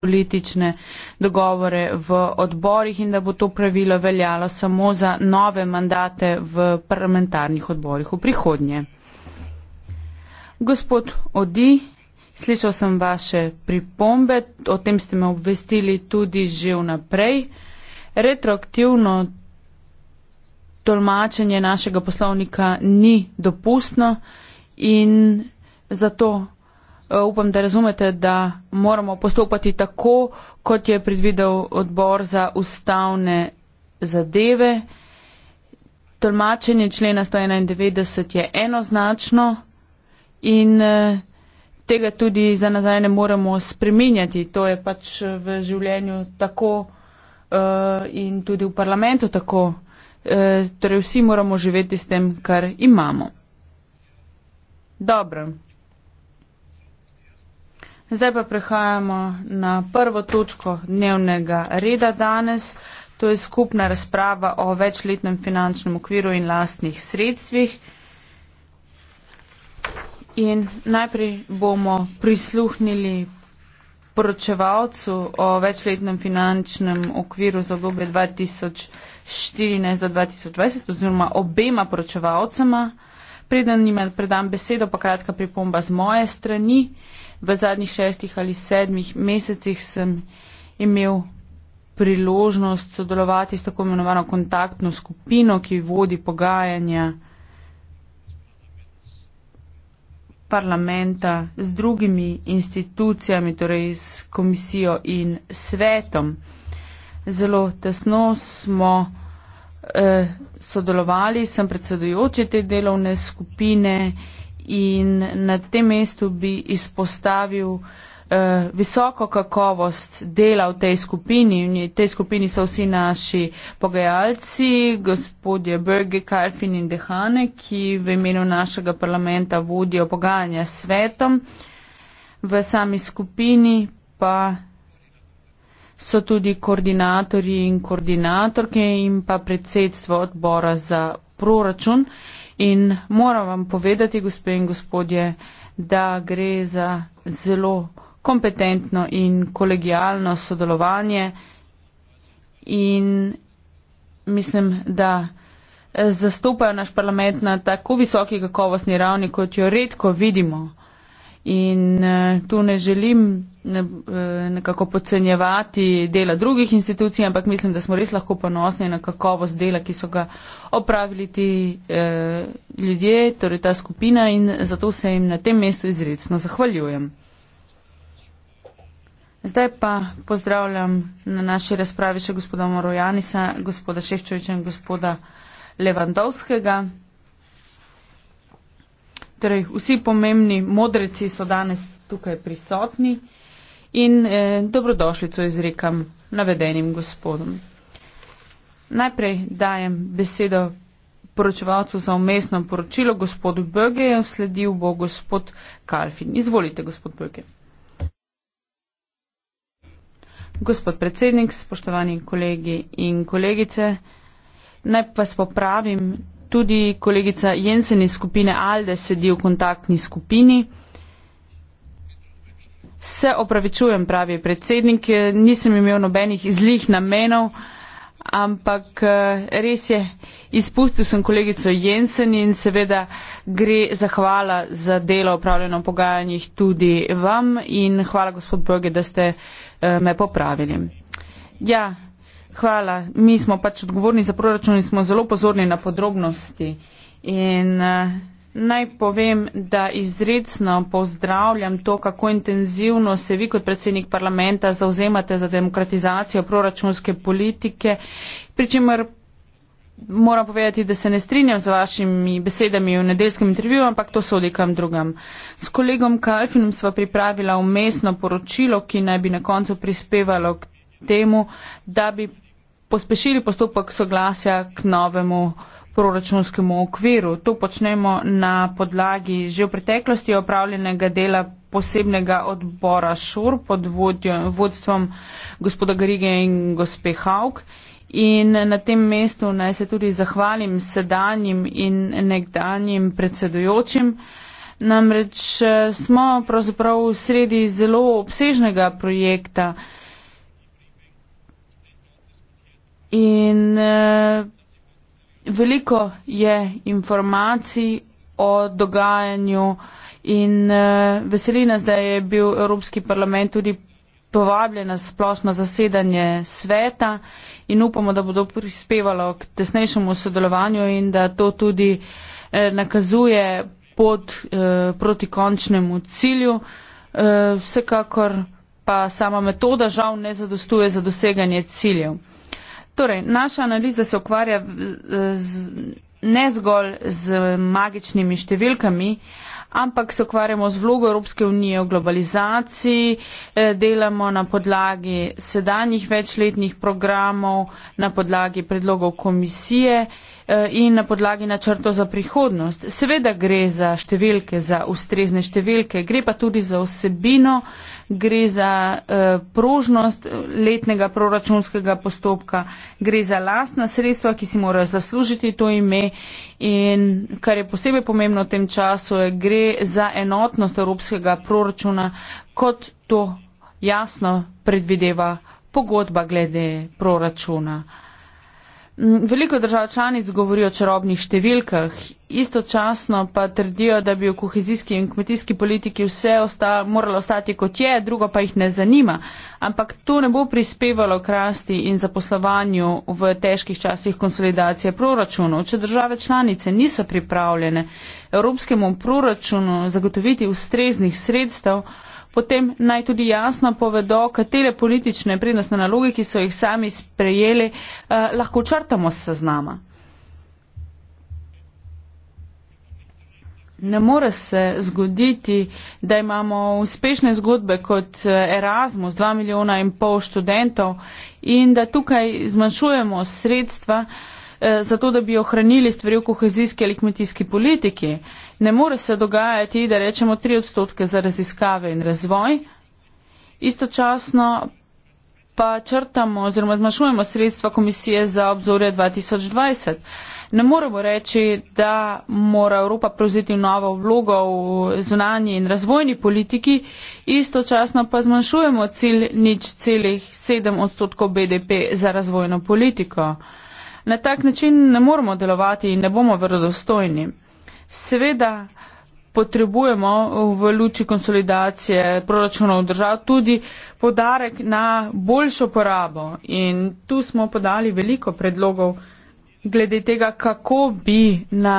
politične dogovore v odborih in da bo to pravilo veljalo samo za nove mandate v parlamentarnih odborih v prihodnje. Gospod Odi, slišal sem vaše pripombe, o tem ste me obvestili tudi že vnaprej. Retroaktivno tolmačenje našega poslovnika ni dopustno in zato Eh, upam, da razumete, da moramo postopati tako, kot je predvidel odbor za ustavne zadeve. Tolmačenje člena 191 je enoznačno in eh, tega tudi za nazaj ne moremo spreminjati. To je pač v življenju tako eh, in tudi v parlamentu tako. Torej vsi moramo živeti s tem, kar imamo. Dobro. Zdaj pa prehajamo na prvo točko dnevnega reda danes. To je skupna razprava o večletnem finančnem okviru in lastnih sredstvih. In najprej bomo prisluhnili poročevalcu o večletnem finančnem okviru za obdobje 2014 do 2020 oziroma obema poročevalcema. Preden jim predam besedo, pa kratka pripomba z moje strani. Uh, v zadnjih šestih ali sedmih mesecih sem imel priložnost sodelovati s tako imenovano kontaktno skupino, ki vodi pogajanja parlamenta z drugimi institucijami, torej s komisijo in svetom. Zelo tesno smo eh, sodelovali, sem predsedujoči te delovne skupine. Eh, in na tem mestu bi izpostavil eh, visoko kakovost dela v tej skupini. V tej skupini so vsi naši pogajalci, gospodje Berge, Kalfin in Dehane, ki v imenu našega parlamenta vodijo pogajanja s svetom. V sami skupini pa so tudi koordinatorji in koordinatorke in pa predsedstvo odbora za proračun. Uh, In moram vam povedati, gospe in gospodje, da gre za zelo kompetentno in kolegijalno sodelovanje in mislim, da eh, zastopajo naš parlament na tako visoki kakovostni ravni, kot jo redko vidimo. In eh, tu ne želim eh, nekako podcenjevati dela drugih institucij, ampak mislim, da smo res lahko ponosni na kakovost dela, ki so ga opravili ti eh, ljudje, torej ta skupina in zato se jim na tem mestu izredno zahvaljujem. Zdaj pa pozdravljam na naši razpravi še gospoda Morojanisa, gospoda Ševčoviča in gospoda Levandovskega. Torej, vsi pomembni modreci so danes tukaj prisotni in eh, dobrodošlico izrekam navedenim gospodom. Najprej dajem besedo poročevalcu za umestno poročilo gospodu Böge, sledil bo gospod Kalfin. Izvolite, gospod Böge. Gospod predsednik, spoštovani kolegi in kolegice, naj vas popravim, tudi kolegica Jensen iz skupine Alde sedi v kontaktni skupini. Se opravičujem, pravi predsednik, nisem imel nobenih zlih namenov, ampak eh, res je, izpustil sem kolegico Jensen in seveda gre zahvala za delo upravljeno v pogajanjih tudi vam in hvala gospod Boge, da ste eh, me popravili. Ja, Hvala. Mi smo pač odgovorni za proračun in smo zelo pozorni na podrobnosti. In uh, naj povem, da izredno pozdravljam to, kako intenzivno se vi kot predsednik parlamenta zauzemate za demokratizacijo proračunske politike, pri čemer moram povedati, da se ne strinjam z vašimi besedami v nedeljskem intervjuju, ampak to sodi kam drugam. S kolegom Kalfinom sva pripravila umestno poročilo, ki naj bi na koncu prispevalo k temu, da bi pospešili postopek soglasja k novemu proračunskemu okviru. To počnemo na podlagi že v preteklosti opravljenega dela posebnega odbora ŠUR pod vodjo, vodstvom gospoda Grige in gospe Hauk. In na tem mestu naj se tudi zahvalim sedanjim in nekdanjim predsedujočim. Namreč eh, smo pravzaprav v sredi zelo obsežnega projekta, In uh, veliko je informacij o dogajanju in uh, veseli nas, da je bil Evropski parlament tudi povabljen na splošno zasedanje sveta in upamo, da bodo prispevalo k tesnejšemu sodelovanju in da to tudi eh, nakazuje pod eh, proti končnemu cilju. Eh, vsekakor pa sama metoda žal ne zadostuje za doseganje ciljev. Torej, naša analiza se ukvarja z, ne zgolj z magičnimi številkami, ampak se ukvarjamo z vlogo Evropske unije v globalizaciji, eh, delamo na podlagi sedanjih večletnih programov, na podlagi predlogov komisije Eh, in na podlagi načrto za prihodnost. Seveda gre za številke, za ustrezne številke, gre pa tudi za osebino, gre za eh, prožnost eh, letnega proračunskega postopka, gre za lastna sredstva, ki si morajo zaslužiti to ime in kar je posebej pomembno v tem času, gre za enotnost evropskega proračuna, kot to jasno predvideva pogodba glede proračuna. Mm, veliko držav članic govori o čarobnih številkah, istočasno pa trdijo, da bi v kohezijski in kmetijski politiki vse osta, moralo ostati kot je, drugo pa jih ne zanima. Ampak to ne bo prispevalo k rasti in zaposlovanju v težkih časih konsolidacije proračunov. Če države članice niso pripravljene evropskemu proračunu zagotoviti ustreznih sredstev, potem naj tudi jasno povedo, katere politične prednostne naloge, ki so jih sami sprejeli, eh, lahko črtamo se z nama. Ne more se zgoditi, da imamo uspešne zgodbe kot eh, Erasmus, dva milijona in pol študentov in da tukaj zmanjšujemo sredstva. Eh, Eh, zato da bi ohranili stvari v kohezijski ali kmetijski politiki. Ne more se dogajati, da rečemo tri odstotke za raziskave in razvoj, istočasno pa črtamo oziroma zmašujemo sredstva komisije za obzorje 2020. Ne moremo reči, da mora Evropa prevzeti novo vlogo v zunanji in razvojni politiki, istočasno pa zmanjšujemo cilj nič celih sedem odstotkov BDP za razvojno politiko. Na tak način ne moremo delovati in ne bomo verodostojni. Seveda potrebujemo v luči konsolidacije proračunov držav tudi podarek na boljšo porabo in tu smo podali veliko predlogov glede tega, kako bi na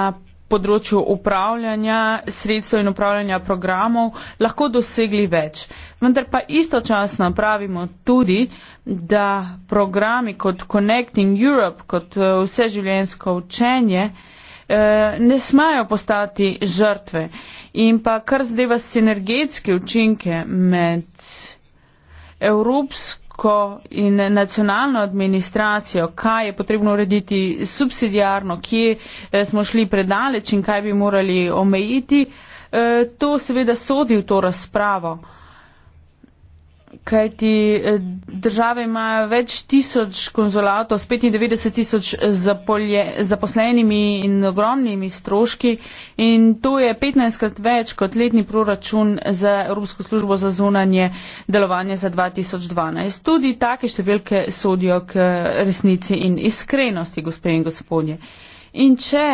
področju upravljanja sredstev in upravljanja programov lahko dosegli več. Vendar pa istočasno pravimo tudi, da programi kot Connecting Europe, kot eh, vseživljensko učenje, eh, ne smajo postati žrtve. In pa kar zadeva sinergetske učinke med evropsko lahko in nacionalno administracijo, kaj je potrebno urediti subsidijarno, kje eh, smo šli predaleč in kaj bi morali omejiti, eh, to seveda sodi v to razpravo. Kaj ti eh, države imajo več tisoč konzulatov s 95 tisoč zaposlenimi in ogromnimi stroški in to je 15 krat več kot letni proračun za Evropsko službo za zunanje delovanje za 2012. Tudi take številke sodijo k resnici in iskrenosti, gospe in gospodje. In če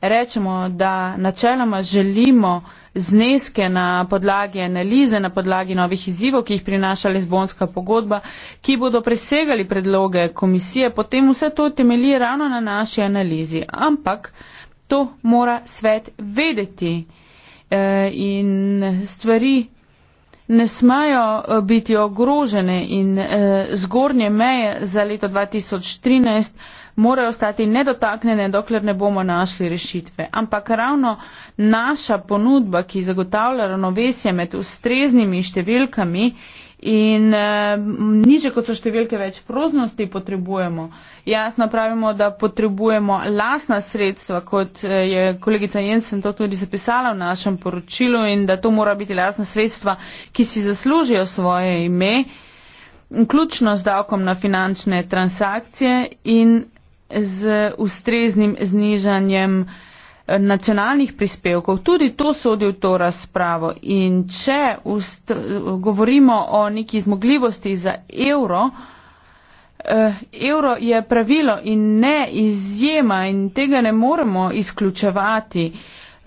rečemo, da načeloma želimo zneske na podlagi analize, na podlagi novih izzivov, ki jih prinaša Lizbonska pogodba, ki bodo presegali predloge komisije, potem vse to temelji ravno na naši analizi. Ampak to mora svet vedeti e, in stvari ne smajo eh, biti ogrožene in e, zgornje meje za leto 2013 morajo ostati nedotaknjene, dokler ne bomo našli rešitve. Ampak ravno naša ponudba, ki zagotavlja ravnovesje med ustreznimi številkami in eh, niže kot so številke več proznosti potrebujemo, jasno pravimo, da potrebujemo lasna sredstva, kot eh, je kolegica Jensen to tudi zapisala v našem poročilu in da to mora biti lasna sredstva, ki si zaslužijo svoje ime. Vključno z davkom na finančne transakcije in z ustreznim znižanjem eh, nacionalnih prispevkov. Tudi to sodi v to razpravo. In če govorimo o neki zmogljivosti za evro, eh, Evro je pravilo in ne izjema in tega ne moremo izključevati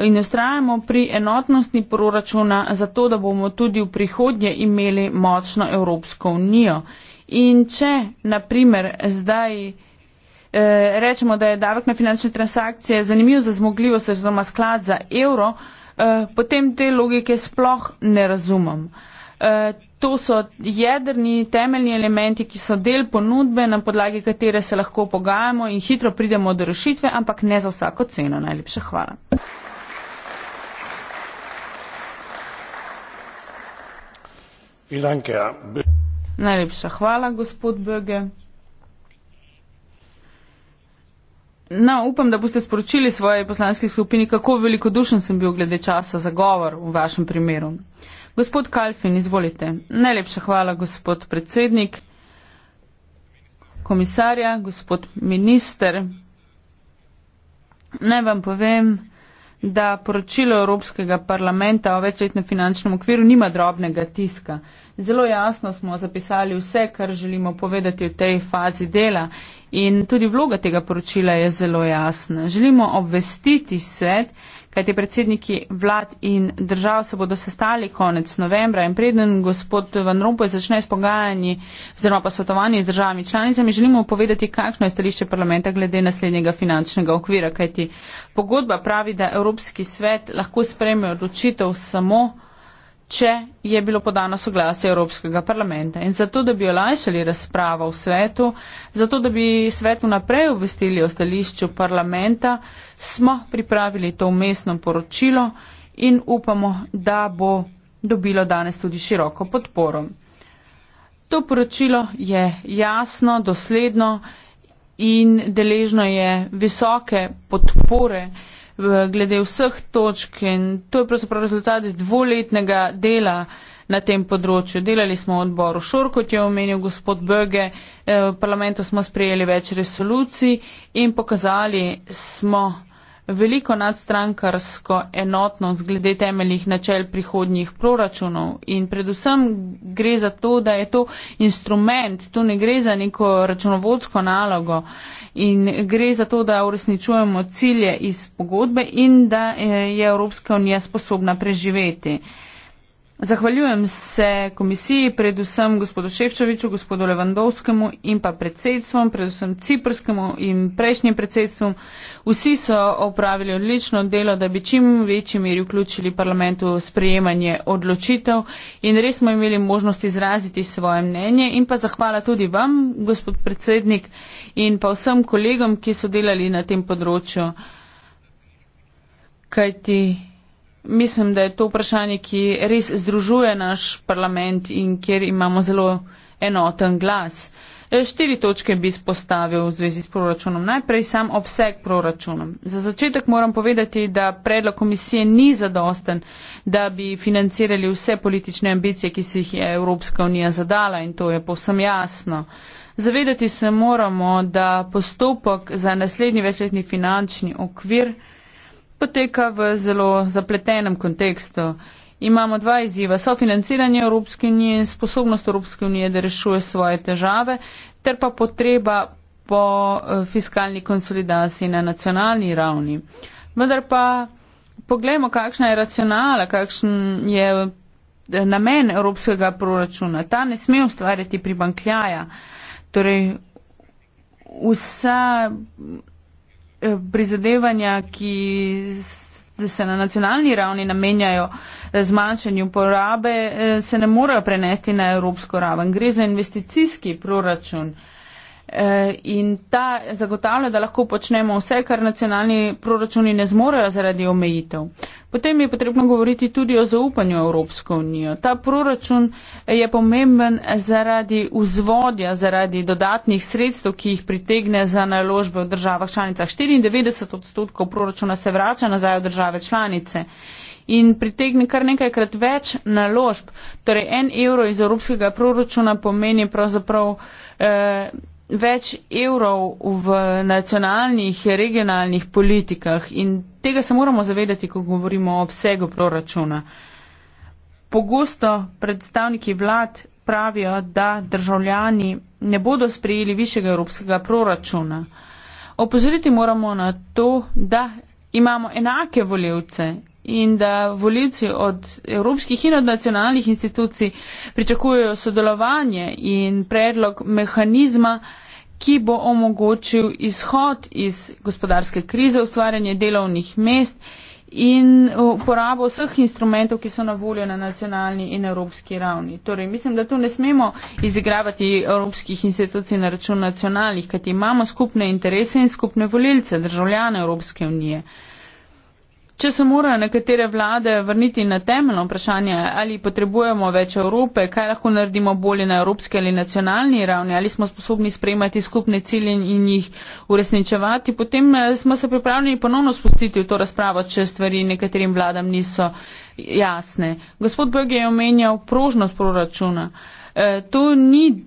in ustrajamo pri enotnosti proračuna za to, da bomo tudi v prihodnje imeli močno Evropsko unijo. In če, na primer, zdaj. Eh, rečemo, da je davek na finančne transakcije zanimiv za zmogljivost oziroma sklad za evro, eh, potem te logike sploh ne razumem. Eh, to so jedrni temeljni elementi, ki so del ponudbe, na podlagi katere se lahko pogajamo in hitro pridemo do rešitve, ampak ne za vsako ceno. Najlepša hvala. Najlepša hvala, gospod Böge. No, upam, da boste sporočili svoje poslanske skupini, kako velikodušen sem bil glede časa za govor v vašem primeru. Gospod Kalfin, izvolite. Najlepša hvala, gospod predsednik, komisarja, gospod minister. Naj vam povem, da poročilo Evropskega parlamenta o večletnem finančnem okviru nima drobnega tiska. Zelo jasno smo zapisali vse, kar želimo povedati v tej fazi dela In tudi vloga tega poročila je zelo jasna. Želimo obvestiti svet, kajte predsedniki vlad in držav se bodo sestali konec novembra in preden gospod Van Rompuy začne s pogajanji oziroma posvetovanji z državami članicami, želimo povedati, kakšno je stališče parlamenta glede naslednjega finančnega okvira, kajti pogodba pravi, da Evropski svet lahko spreme odločitev samo če je bilo podano soglasje Evropskega parlamenta. In zato, da bi olajšali razpravo v svetu, zato, da bi svetu naprej obvestili o stališču parlamenta, smo pripravili to umestno poročilo in upamo, da bo dobilo danes tudi široko podporo. To poročilo je jasno, dosledno in deležno je visoke podpore glede vseh točk in to je pravzaprav rezultat dvoletnega dela na tem področju. Delali smo v odboru Šor, kot je omenil gospod Böge, eh, v parlamentu smo sprejeli več resolucij in pokazali smo, veliko nadstrankarsko enotnost glede temeljih načel prihodnjih proračunov in predvsem gre za to, da je to instrument, tu ne gre za neko računovodsko nalogo in gre za to, da uresničujemo cilje iz pogodbe in da eh, je Evropska unija sposobna preživeti. Zahvaljujem se komisiji, predvsem gospodu Ševčoviču, gospodu Levandovskemu in pa predsedstvom, predvsem ciprskemu in prejšnjim predsedstvom. Vsi so opravili odlično delo, da bi čim večji meri vključili parlamentu sprejemanje odločitev in res smo imeli možnost izraziti svoje mnenje in pa zahvala tudi vam, gospod predsednik, in pa vsem kolegom, ki so delali na tem področju. Kajti mislim, da je to vprašanje, ki res združuje naš parlament in kjer imamo zelo enoten glas. E, štiri točke bi spostavil v zvezi s proračunom. Najprej sam obseg proračunom. Za začetek moram povedati, da predlog komisije ni zadosten, da bi financirali vse politične ambicije, ki si jih je Evropska unija zadala in to je povsem jasno. Zavedati se moramo, da postopek za naslednji večletni finančni okvir poteka v zelo zapletenem kontekstu. Imamo dva izziva, sofinanciranje Evropske unije in sposobnost Evropske unije, da rešuje svoje težave, ter pa potreba po eh, fiskalni konsolidaciji na nacionalni ravni. Vendar pa pogledamo, kakšna je racionala, kakšen je eh, namen Evropskega proračuna. Ta ne sme ustvarjati pribankljaja. Torej, vsa Eh, prizadevanja, ki se na nacionalni ravni namenjajo eh, zmanjšanju porabe, eh, se ne morejo prenesti na evropsko raven. Gre za investicijski proračun. In ta zagotavlja, da lahko počnemo vse, kar nacionalni proračuni ne zmorejo zaradi omejitev. Potem je potrebno govoriti tudi o zaupanju Evropsko unijo. Ta proračun je pomemben zaradi vzvodja, zaradi dodatnih sredstev, ki jih pritegne za naložbe v državah članicah. 94 odstotkov proračuna se vrača nazaj v države članice in pritegne kar nekajkrat več naložb. Torej, en evro iz evropskega proračuna pomeni pravzaprav. Eh, več evrov v nacionalnih, regionalnih politikah in tega se moramo zavedati, ko govorimo o obsegu proračuna. Pogosto predstavniki vlad pravijo, da državljani ne bodo sprejeli višjega evropskega proračuna. Opozoriti moramo na to, da imamo enake voljevce in da voljivci od evropskih in od nacionalnih institucij pričakujejo sodelovanje in predlog mehanizma, ki bo omogočil izhod iz gospodarske krize, ustvarjanje delovnih mest in uporabo vseh instrumentov, ki so na voljo na nacionalni in evropski ravni. Torej, mislim, da tu ne smemo izigravati evropskih institucij na račun nacionalnih, kajti imamo skupne interese in skupne volilce, državljane Evropske unije. Če se morajo nekatere vlade vrniti na temeljno vprašanje, ali potrebujemo več Evrope, kaj lahko naredimo bolje na evropski ali nacionalni ravni, ali smo sposobni sprejemati skupne cilje in jih uresničevati, potem eh, smo se pripravljeni ponovno spustiti v to razpravo, če stvari nekaterim vladam niso jasne. Gospod Bog je omenjal prožnost proračuna. Eh, to ni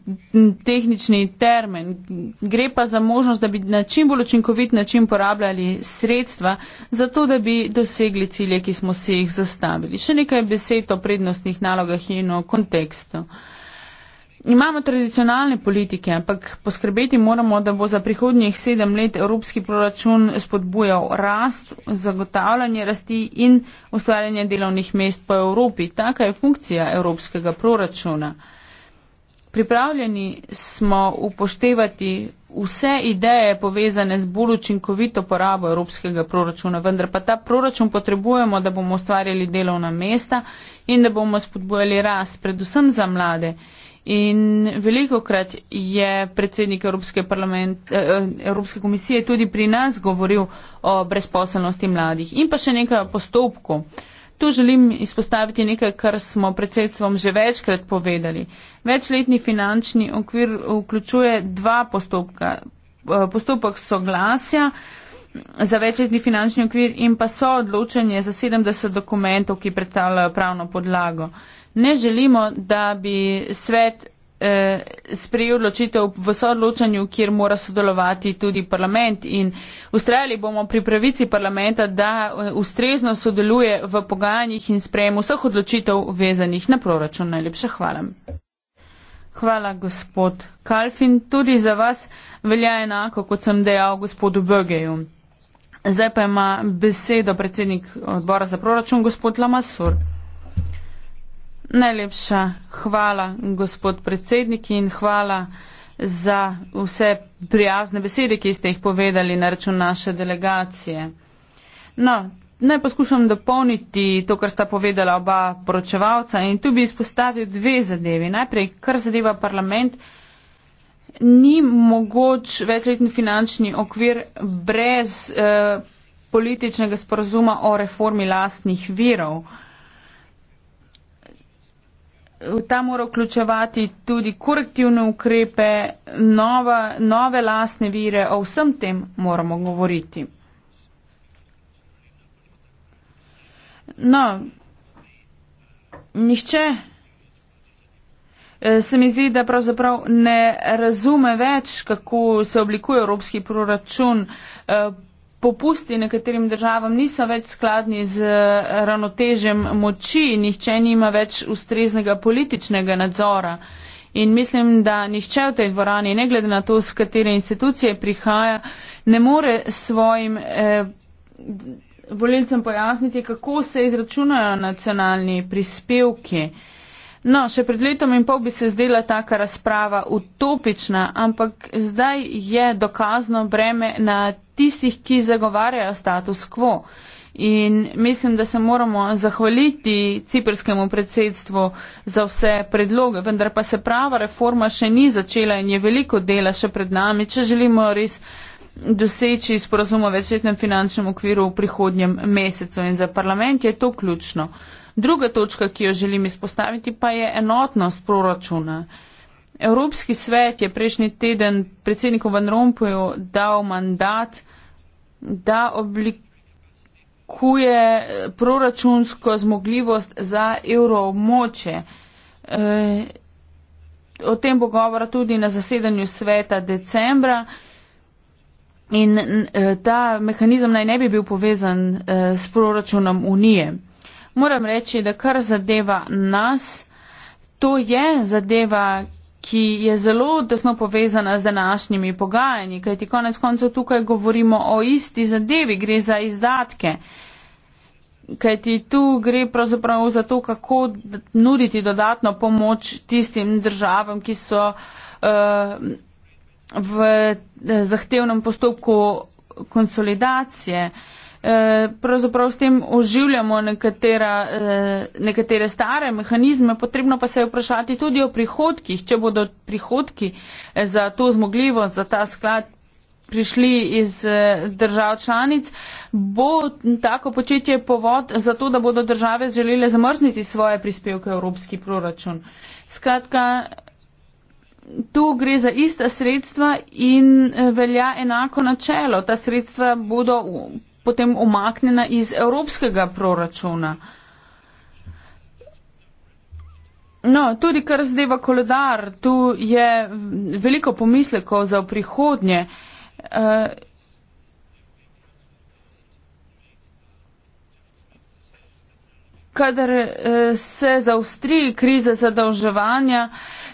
tehnični termen. Gre pa za možnost, da bi na čim bolj učinkovit način porabljali sredstva, zato da bi dosegli cilje, ki smo si jih zastavili. Še nekaj besed o prednostnih nalogah in o kontekstu. Imamo tradicionalne politike, ampak poskrbeti moramo, da bo za prihodnjih sedem let evropski proračun spodbujal rast, zagotavljanje rasti in ustvarjanje delovnih mest po Evropi. Taka je funkcija evropskega proračuna. Pripravljeni smo upoštevati vse ideje povezane z bolj učinkovito porabo evropskega proračuna, vendar pa ta proračun potrebujemo, da bomo ustvarjali delovna mesta in da bomo spodbojali rast, predvsem za mlade. In veliko krat je predsednik Evropske, eh, eh, Evropske komisije tudi pri nas govoril o brezposelnosti mladih in pa še nekaj postopkov. Tu želim izpostaviti nekaj, kar smo predsedstvom že večkrat povedali. Večletni finančni okvir vključuje dva postopka. Eh, postopek soglasja za večletni finančni okvir in pa so odločenje za 70 dokumentov, ki predstavljajo pravno podlago. Ne želimo, da bi svet eh, sprejel odločitev v soodločanju, kjer mora sodelovati tudi parlament in ustrajali bomo pri pravici parlamenta, da eh, ustrezno sodeluje v pogajanjih in sprejemu vseh odločitev vezanih na proračun. Najlepša hvala. Hvala, gospod Kalfin. Tudi za vas velja enako, kot sem dejal gospodu Bögeju. Zdaj pa ima besedo predsednik odbora za proračun, gospod Lamasur. Najlepša hvala, gospod predsednik, in hvala za vse prijazne besede, ki ste jih povedali na račun naše delegacije. No, naj poskušam dopolniti to, kar sta povedala oba poročevalca in tu bi izpostavil dve zadevi. Najprej, kar zadeva parlament, ni mogoč večletni finančni okvir brez eh, političnega sporozuma o reformi lastnih virov. Eh, ta mora vključevati tudi korektivne ukrepe, nova, nove lasne vire, o vsem tem moramo govoriti. No, nihče eh, se mi zdi, da pravzaprav ne razume več, kako se oblikuje evropski proračun. Eh, popusti nekaterim državam niso več skladni z eh, ravnotežjem moči, nihče nima več ustreznega političnega nadzora. In mislim, da nihče v tej dvorani, ne glede na to, z katere institucije prihaja, ne more svojim eh, voljivcem pojasniti, kako se izračunajo nacionalni prispevki. Eh, No, še pred letom in pol bi se zdela taka razprava utopična, ampak zdaj je dokazno breme na tistih, ki zagovarjajo status quo. In mislim, da se moramo zahvaliti ciprskemu predsedstvu za vse predloge, vendar pa se prava reforma še ni začela in je veliko dela še pred nami, če želimo res doseči sporozum o večletnem finančnem okviru v prihodnjem mesecu. In za parlament je to ključno. Uh, Druga točka, ki jo želim izpostaviti, pa je enotnost proračuna. Evropski svet je prejšnji teden predsedniku Van Rompuju dal mandat, da oblikuje proračunsko zmogljivost za evroobmoče. E, o tem bo govora tudi na zasedanju sveta decembra. In e, ta mehanizem naj ne bi bil povezan e, s proračunom Unije moram reči, da kar zadeva nas, to je zadeva, ki je zelo tesno povezana z današnjimi pogajanji, kajti konec koncev tukaj govorimo o isti zadevi, gre za izdatke. Kajti tu gre pravzaprav za to, kako nuditi dodatno pomoč tistim državam, ki so uh, v eh, zahtevnem postopku konsolidacije. Uh, Eh, pravzaprav s tem oživljamo nekatera, eh, nekatere stare mehanizme, potrebno pa se je vprašati tudi o prihodkih, če bodo prihodki eh, za to zmogljivost, za ta sklad prišli iz držav članic, bo tako početje povod za to, da bodo države želele zamrzniti svoje prispevke v evropski proračun. Skratka, tu gre za ista sredstva in velja enako načelo. Ta sredstva bodo potem omaknjena iz evropskega proračuna. No, tudi kar zdeva koledar, tu je veliko pomislekov za prihodnje. Uh, kadar eh, se zaustri kriza zadolževanja,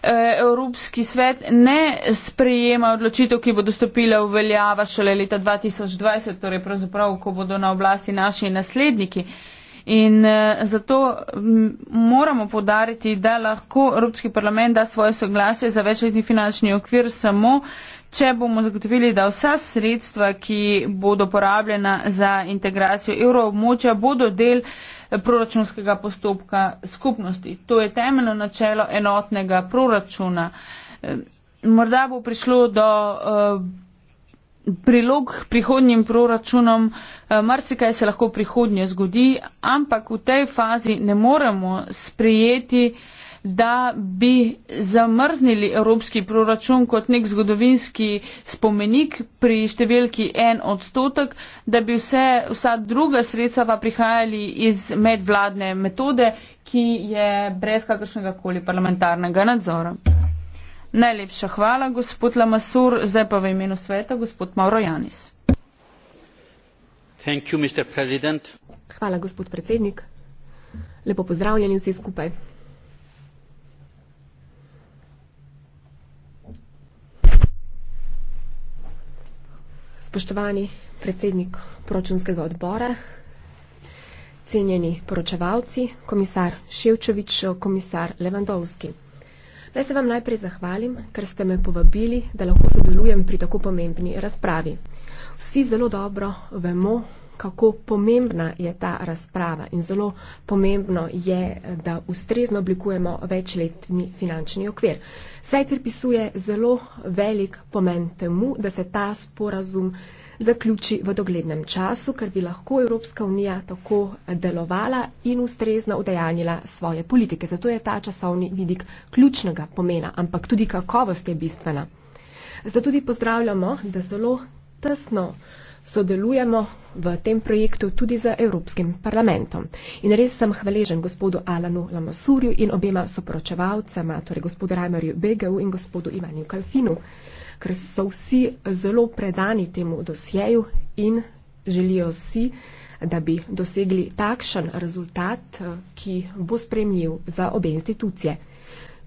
eh, Evropski svet ne sprejema odločitev, ki bo dostopila v veljava šele leta 2020, torej pravzaprav, ko bodo na oblasti naši nasledniki. In uh, zato moramo podariti, da lahko Evropski parlament da svoje soglasje za večletni finančni okvir samo, če bomo zagotovili, da vsa sredstva, ki bodo porabljena za integracijo evroobmočja, bodo del eh, proračunskega postopka skupnosti. To je temeljno načelo enotnega proračuna. Eh, morda bo prišlo do. Uh, prilog prihodnjim proračunom, eh, marsikaj se lahko prihodnje zgodi, ampak v tej fazi ne moremo sprejeti, da bi zamrznili evropski proračun kot nek zgodovinski spomenik pri številki en odstotek, da bi vse, vsa druga sredstva pa prihajali iz medvladne metode, ki je brez kakršnega koli parlamentarnega nadzora. Najlepša hvala, gospod Lamasur. Zdaj pa v imenu sveta, gospod Mauro Janis. You, hvala, gospod predsednik. Lepo pozdravljeni vsi skupaj. Spoštovani predsednik proračunskega odbora, cenjeni poročevalci, komisar Ševčevič, komisar Levandovski. Naj se vam najprej zahvalim, ker ste me povabili, da lahko sodelujem pri tako pomembni razpravi. Vsi zelo dobro vemo, kako pomembna je ta razprava in zelo pomembno je, da ustrezno oblikujemo večletni finančni okvir. Saj pripisuje zelo velik pomen temu, da se ta sporazum zaključi v doglednem času, ker bi lahko Evropska unija tako delovala in ustrezno udejanjila svoje politike. Zato je ta časovni vidik ključnega pomena, ampak tudi kakovost je bistvena. Zato tudi pozdravljamo, da zelo tesno uh, sodelujemo v tem projektu tudi z Evropskim parlamentom. In res sem hvaležen gospodu Alanu Lamasurju in obema soporočevalcema, torej gospodu Rajmerju BGU in gospodu Ivanju Kalfinu, ker so vsi zelo predani temu dosjeju in želijo si, da bi dosegli takšen rezultat, ki bo spremljiv za obe institucije.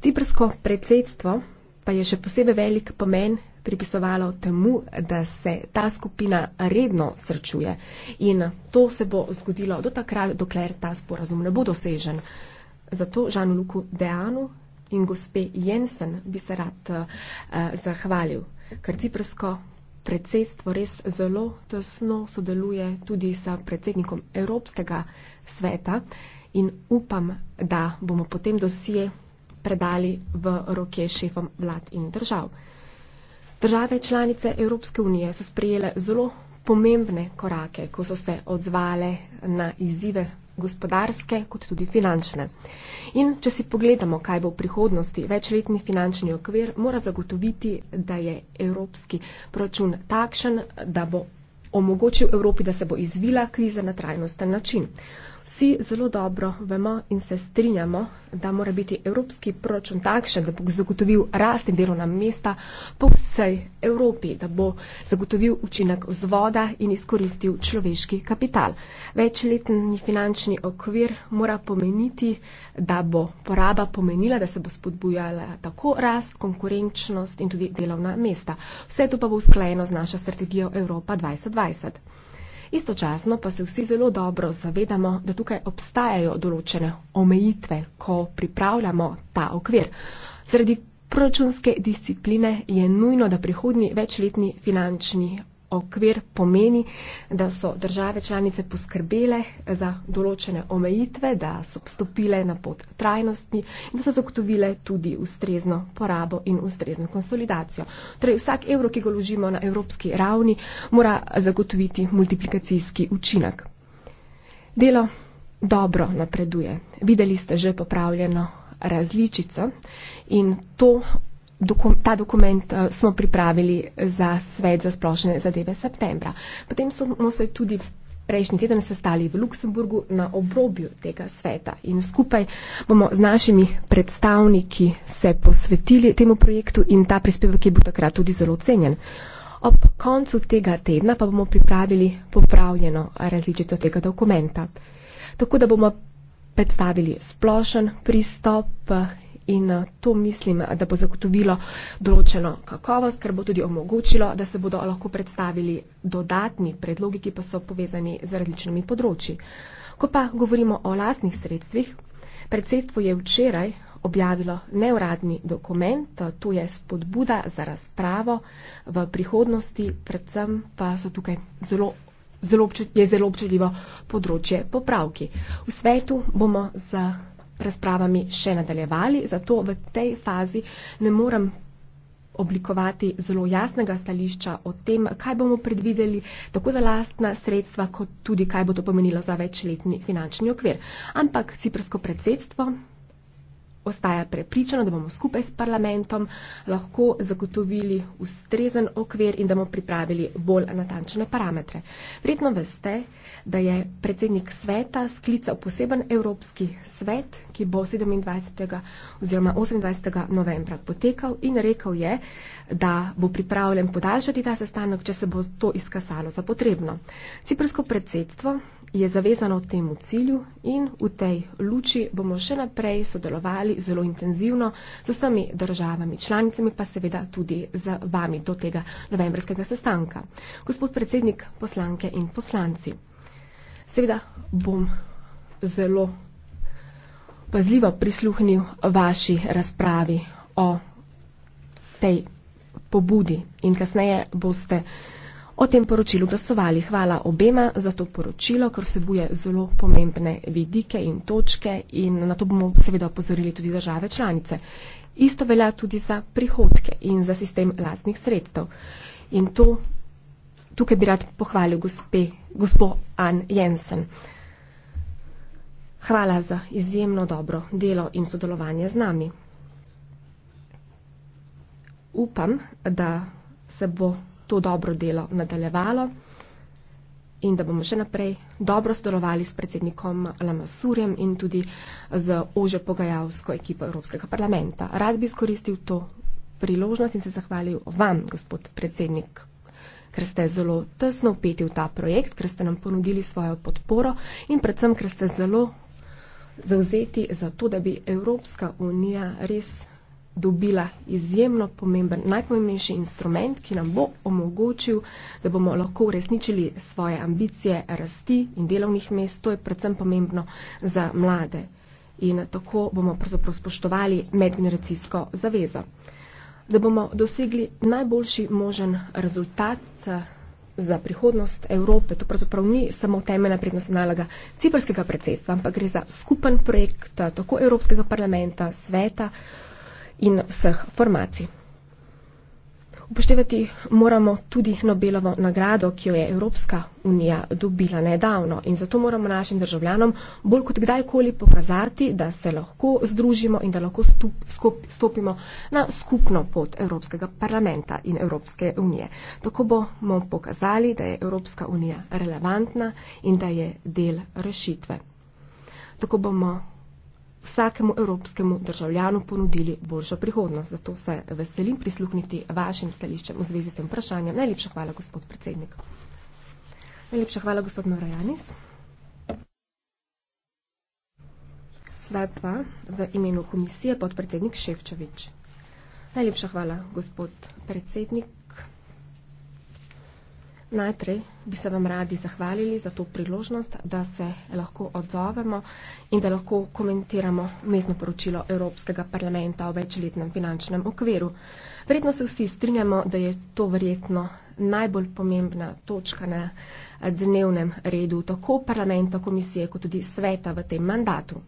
Ciprsko predsedstvo pa je še posebej velik pomen pripisovalo temu, da se ta skupina redno srečuje in to se bo zgodilo do takrat, dokler ta sporazum ne bo dosežen. Zato Žanu Luku Deanu in gospe Jensen bi se rad uh, zahvalil, ker ciprsko predsedstvo res zelo tesno sodeluje tudi s predsednikom Evropskega sveta in upam, da bomo potem dosije predali v roke šefom vlad in držav. Države članice Evropske unije so sprejele zelo pomembne korake, ko so se odzvale na izzive gospodarske kot tudi finančne. In če si pogledamo, kaj bo v prihodnosti, večletni finančni okvir mora zagotoviti, da je evropski proračun takšen, da bo omogočil Evropi, da se bo izvila kriza na trajnosten način. Vsi zelo dobro vemo in se strinjamo, da mora biti evropski proračun takšen, da bo zagotovil rast in delovna mesta po vsej Evropi, da bo zagotovil učinek vzvoda in izkoristil človeški kapital. Večletni finančni okvir mora pomeniti, da bo poraba pomenila, da se bo spodbujala tako rast, konkurenčnost in tudi delovna mesta. Vse to pa bo usklajeno z našo strategijo Evropa 2020. Istočasno pa se vsi zelo dobro zavedamo, da tukaj obstajajo določene omejitve, ko pripravljamo ta okvir. Zaradi proračunske discipline je nujno, da prihodnji večletni finančni okvir pomeni, da so države članice poskrbele za določene omejitve, da so stopile na pot trajnosti in da so zagotovile tudi ustrezno porabo in ustrezno konsolidacijo. Torej vsak evro, ki ga ložimo na evropski ravni, mora zagotoviti multiplikacijski učinek. Delo dobro napreduje. Videli ste že popravljeno različico in to dokum, ta dokument uh, smo pripravili za svet za splošne zadeve septembra. Potem smo se tudi prejšnji teden sestali v Luksemburgu na obrobju tega sveta in skupaj bomo z našimi predstavniki se posvetili temu projektu in ta prispevek je bil takrat tudi zelo cenjen. Ob koncu tega tedna pa bomo pripravili popravljeno različico tega dokumenta. Tako da bomo predstavili splošen pristop In eh, to mislim, eh, da bo zagotovilo določeno kakovost, ker bo tudi omogočilo, da se bodo lahko predstavili dodatni predlogi, ki pa so povezani z različnimi področji. Ko pa govorimo o lastnih sredstvih, predsedstvo je včeraj objavilo neuradni dokument, eh, to je spodbuda za razpravo v prihodnosti, predvsem pa so tukaj zelo. Zelo obče, je zelo občutljivo področje popravki. V svetu bomo za razpravami še nadaljevali, zato v tej fazi ne morem oblikovati zelo jasnega stališča o tem, kaj bomo predvideli tako za lastna sredstva, kot tudi kaj bo to pomenilo za večletni finančni okvir. Ampak ciprsko predsedstvo ostaja prepričano, da bomo skupaj s parlamentom lahko zagotovili ustrezen okvir in da bomo pripravili bolj natančne parametre. Vredno veste, da je predsednik sveta sklical poseben Evropski svet, ki bo 27. oziroma 28. novembra potekal in rekel je, da bo pripravljen podaljšati ta sestanek, če se bo to izkasalo za potrebno. Ciprsko predsedstvo je zavezano temu cilju in v tej luči bomo še naprej sodelovali zelo intenzivno z vsemi državami, članicami pa seveda tudi z vami do tega novembrskega sestanka. Gospod predsednik, poslanke in poslanci, seveda bom zelo pazljivo prisluhnil vaši razpravi o tej pobudi in kasneje boste o tem poročilu glasovali. Hvala obema za to poročilo, ker vsebuje zelo pomembne vidike in točke in na to bomo seveda opozorili tudi države članice. Isto velja tudi za prihodke in za sistem lastnih sredstev. In to tukaj bi rad pohvalil gospe, gospo Ann Jensen. Hvala za izjemno dobro delo in sodelovanje z nami. Upam, da se bo to dobro delo nadaljevalo in da bomo še naprej dobro sodelovali s predsednikom Lamasurjem in tudi z ožjo pogajalsko ekipo Evropskega parlamenta. Rad bi izkoristil to priložnost in se zahvalil vam, gospod predsednik, ker ste zelo tesno upeti v ta projekt, ker ste nam ponudili svojo podporo in predvsem, ker ste zelo zauzeti za to, da bi Evropska unija res dobila izjemno pomemben, najpomembnejši instrument, ki nam bo omogočil, da bomo lahko uresničili svoje ambicije rasti in delovnih mest. To je predvsem pomembno za mlade. In tako bomo pravzaprav spoštovali medgeneracijsko zavezo. Da bomo dosegli najboljši možen rezultat eh, za prihodnost Evrope, to pravzaprav ni samo temeljna prednostna naloga ciprskega predsedstva, ampak gre za skupen projekt eh, tako Evropskega parlamenta, sveta, in vseh formacij. Upoštevati moramo tudi Nobelovo nagrado, ki jo je Evropska unija dobila nedavno in zato moramo našim državljanom bolj kot kdajkoli pokazati, da se lahko združimo in da lahko stup, skup, stopimo na skupno pot Evropskega parlamenta in Evropske unije. Tako bomo pokazali, da je Evropska unija relevantna in da je del rešitve. Tako bomo vsakemu evropskemu državljanu ponudili boljšo prihodnost. Zato se veselim prisluhniti vašim stališčem v zvezi s tem vprašanjem. Najlepša hvala, gospod predsednik. Najlepša hvala, gospod Mavrajanis. Zdaj pa v imenu komisije podpredsednik Ševčevič. Najlepša hvala, gospod predsednik. Najprej bi se vam radi zahvalili za to priložnost, da se lahko odzovemo in da lahko komentiramo mestno poročilo Evropskega parlamenta o večletnem finančnem okviru. Verjetno se vsi strinjamo, da je to verjetno najbolj pomembna točka na dnevnem redu tako parlamenta, komisije kot tudi sveta v tem mandatu.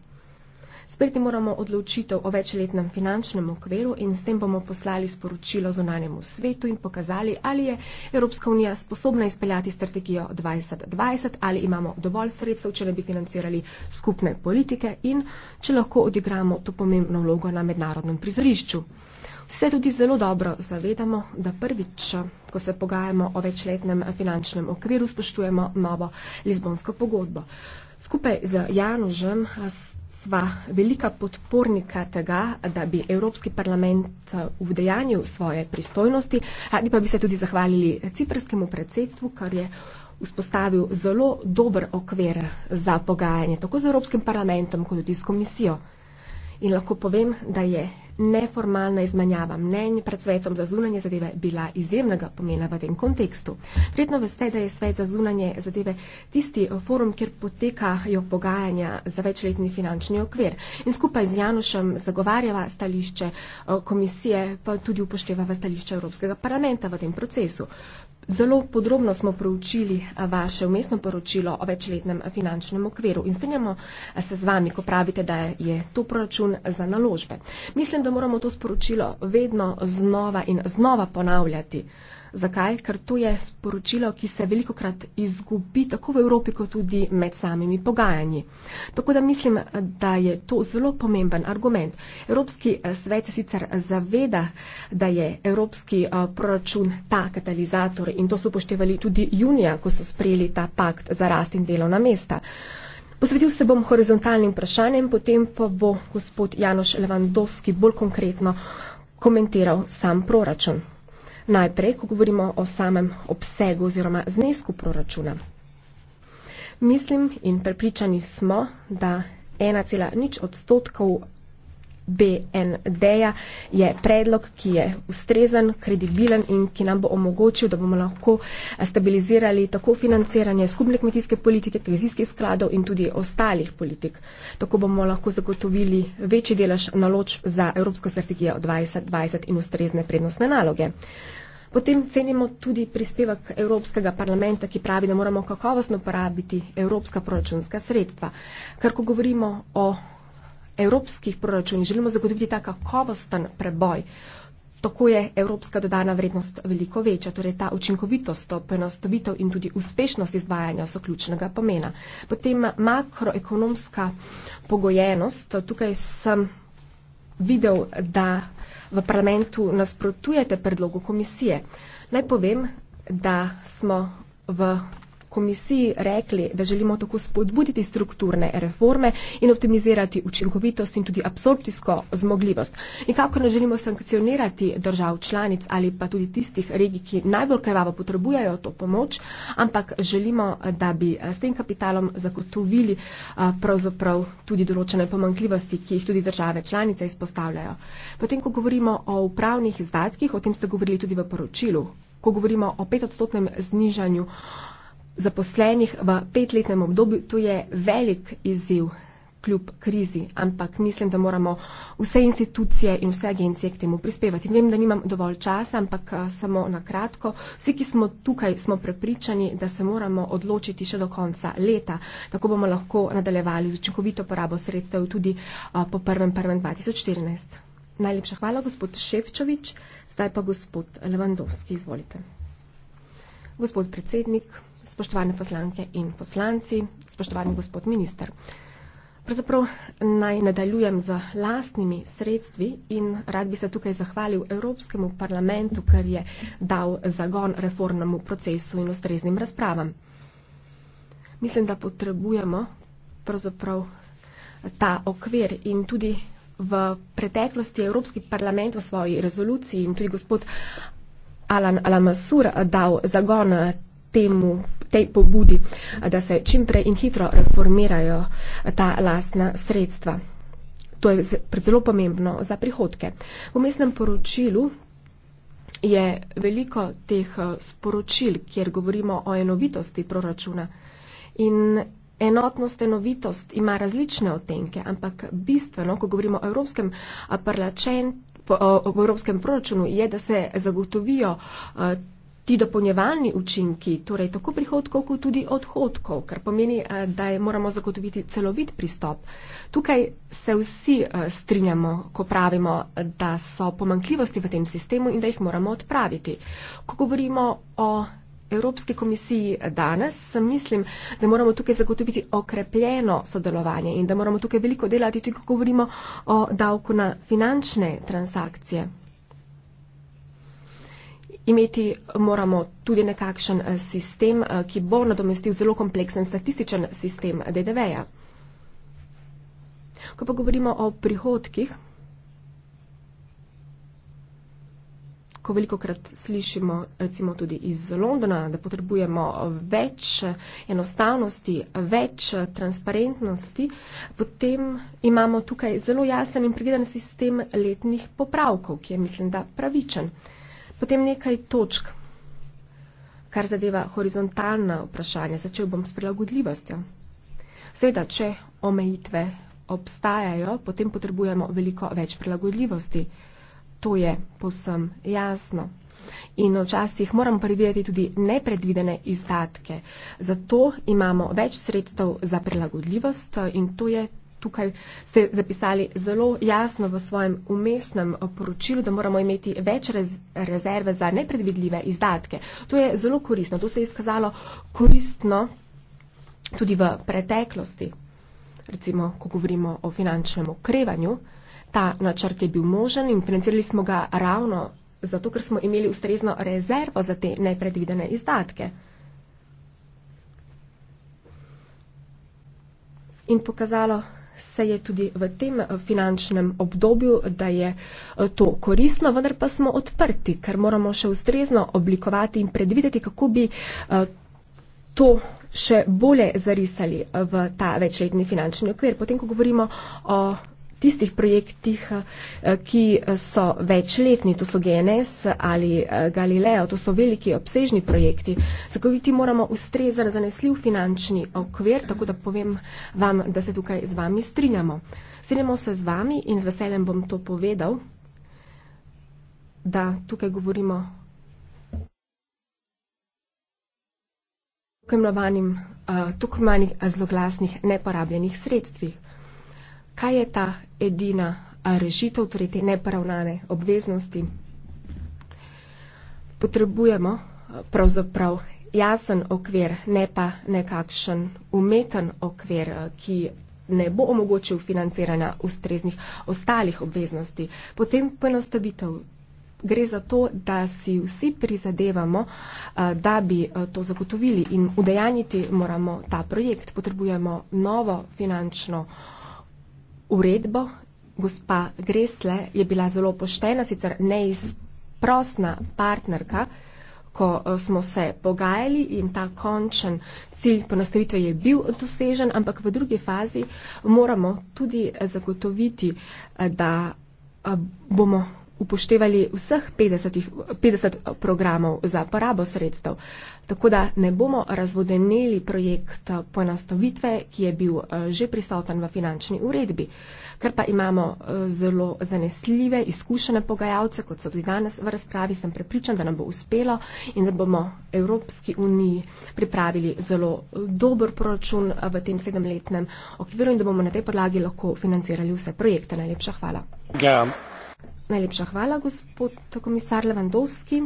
Sprejeti moramo odločitev o večletnem finančnem okviru in s tem bomo poslali sporočilo zonanjemu svetu in pokazali, ali je Evropska unija sposobna izpeljati strategijo 2020, ali imamo dovolj sredstev, če ne bi financirali skupne politike in če lahko odigramo to pomembno vlogo na mednarodnem prizorišču. Vse tudi zelo dobro zavedamo, da prvič, ko se pogajamo o večletnem finančnem okviru, spoštujemo novo Lizbonsko pogodbo. Skupaj z Janužem sva velika podpornika tega, da bi Evropski parlament vdejanil eh, svoje pristojnosti. Radi pa bi se tudi zahvalili eh, ciprskemu predsedstvu, kar je vzpostavil zelo dober okvir eh, za pogajanje tako z Evropskim parlamentom kot tudi s komisijo. In lahko povem, da je neformalna izmenjava mnenj pred svetom za zunanje zadeve bila izjemnega pomena v tem kontekstu. Vredno veste, da je svet za zunanje zadeve tisti eh, forum, kjer potekajo pogajanja za večletni finančni okvir. In skupaj z Janušem zagovarjava stališče eh, komisije, pa tudi upošteva stališče Evropskega parlamenta v tem procesu. Zelo podrobno smo proučili eh, vaše umestno poročilo o večletnem eh, finančnem okviru in strinjamo eh, se z vami, ko pravite, da je to proračun za naložbe. Mislim, da moramo to sporočilo vedno znova in znova ponavljati. Zakaj? Ker to je sporočilo, ki se veliko krat izgubi tako v Evropi, kot tudi med samimi pogajanji. Tako da mislim, da je to zelo pomemben argument. Evropski eh, svet se sicer zaveda, da je evropski eh, proračun ta katalizator in to so upoštevali tudi junija, ko so sprejeli ta pakt za rast in delovna mesta. Posvetil se bom horizontalnim vprašanjem, potem pa bo gospod Janoš Levandovski bolj konkretno komentiral sam proračun. Najprej, ko govorimo o samem obsegu oziroma znesku proračuna. Mislim in prepričani smo, da 1,0 odstotkov BND-ja je predlog, ki je ustrezen, kredibilen in ki nam bo omogočil, da bomo lahko stabilizirali tako financiranje skupne kmetijske politike, krizijskih skladov in tudi ostalih politik. Tako bomo lahko zagotovili večji delež naloč za Evropsko strategijo 2020 in ustrezne prednostne naloge. Potem cenimo tudi prispevek Evropskega parlamenta, ki pravi, da moramo kakovostno porabiti evropska proračunska sredstva. Ker ko govorimo o evropskih proračunih, želimo zagotoviti ta kakovosten preboj. Tako je evropska dodana vrednost veliko večja, torej ta učinkovitost, poenostavitev in tudi uspešnost izvajanja so ključnega pomena. Potem makroekonomska pogojenost. Tukaj sem videl, da v parlamentu nasprotujete predlogu komisije. Naj povem, da smo v komisiji rekli, da želimo tako spodbuditi strukturne reforme in optimizirati učinkovitost in tudi absorpcijsko zmogljivost. Nikakor ne želimo sankcionirati držav članic ali pa tudi tistih regij, ki najbolj krvavo potrebujajo to pomoč, ampak želimo, da bi eh, s tem kapitalom zagotovili eh, pravzaprav tudi določene pomankljivosti, ki jih tudi države članice izpostavljajo. Potem, ko govorimo o upravnih izdatkih, o tem ste govorili tudi v poročilu, ko govorimo o petodstotnem znižanju zaposlenih v petletnem obdobju, to je velik izziv kljub krizi, ampak mislim, da moramo vse institucije in vse agencije k temu prispevati. Vem, da nimam dovolj časa, ampak eh, samo na kratko. Vsi, ki smo tukaj, smo prepričani, da se moramo odločiti še do konca leta. Tako bomo lahko nadaljevali z učinkovito porabo sredstev tudi eh, po 1.1.2014. Najlepša hvala, gospod Ševčovič. Zdaj pa gospod Levandovski, izvolite. Gospod predsednik spoštovane poslanke in poslanci, spoštovani gospod minister. Pravzaprav naj nadaljujem z lastnimi sredstvi in rad bi se tukaj zahvalil Evropskemu parlamentu, ker je dal zagon reformnemu procesu in ustreznim razpravam. Mislim, da potrebujemo pravzaprav ta okvir in tudi v preteklosti Evropski parlament v svoji rezoluciji in tudi gospod Alan Alamasur dal zagon temu, tej pobudi, da se čim prej in hitro reformirajo ta lastna sredstva. To je zelo pomembno za prihodke. V mestnem poročilu je veliko teh eh, sporočil, kjer govorimo o enovitosti proračuna. In enotnost, enovitost ima različne otenke, ampak bistveno, ko govorimo o evropskem eh, parlačen, po, o, eh, o evropskem proračunu, je, da se zagotovijo uh, ti dopolnjevalni učinki, torej tako prihodkov, kot tudi odhodkov, kar pomeni, eh, da je moramo zagotoviti celovit pristop. Tukaj se vsi eh, strinjamo, ko pravimo, da so pomankljivosti v tem sistemu in da jih moramo odpraviti. Ko govorimo o Evropski komisiji danes, sem mislim, da moramo tukaj zagotoviti okrepljeno sodelovanje in da moramo tukaj veliko delati, tudi ko govorimo o davku na finančne transakcije imeti moramo tudi nekakšen eh, sistem, eh, ki bo nadomestil zelo kompleksen statističen sistem DDV-ja. Ko pa govorimo o prihodkih, ko veliko krat slišimo recimo tudi iz Londona, da potrebujemo eh, več enostavnosti, več transparentnosti, potem imamo tukaj zelo jasen in pregledan sistem letnih popravkov, ki je mislim, da pravičen. Potem nekaj točk, kar zadeva horizontalna vprašanja. Začel bom s prilagodljivostjo. Seveda, če omejitve obstajajo, potem potrebujemo veliko več prilagodljivosti. To je povsem jasno. In včasih moramo predvideti tudi nepredvidene izdatke. Zato imamo več sredstev za prilagodljivost in to je tukaj ste zapisali zelo jasno v svojem umestnem eh, poročilu, da moramo imeti več rez rezerve za nepredvidljive izdatke. To je zelo koristno, to se je izkazalo koristno tudi v preteklosti, recimo, ko govorimo o finančnem okrevanju. Ta načrt je bil možen in financirali smo ga ravno zato, ker smo imeli ustrezno rezervo za te nepredvidene izdatke. In pokazalo, se je tudi v tem eh, finančnem obdobju, da je eh, to koristno, vendar pa smo odprti, ker moramo še ustrezno oblikovati in predvideti, kako bi eh, to še bolje zarisali v ta večletni finančni okvir. Potem, ko govorimo o tistih projektih, eh, ki eh, so večletni, to so GNS ali eh, Galileo, to so veliki obsežni projekti, zagotoviti moramo ustrezan zanesljiv finančni okvir, tako da povem vam, da se tukaj z vami strinjamo. Strinjamo se z vami in z veseljem bom to povedal, da tukaj govorimo o tako imenovanih zloglasnih neporabljenih sredstvih kaj je ta edina rešitev, torej te nepravnane obveznosti. Potrebujemo pravzaprav jasen okvir, ne pa nekakšen umeten okvir, ki ne bo omogočil financiranja ustreznih ostalih obveznosti. Potem poenostavitev. Gre za to, da si vsi prizadevamo, da bi to zagotovili in udejanjiti moramo ta projekt. Potrebujemo novo finančno uredbo. Gospa Gresle je bila zelo poštena, sicer neizprostna partnerka, ko eh, smo se pogajali in ta končen cilj ponastavitve je bil dosežen, ampak v drugi fazi moramo tudi eh, zagotoviti, eh, da bomo upoštevali vseh 50, 50 eh, programov za porabo sredstev. Tako da ne bomo razvodeneli projekt poenostavitve, ki je bil eh, že prisoten v finančni uredbi. Ker pa imamo eh, zelo zanesljive, izkušene pogajalce, kot so tudi danes v razpravi, sem prepričan, da nam bo uspelo in da bomo Evropski uniji pripravili zelo dober proračun v tem sedemletnem okviru in da bomo na tej podlagi lahko financirali vse projekte. Najlepša hvala. Yeah. Ja. Najlepša hvala, gospod komisar Levandovski.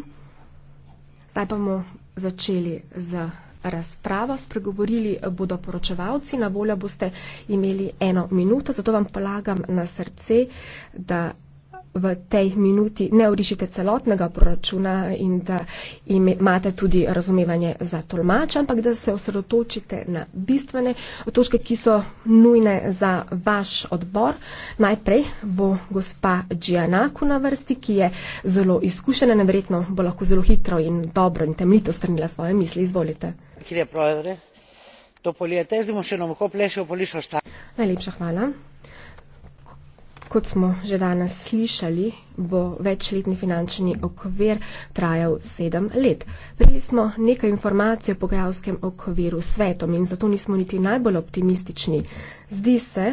Zdaj pa bomo začeli z razpravo. Spregovorili bodo poročevalci. Na voljo boste imeli eno minuto, zato vam polagam na srce, da v tej minuti ne urišite celotnega proračuna in da imate tudi razumevanje za tolmača, ampak da se osredotočite na bistvene točke, ki so nujne za vaš odbor. Najprej bo gospa Džianaku na vrsti, ki je zelo izkušena, neverjetno bo lahko zelo hitro in dobro in temeljito strnila svoje misli. Izvolite. Najlepša hvala. Kot smo že danes slišali, bo večletni finančni okvir trajal sedem let. Prejeli smo nekaj informacij o pogajalskem okviru s svetom in zato nismo niti najbolj optimistični. Zdi se,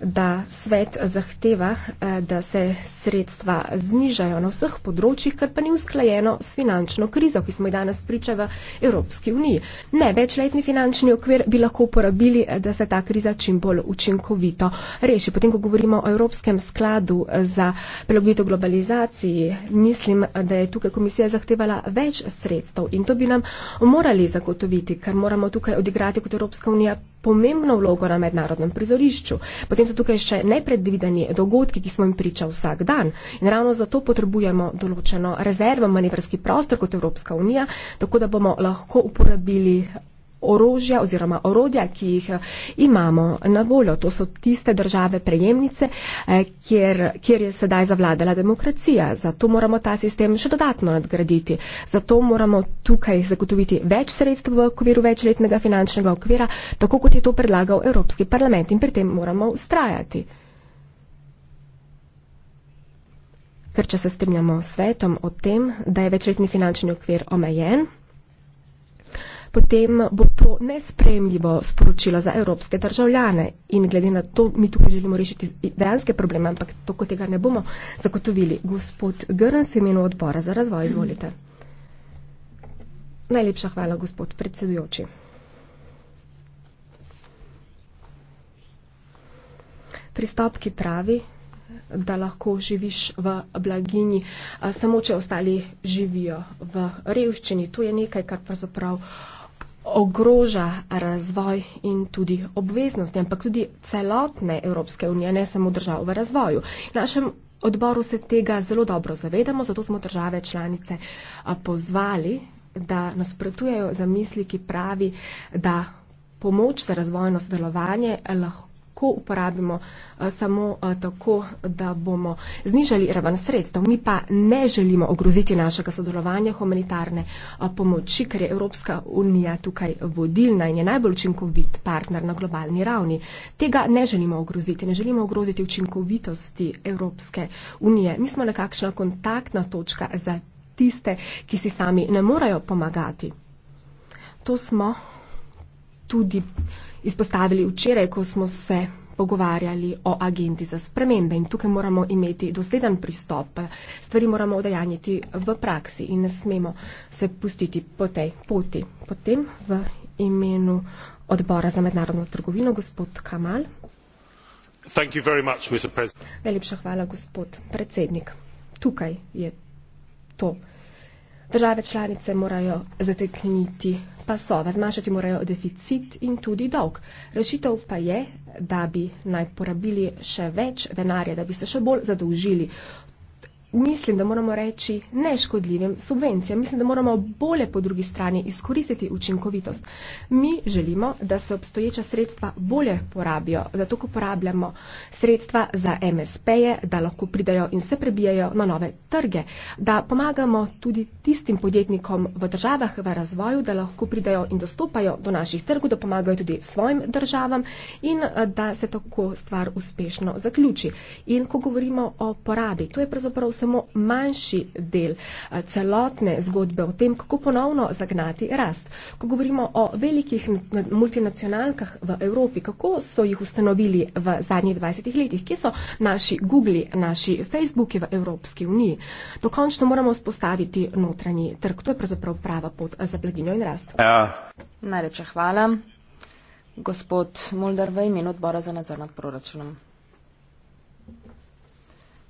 da svet zahteva, eh, da se sredstva znižajo na vseh področjih, kar pa ni usklajeno s finančno krizo, ki smo jo danes priča v Evropski uniji. Ne, večletni finančni okvir bi lahko uporabili, eh, da se ta kriza čim bolj učinkovito reši. Potem, ko govorimo o Evropskem skladu eh, za prilagoditev globalizaciji, mislim, da je tukaj komisija zahtevala več sredstev in to bi nam morali zagotoviti, ker moramo tukaj odigrati kot Evropska unija pomembno vlogo na mednarodnem prizorišču. Potem so tukaj še nepredvideni dogodki, ki smo jim priča vsak dan. In ravno zato potrebujemo določeno rezervo, manevrski prostor kot Evropska unija, tako da bomo lahko uporabili orožja oziroma orodja, ki jih eh, imamo na voljo. To so tiste države prejemnice, eh, kjer, kjer je sedaj zavladala demokracija. Zato moramo ta sistem še dodatno nadgraditi. Zato moramo tukaj zagotoviti več sredstv v okviru večletnega finančnega okvira, tako kot je to predlagal Evropski parlament in pri tem moramo ustrajati. Ker če se strinjamo s svetom o tem, da je večletni finančni okvir omejen, potem bo to nespremljivo sporočilo za evropske državljane. In glede na to, mi tukaj želimo rešiti dejanske probleme, ampak toliko tega ne bomo zagotovili. Gospod Grns, imenu odbora za razvoj, izvolite. Najlepša hvala, gospod predsedujoči. Pristop, ki pravi, da lahko živiš v blaginji, samo če ostali živijo v revščini. To je nekaj, kar pravzaprav. Uh, ogroža razvoj in tudi obveznosti, ampak tudi celotne Evropske unije, ne samo držav v razvoju. Našem odboru se tega zelo dobro zavedamo, zato smo države članice pozvali, da nasprotujejo za misli, ki pravi, da pomoč za razvojno sodelovanje eh, lahko lahko uporabimo eh, samo eh, tako, da bomo znižali raven sredstev. Mi pa ne želimo ogroziti našega sodelovanja humanitarne eh, pomoči, ker je Evropska unija tukaj vodilna in je najbolj učinkovit partner na globalni ravni. Tega ne želimo ogroziti. Ne želimo ogroziti učinkovitosti Evropske unije. Mi smo nekakšna kontaktna točka za tiste, ki si sami ne morejo pomagati. To smo tudi izpostavili včeraj, ko smo se pogovarjali o agendi za spremembe in tukaj moramo imeti dosleden pristop. Stvari moramo odajanjiti v praksi in ne smemo se pustiti po tej poti. Potem v imenu odbora za mednarodno trgovino gospod Kamal. Najlepša hvala, gospod predsednik. Tukaj je to. Države članice morajo zatekniti pasove, zmanjšati morajo deficit in tudi dolg. Rešitev pa je, da bi naj porabili še več denarja, da bi se še bolj zadolžili mislim, da moramo reči neškodljivim subvencijam. Mislim, da moramo bolje po drugi strani izkoristiti učinkovitost. Mi želimo, da se obstoječa sredstva bolje porabijo, da tako porabljamo sredstva za MSP-je, da lahko pridajo in se prebijajo na nove trge, da pomagamo tudi tistim podjetnikom v državah v razvoju, da lahko pridajo in dostopajo do naših trgov, da pomagajo tudi svojim državam in da se tako stvar uspešno zaključi. In ko govorimo o porabi, to je pravzaprav vse samo manjši del eh, celotne zgodbe o tem, kako ponovno zagnati rast. Ko govorimo o velikih multinacionalkah v Evropi, kako so jih ustanovili v zadnjih 20 letih, kje so naši Google, naši Facebooki v Evropski uniji. Dokončno moramo vzpostaviti notranji trg. To je pravzaprav prava pot eh, za blaginjo in rast. Ja. Najlepša hvala. Gospod Mulder v imenu odbora za nadzor nad proračunom.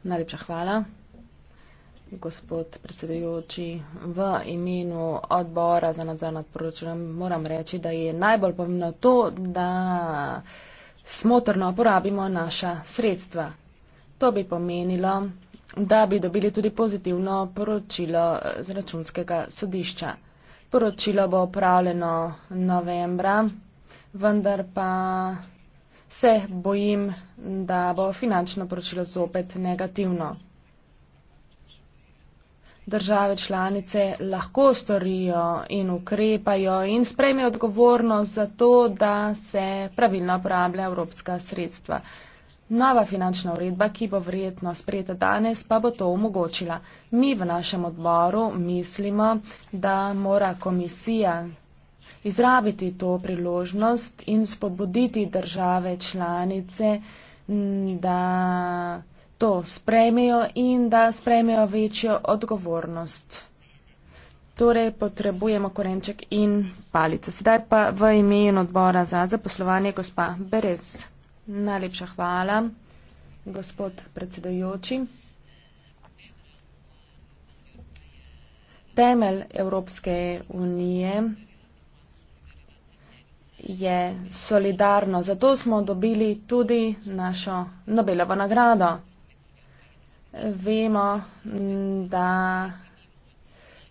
Najlepša hvala gospod predsedujoči, v imenu odbora za nadzor nad proračunom moram reči, da je najbolj pomembno to, da smotrno porabimo naša sredstva. To bi pomenilo, da bi dobili tudi pozitivno poročilo z računskega sodišča. Poročilo bo upravljeno novembra, vendar pa se bojim, da bo finančno poročilo zopet negativno države članice lahko storijo in ukrepajo in sprejme odgovornost za to, da se pravilno uporablja evropska sredstva. Nova finančna uredba, ki bo verjetno sprejeta danes, pa bo to omogočila. Mi v našem odboru mislimo, da mora komisija izrabiti to priložnost in spodbuditi države članice, da to sprejmejo in da sprejmejo večjo odgovornost. Torej potrebujemo korenček in palico. Sedaj pa v imenu odbora za zaposlovanje gospa Berez. Najlepša hvala, gospod predsedujoči. Temelj Evropske unije je solidarno. Zato smo dobili tudi našo Nobelovo nagrado vemo, da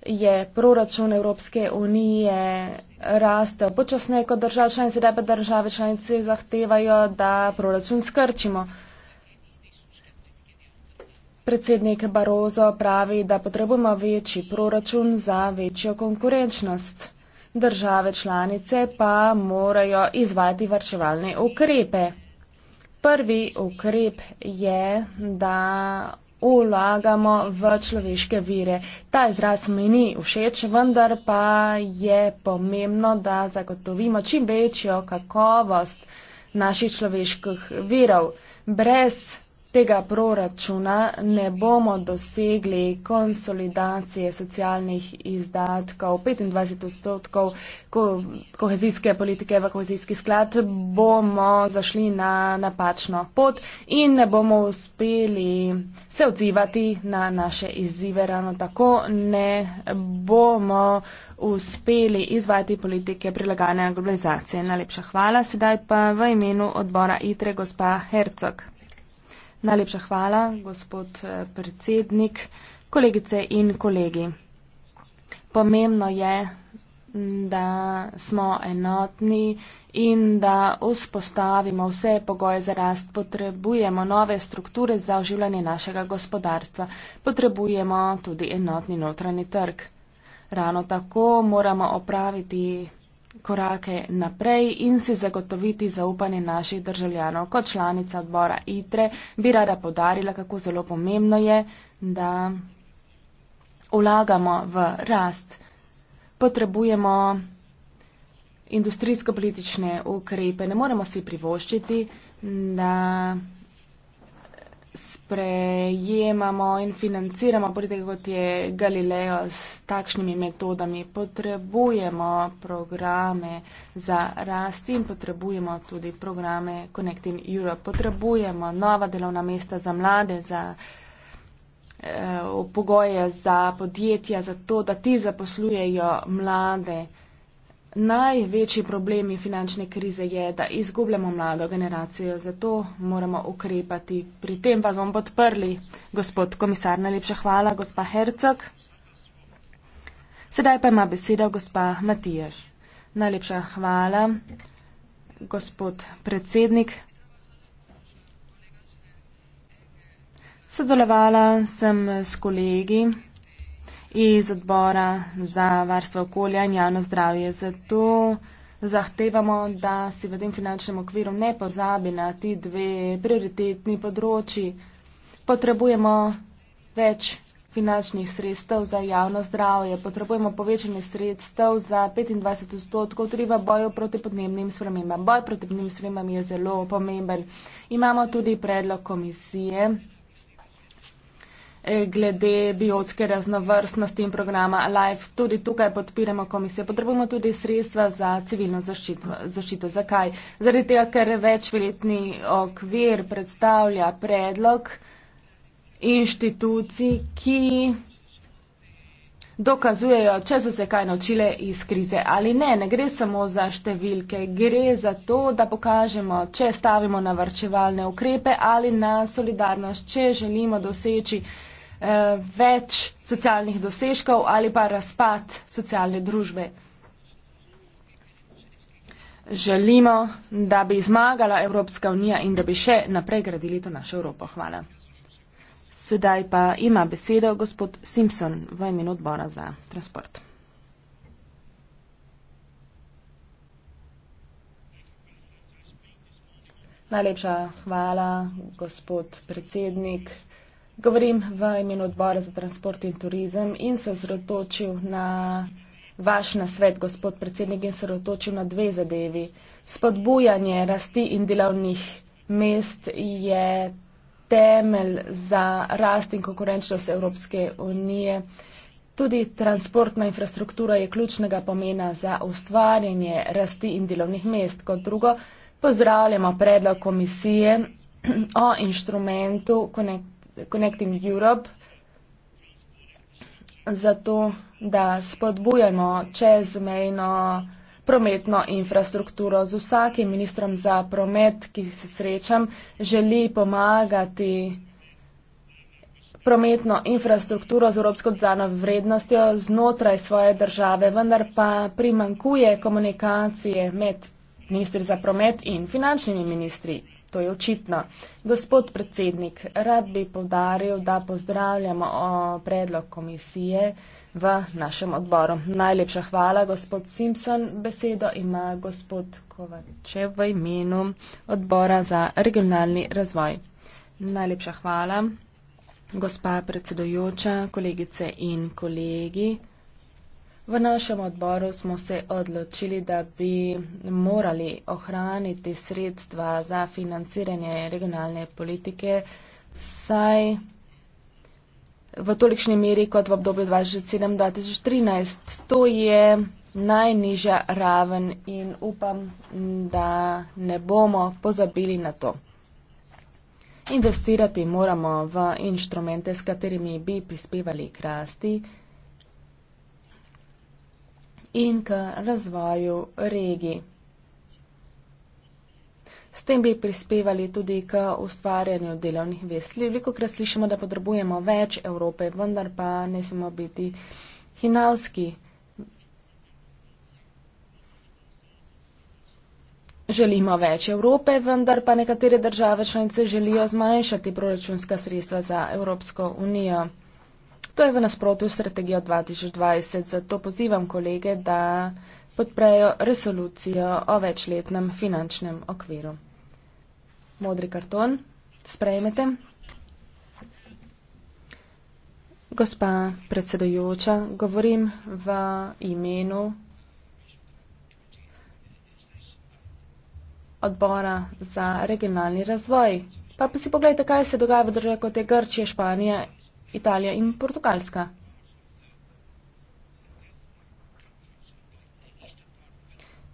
je proračun Evropske unije rastel počasneje kot držav članice, da pa države članice zahtevajo, da proračun skrčimo. Predsednik Barozo pravi, da potrebujemo večji proračun za večjo konkurenčnost. Države članice pa morajo izvajati varčevalne ukrepe. Prvi ukrep je, da vlagamo v človeške vire. Ta izraz mi ni všeč, vendar pa je pomembno, da zagotovimo čim večjo kakovost naših človeških virov. Brez tega proračuna ne bomo dosegli konsolidacije socialnih izdatkov 25 odstotkov kohezijske politike v kohezijski sklad, bomo zašli na napačno pot in ne bomo uspeli se odzivati na naše izzive. Ravno tako ne bomo uspeli izvajati politike prilagajanja globalizacije. Najlepša hvala. Sedaj pa v imenu odbora ITRE gospa Hercog. Najlepša hvala, gospod eh, predsednik, kolegice in kolegi. Pomembno je, da smo enotni in da vzpostavimo vse pogoje za rast. Potrebujemo nove strukture za oživljanje našega gospodarstva. Potrebujemo tudi enotni notranji trg. Ravno tako moramo opraviti korake naprej in si zagotoviti zaupanje naših državljanov. Kot članica odbora ITRE bi rada podarila, kako zelo pomembno je, da vlagamo v rast. Potrebujemo industrijsko-politične ukrepe. Ne moremo si privoščiti, da sprejemamo in financiramo, pridite kot je Galileo s takšnimi metodami. Potrebujemo programe za rast in potrebujemo tudi programe Connecting Europe. Potrebujemo nova delovna mesta za mlade, za eh, pogoje za podjetja, za to, da ti zaposlujejo mlade največji problemi finančne krize je, da izgubljamo mlado generacijo, zato moramo ukrepati. Pri tem vas bom podprli, gospod komisar, najlepša hvala, gospa Hercog. Sedaj pa ima beseda gospa Matijaš. Najlepša hvala, gospod predsednik. Sodelovala sem s kolegi iz odbora za varstvo okolja in javno zdravje. Zato zahtevamo, da si v tem finančnem okviru ne pozabi na ti dve prioritetni področji. Potrebujemo več finančnih sredstev za javno zdravje, potrebujemo povečanje sredstev za 25 odstotkov tudi v boju proti podnebnim spremembam. Boj proti podnebnim spremembam je zelo pomemben. Imamo tudi predlog komisije glede biotske raznovrstnosti in programa Life. Tudi tukaj podpiramo komisijo. Potrebujemo tudi sredstva za civilno zaščito. zaščito. Zakaj? Zaradi tega, ker večletni okvir predstavlja predlog inštitucij, ki dokazujejo, če so se kaj naučile iz krize ali ne. Ne gre samo za številke, gre za to, da pokažemo, če stavimo na vrčevalne ukrepe ali na solidarnost, če želimo doseči Eh, več socialnih dosežkov ali pa razpad socialne družbe. Želimo, da bi zmagala Evropska unija in da bi še naprej gradili to našo Evropo. Hvala. Sedaj pa ima besedo gospod Simpson v imenu odbora za transport. Najlepša hvala, gospod predsednik. Govorim v imenu odbora za transport in turizem in se zrotočil na vaš nasvet, gospod predsednik, in se zrotočil na dve zadevi. Spodbujanje rasti in delovnih mest je temelj za rast in konkurenčnost Evropske unije. Tudi transportna infrastruktura je ključnega pomena za ustvarjanje rasti in delovnih mest. Kot drugo, pozdravljamo predlog komisije o inštrumentu konektivnosti Connecting Europe, zato da spodbujamo čezmejno prometno infrastrukturo. Z vsakim ministrom za promet, ki se srečam, želi pomagati prometno infrastrukturo z evropsko dodano vrednostjo znotraj svoje države, vendar pa primankuje komunikacije med ministri za promet in finančnimi ministri to je očitno. Gospod predsednik, rad bi povdaril, da pozdravljamo predlog komisije v našem odboru. Najlepša hvala, gospod Simpson. Besedo ima gospod Kovačev v imenu odbora za regionalni razvoj. Najlepša hvala, gospa predsedojoča, kolegice in kolegi. V našem odboru smo se odločili, da bi morali ohraniti sredstva za financiranje regionalne politike, saj v tolikšni meri kot v obdobju 2007-2013. To je najnižja raven in upam, da ne bomo pozabili na to. Investirati moramo v inštrumente, s katerimi bi prispevali k rasti in k razvoju regij. S tem bi prispevali tudi k ustvarjanju delovnih vesli. Veliko krat slišimo, da potrebujemo več Evrope, vendar pa ne smemo biti hinavski. Želimo več Evrope, vendar pa nekatere države članice želijo zmanjšati proračunska sredstva za Evropsko unijo. To je v nasprotju s strategijo 2020, zato pozivam kolege, da podprejo resolucijo o večletnem finančnem okviru. Modri karton, sprejmete. Gospa predsedojoča, govorim v imenu odbora za regionalni razvoj. Pa pa si pogledajte, kaj se dogaja v državah kot je Grčija, Španija Italija in Portugalska.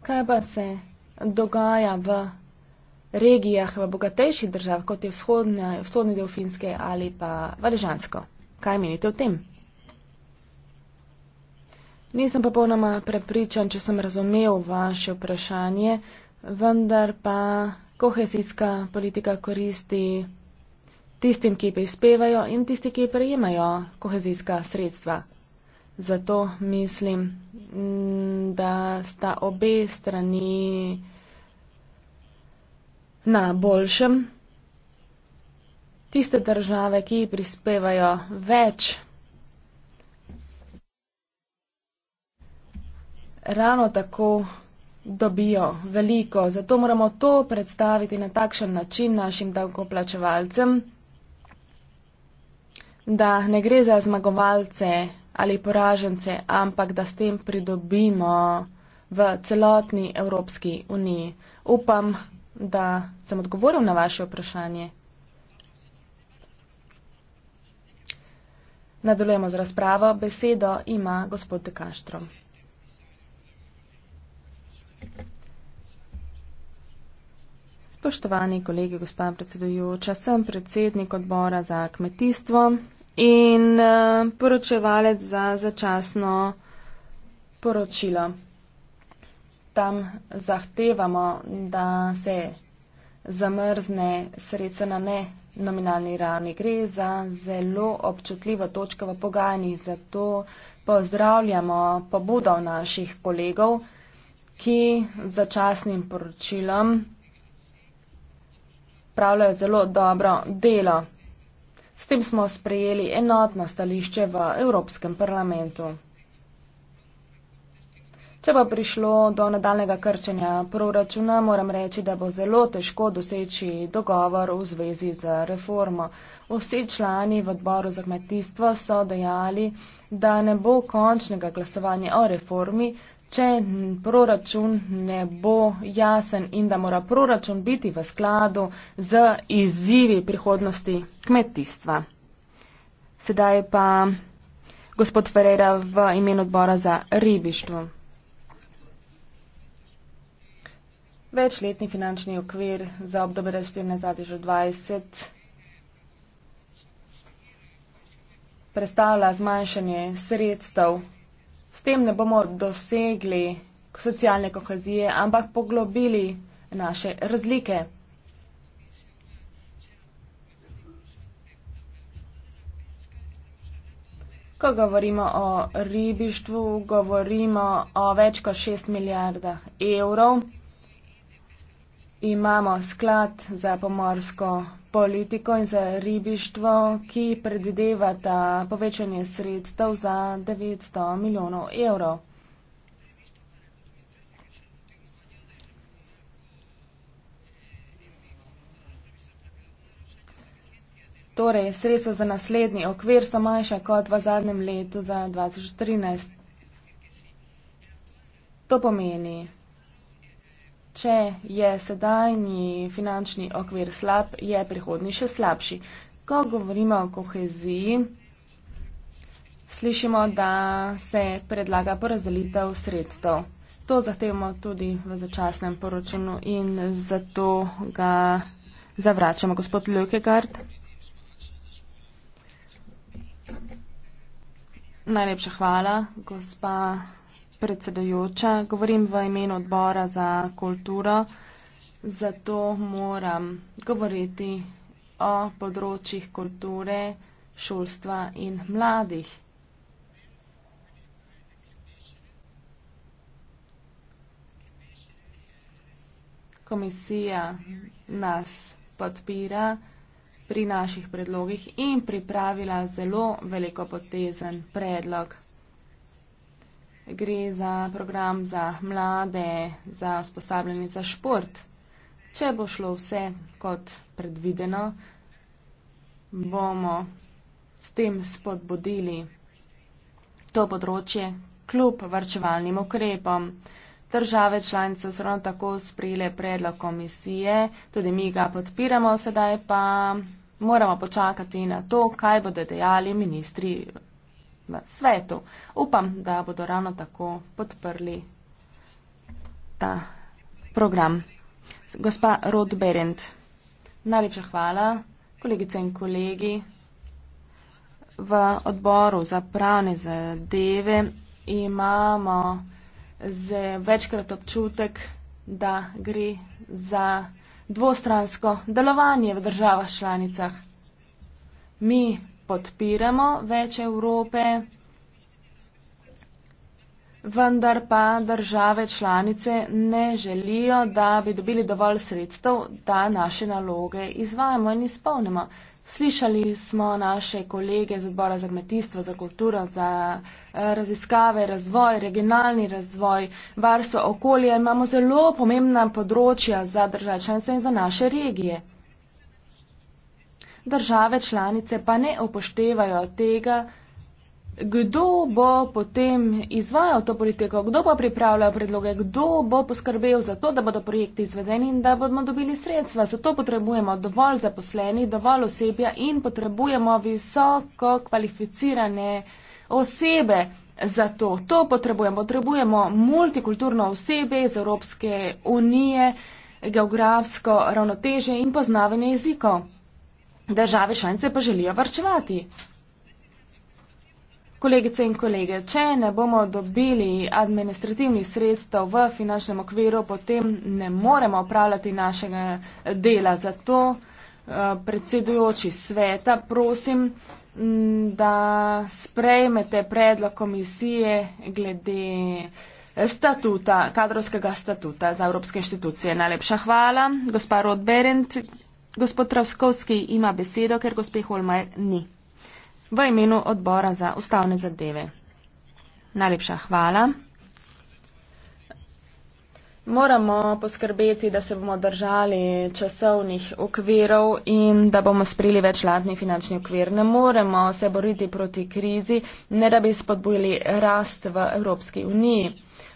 Kaj pa se dogaja v regijah, v bogatejših državah, kot je vzhodne, vzhodni del Finske ali pa Valižansko? Kaj menite o tem? Nisem popolnoma prepričan, če sem razumel vaše vprašanje, vendar pa kohezijska politika koristi tistim, ki prispevajo in tisti, ki prejemajo kohezijska sredstva. Zato mislim, mm, da sta obe strani na boljšem. Tiste države, ki prispevajo več, ravno tako dobijo veliko. Zato moramo to predstaviti na takšen način našim davkoplačevalcem da ne gre za zmagovalce ali poražence, ampak da s tem pridobimo v celotni Evropski uniji. Upam, da sem odgovoril na vaše vprašanje. Nadaljujemo z razpravo. Besedo ima gospod De Castro. Spoštovani kolegi, gospod predsedujoča, sem predsednik odbora za kmetijstvo in uh, poročevalec za začasno poročilo. Tam zahtevamo, da se zamrzne sredstvo na ne nominalni ravni. Gre za zelo občutljivo točko v pogajanjih, zato pozdravljamo pobudo naših kolegov, ki začasnim poročilom pravljajo zelo dobro delo. S tem smo sprejeli enotno stališče v Evropskem parlamentu. Če bo prišlo do nadaljnega krčenja proračuna, moram reči, da bo zelo težko doseči dogovor v zvezi z reformo. Vsi člani v odboru za kmetijstvo so dejali, da ne bo končnega glasovanja o reformi, če proračun ne bo jasen in da mora proračun biti v skladu z izzivi prihodnosti kmetijstva. Sedaj pa gospod Ferreira v imenu odbora za ribištvo. Večletni finančni okvir za obdobje 14-20 predstavlja zmanjšanje sredstev S tem ne bomo dosegli socialne kohezije, ampak poglobili naše razlike. Ko govorimo o ribištvu, govorimo o več kot 6 milijardah evrov imamo sklad za pomorsko politiko in za ribištvo, ki predvidevata povečanje sredstev za 900 milijonov evrov. Torej, sredstva za naslednji okvir so manjša kot v zadnjem letu za 2014. To pomeni, Če je sedajni finančni okvir slab, je prihodni še slabši. Ko govorimo o koheziji, slišimo, da se predlaga porazdelitev sredstev. To zahtevamo tudi v začasnem poročunu in zato ga zavračamo. Gospod Ljukegard. Najlepša hvala, gospa predsedujoča, govorim v imenu odbora za kulturo, zato moram govoriti o področjih kulture, šolstva in mladih. Komisija nas podpira pri naših predlogih in pripravila zelo velikopotezen predlog Gre za program za mlade, za usposabljanje za šport. Če bo šlo vse kot predvideno, bomo s tem spodbudili to področje kljub varčevalnim ukrepom. Države članice so ravno tako sprejele predlog komisije, tudi mi ga podpiramo, sedaj pa moramo počakati na to, kaj bodo dejali ministri v svetu. Upam, da bodo ravno tako podprli ta program. Gospa Rod Berend, najlepša hvala, kolegice in kolegi. V odboru za pravne zadeve imamo za večkrat občutek, da gre za dvostransko delovanje v državah članicah. Mi podpiramo več Evrope, vendar pa države članice ne želijo, da bi dobili dovolj sredstev, da naše naloge izvajamo in izpolnimo. Slišali smo naše kolege z odbora za kmetijstvo, za kulturo, za eh, raziskave, razvoj, regionalni razvoj, varstvo okolja. Imamo zelo pomembna področja za države članice in za naše regije države članice pa ne upoštevajo tega, kdo bo potem izvajal to politiko, kdo bo pripravljal predloge, kdo bo poskrbel za to, da bodo projekti izvedeni in da bomo dobili sredstva. Zato potrebujemo dovolj zaposleni, dovolj osebja in potrebujemo visoko kvalificirane osebe. Zato to potrebujemo. Potrebujemo multikulturno osebe iz Evropske unije, geografsko ravnoteže in poznavanje jezikov. Države članice pa želijo varčevati. Kolegice in kolege, če ne bomo dobili administrativnih sredstev v finančnem okviru, potem ne moremo opravljati našega dela. Zato eh, predsedujoči sveta prosim, da sprejmete predlog komisije glede statuta, kadrovskega statuta za Evropske inštitucije. Najlepša hvala, gospa Rod Berend. Gospod Travskovski ima besedo, ker gospe Holmajer ni. V imenu odbora za ustavne zadeve. Najlepša hvala. Moramo poskrbeti, da se bomo držali časovnih okvirov in da bomo sprejeli večladni finančni okvir. Ne moremo se boriti proti krizi, ne da bi spodbujali rast v Evropski uniji.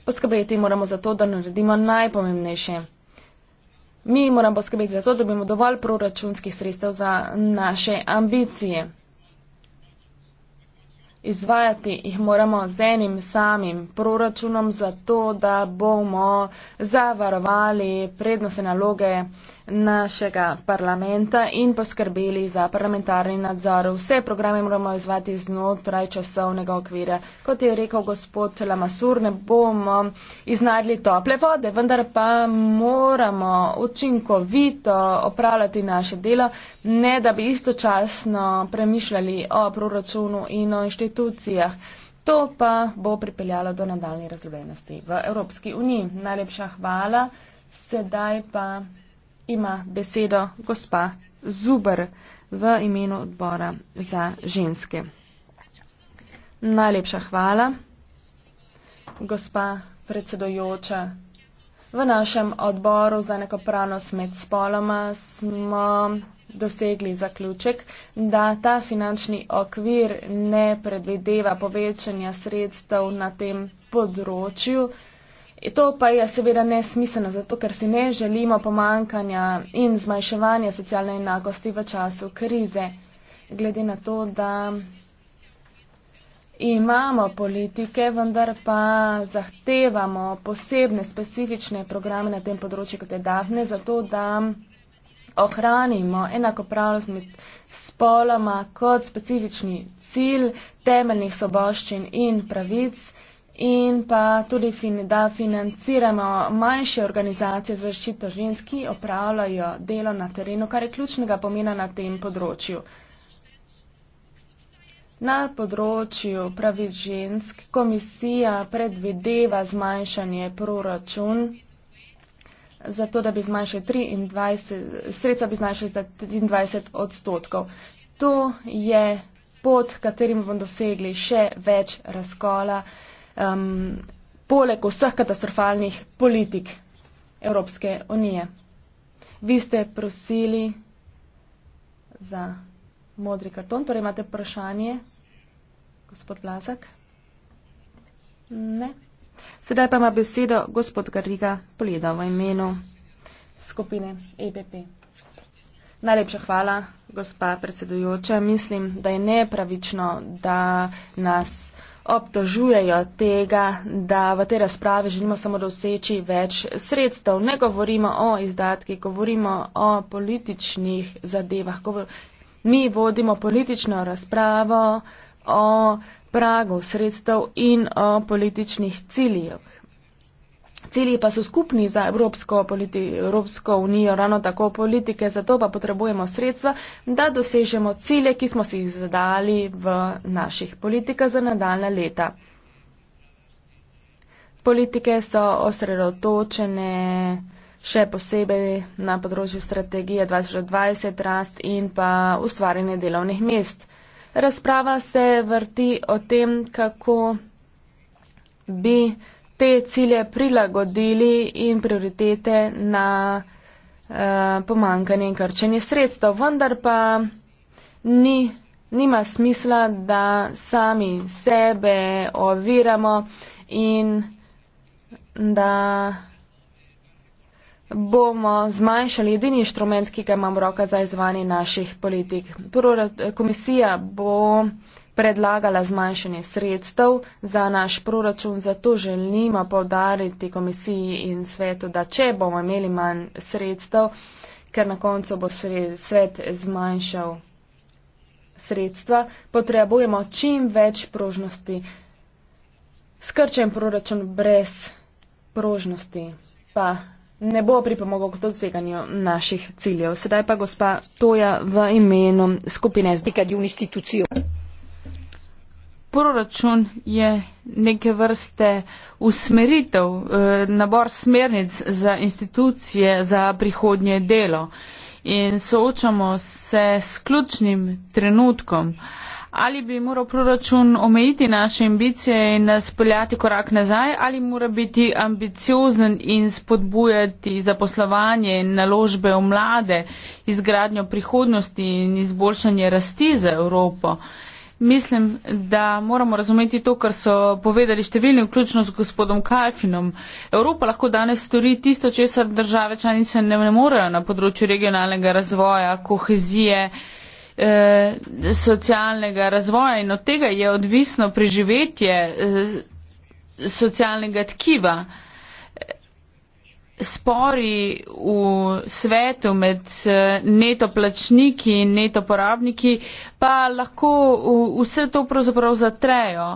Poskrbeti moramo za to, da naredimo najpomembnejše. Mi moramo skrbeti za to, da imamo dovolj proračunskih sredstev za naše ambicije. Izvajati jih moramo z enim samim proračunom za to, da bomo zavarovali prednostne naloge našega parlamenta in poskrbeli za parlamentarni nadzor. Vse programe moramo izvati znotraj časovnega okvira. Kot je rekel gospod Lamasur, ne bomo iznajdli tople vode, vendar pa moramo učinkovito opravljati naše delo, ne da bi istočasno premišljali o proračunu in o inštitucijah. To pa bo pripeljalo do nadaljnje razlobenosti v Evropski uniji. Najlepša hvala. Sedaj pa ima besedo gospa Zubr v imenu odbora za ženske. Najlepša hvala, gospa predsedojoča. V našem odboru za nekopravnost med spoloma smo dosegli zaključek, da ta finančni okvir ne predvideva povečanja sredstev na tem področju. To pa je seveda nesmiselno, zato ker si ne želimo pomankanja in zmanjševanja socialne enakosti v času krize. Glede na to, da imamo politike, vendar pa zahtevamo posebne, specifične programe na tem področju, kot je davne, zato da ohranimo enakopravnost med spoloma kot specifični cilj temeljnih soboščin in pravic in pa tudi, fin, da financiramo manjše organizacije za zaščito žensk, ki opravljajo delo na terenu, kar je ključnega pomena na tem področju. Na področju pravi žensk komisija predvideva zmanjšanje proračun, zato da bi zmanjšali 23, sredstva bi zmanjšali za 23 odstotkov. To je pot, katerim bomo dosegli še več razkola um, poleg vseh katastrofalnih politik Evropske unije. Vi ste prosili za modri karton, torej imate vprašanje, gospod Blazak? Ne. Sedaj pa ima besedo gospod Gariga Poleda v imenu skupine EPP. Najlepša hvala, gospa predsedujoča. Mislim, da je nepravično, da nas obtožujejo tega, da v tej razpravi želimo samo doseči več sredstev. Ne govorimo o izdatkih, govorimo o političnih zadevah. Mi vodimo politično razpravo o pragu sredstev in o političnih ciljev. Cilji pa so skupni za Evropsko, Evropsko unijo, ravno tako politike, zato pa potrebujemo sredstva, da dosežemo cilje, ki smo si jih zadali v naših politikah za nadaljna leta. Politike so osredotočene še posebej na področju strategije 2020, rast in pa ustvarjanje delovnih mest. Razprava se vrti o tem, kako bi te cilje prilagodili in prioritete na eh, pomankanje in krčenje sredstev, vendar pa ni, nima smisla, da sami sebe oviramo in da bomo zmanjšali edini inštrument, ki ga imamo roka za izvanje naših politik. Prora, komisija bo predlagala zmanjšanje sredstev za naš proračun, zato želimo povdariti komisiji in svetu, da če bomo imeli manj sredstev, ker na koncu bo svet zmanjšal sredstva, potrebujemo čim več prožnosti. Skrčen proračun brez prožnosti pa ne bo pripomogel k doseganju naših ciljev. Sedaj pa gospa Toja v imenu skupine ZDK in institucijo proračun je neke vrste usmeritev, eh, nabor smernic za institucije za prihodnje delo in soočamo se s ključnim trenutkom. Ali bi moral proračun omejiti naše ambicije in nas peljati korak nazaj, ali mora biti ambiciozen in spodbujati zaposlovanje in naložbe v mlade, izgradnjo prihodnosti in izboljšanje rasti za Evropo? Mislim, da moramo razumeti to, kar so povedali številni, vključno z gospodom Kalfinom. Evropa lahko danes stori tisto, česar države članice ne, ne morejo na področju regionalnega razvoja, kohezije, eh, socialnega razvoja in od tega je odvisno preživetje eh, socialnega tkiva. Eh, spori v svetu med eh, neto plačniki in neto porabniki pa lahko vse to pravzaprav zatrejo.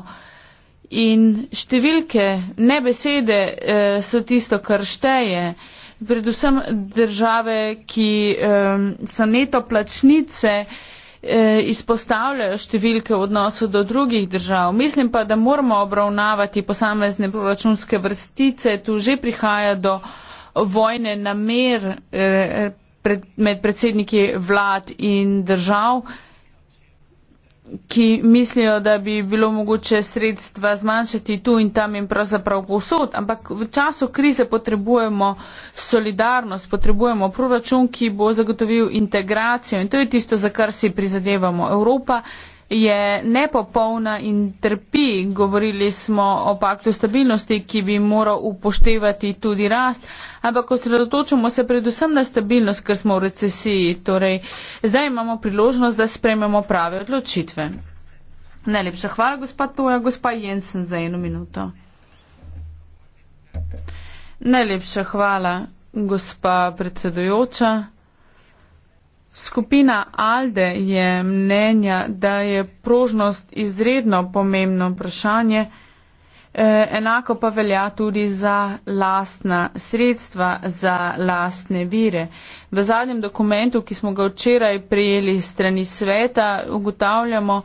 In številke, ne besede, eh, so tisto, kar šteje. Predvsem države, ki eh, so neto plačnice, izpostavljajo številke v odnosu do drugih držav. Mislim pa, da moramo obravnavati posamezne proračunske vrstice. Tu že prihaja do vojne namer eh, med predsedniki vlad in držav, ki mislijo, da bi bilo mogoče sredstva zmanjšati tu in tam in pravzaprav povsod. Ampak v času krize potrebujemo solidarnost, potrebujemo proračun, ki bo zagotovil integracijo in to je tisto, za kar si prizadevamo. Evropa je nepopolna in trpi. Govorili smo o paktu stabilnosti, ki bi moral upoštevati tudi rast, ampak osredotočamo se predvsem na stabilnost, ker smo v recesiji. Torej, zdaj imamo priložnost, da sprememo prave odločitve. Najlepša hvala, gospa Toja. Gospa Jensen, za eno minuto. Najlepša hvala, gospa predsedujoča. Skupina Alde je mnenja, da je prožnost izredno pomembno vprašanje, eh, enako pa velja tudi za lastna sredstva, za lastne vire. V zadnjem dokumentu, ki smo ga včeraj prijeli strani sveta, ugotavljamo,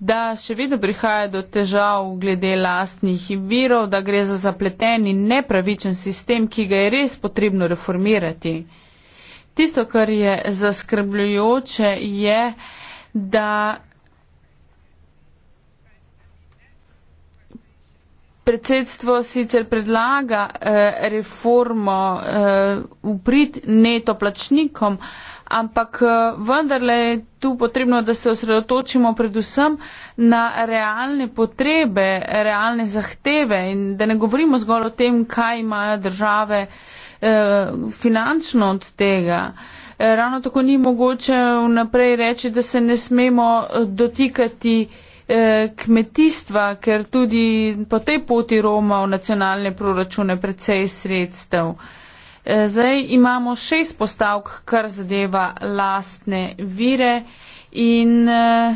da še vedno prihaja do težav glede lastnih virov, da gre za zapleten in nepravičen sistem, ki ga je res potrebno reformirati. Tisto, kar je zaskrbljujoče, je, da predsedstvo sicer predlaga eh, reformo eh, uprit neto plačnikom, ampak eh, vendarle je tu potrebno, da se osredotočimo predvsem na realne potrebe, realne zahteve in da ne govorimo zgolj o tem, kaj imajo države. Eh, eh, finančno od tega. Eh, ravno tako ni mogoče vnaprej reči, da se ne smemo dotikati eh, kmetijstva, ker tudi po tej poti Roma v nacionalne proračune precej sredstev. Eh, zdaj imamo šest postavk, kar zadeva lastne vire in eh,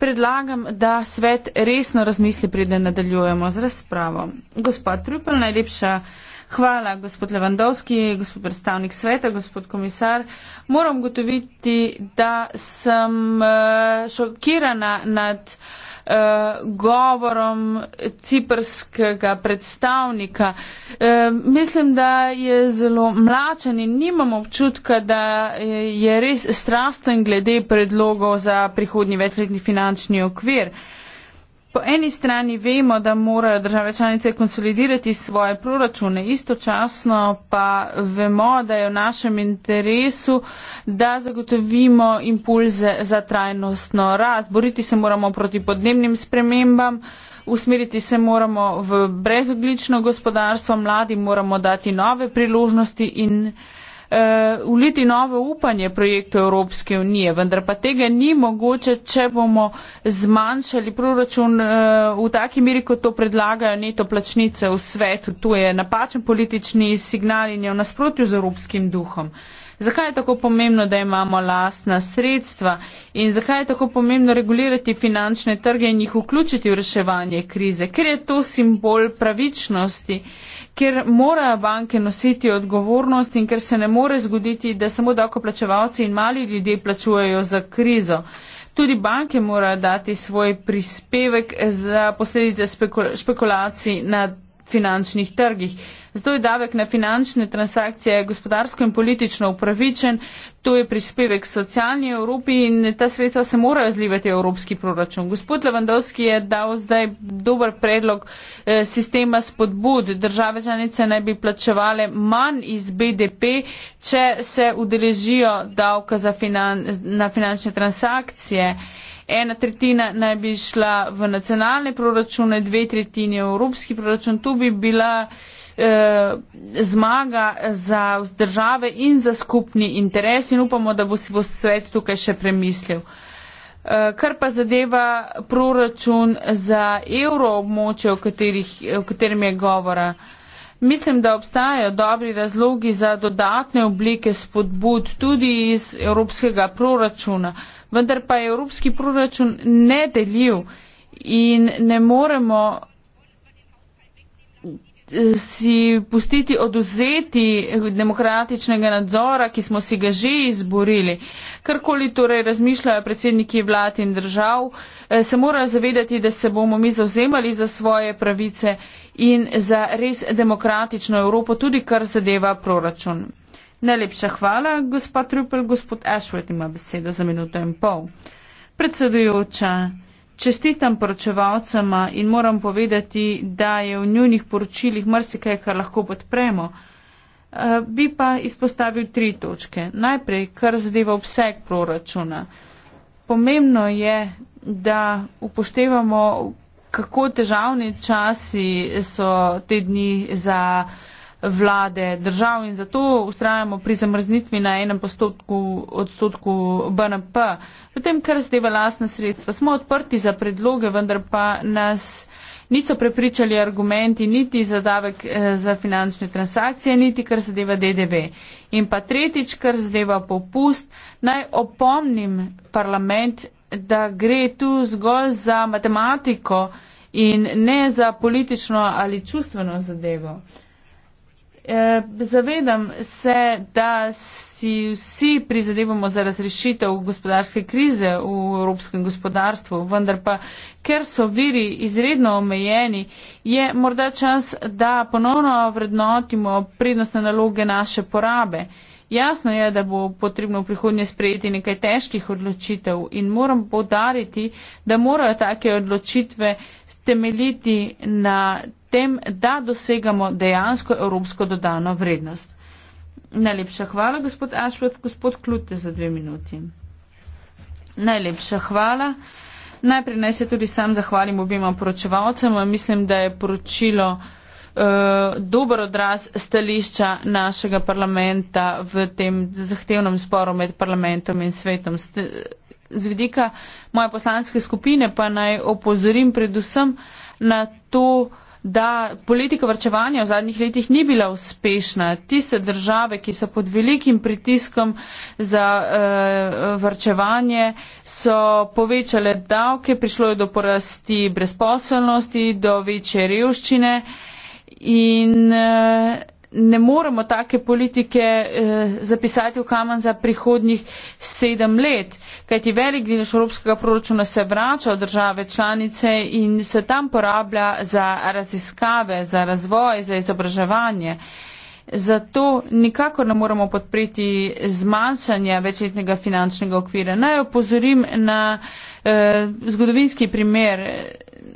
predlagam, da svet resno razmisli, preden nadaljujemo z razpravo. Gospod Trupel, najlepša. Eh, Hvala, gospod Levandovski, gospod predstavnik sveta, gospod komisar. Moram gotoviti, da sem eh, šokirana nad eh, govorom ciprskega predstavnika. Eh, mislim, da je zelo mlačen in nimam občutka, da je res strasten glede predlogov za prihodnji večletni finančni okvir. Po eni strani vemo, da morajo države članice konsolidirati svoje proračune, istočasno pa vemo, da je v našem interesu, da zagotovimo impulze za trajnostno rast. Boriti se moramo proti podnebnim spremembam, usmeriti se moramo v brezoglično gospodarstvo, mladi moramo dati nove priložnosti in uh, uliti novo upanje projektu Evropske unije, vendar pa tega ni mogoče, če bomo zmanjšali proračun uh, v taki miri, kot to predlagajo neto plačnice v svetu. To je napačen politični signal in je v nasprotju z evropskim duhom. Zakaj je tako pomembno, da imamo lastna sredstva in zakaj je tako pomembno regulirati finančne trge in jih vključiti v reševanje krize? Ker je to simbol pravičnosti kjer morajo banke nositi odgovornost in ker se ne more zgoditi, da samo dokoplačevalci in mali ljudje plačujejo za krizo. Tudi banke morajo dati svoj prispevek za posledice spekul špekulacij na finančnih trgih. Zdaj je davek na finančne transakcije gospodarsko in politično upravičen, to je prispevek socialni Evropi in ta sredstva se morajo zlivati v evropski proračun. Gospod Levandovski je dal zdaj dober predlog eh, sistema spodbud. Države članice naj bi plačevale manj iz BDP, če se udeležijo davka finan na finančne transakcije. Ena tretjina naj bi šla v nacionalne proračune, dve tretjine v evropski proračun. Tu bi bila eh, zmaga za države in za skupni interes in upamo, da bo si bo svet tukaj še premislil. Eh, kar pa zadeva proračun za evroobmoče, o katerem je govora. Mislim, da obstajajo dobri razlogi za dodatne oblike spodbud tudi iz evropskega proračuna, vendar pa je evropski proračun nedeljiv in ne moremo si pustiti oduzeti demokratičnega nadzora, ki smo si ga že izborili. Karkoli torej razmišljajo predsedniki vlad in držav, eh, se morajo zavedati, da se bomo mi zauzemali za svoje pravice in za res demokratično Evropo, tudi kar zadeva proračun. Najlepša hvala, gospod Trupel, gospod Ashworth ima besedo za minuto in pol. Predsedujoča. Čestitam poročevalcema in moram povedati, da je v njunih poročilih marsikaj, kar lahko podpremo. Eh, bi pa izpostavil tri točke. Najprej, kar zadeva obseg proračuna. Pomembno je, da upoštevamo, kako težavni časi so te dni za vlade držav in zato ustrajamo pri zamrznitvi na enem postotku, odstotku BNP. Potem, kar zdeva lastna sredstva, smo odprti za predloge, vendar pa nas niso prepričali argumenti niti za davek eh, za finančne transakcije, niti kar zadeva DDV. In pa tretjič, kar zadeva popust, naj opomnim parlament, da gre tu zgolj za matematiko in ne za politično ali čustveno zadevo. Eh, zavedam se, da si vsi prizadevamo za razrešitev gospodarske krize v evropskem gospodarstvu, vendar pa, ker so viri izredno omejeni, je morda čas, da ponovno vrednotimo prednostne naloge naše porabe. Jasno je, da bo potrebno v prihodnje sprejeti nekaj težkih odločitev in moram podariti, da morajo take odločitve temeljiti na tem, da dosegamo dejansko evropsko dodano vrednost. Najlepša hvala, gospod Ašvet, gospod Klute, za dve minuti. Najlepša hvala. Najprej naj se tudi sam zahvalim obima poročevalcem. Mislim, da je poročilo eh, dober odraz stališča našega parlamenta v tem zahtevnem sporu med parlamentom in svetom. Z vidika moje poslanske skupine pa naj opozorim predvsem na to, da politika vrčevanja v zadnjih letih ni bila uspešna. Tiste države, ki so pod velikim pritiskom za uh, eh, vrčevanje, so povečale davke, prišlo je do porasti brezposelnosti, do večje revščine in uh, ne moremo take politike eh, zapisati v kamen za prihodnjih sedem let, kajti velik delež evropskega proračuna se vrača v države članice in se tam porablja za raziskave, za razvoj, za izobraževanje. Zato nikakor ne moremo podpreti zmanjšanja večletnega finančnega okvira. Naj opozorim na eh, zgodovinski primer.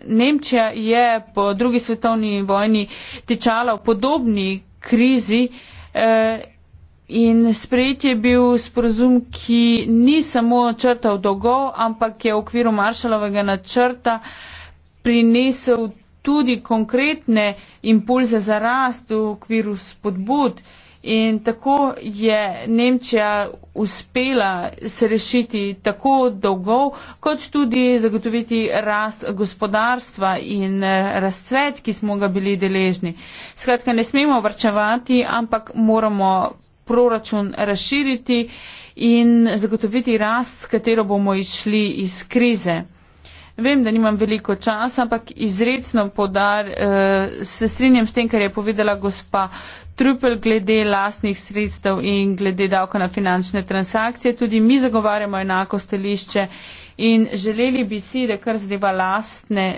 Nemčija je po drugi svetovni vojni tečala v podobni krizi. Eh, in sprejet je bil sporozum, ki ni samo črtal dolgov, ampak je v okviru Maršalovega načrta prinesel tudi konkretne impulze za rast v okviru spodbud In tako je Nemčija uspela se rešiti tako dolgov, kot tudi zagotoviti rast gospodarstva in eh, razcvet, ki smo ga bili deležni. Skratka, ne smemo vrčevati, ampak moramo proračun razširiti in zagotoviti rast, s katero bomo išli iz krize. Vem, da nimam veliko časa, ampak izredno podar eh, se strinjam s tem, kar je povedala gospa Trupel glede lastnih sredstev in glede davka na finančne transakcije. Tudi mi zagovarjamo enako stališče in želeli bi si, da kar zadeva lastne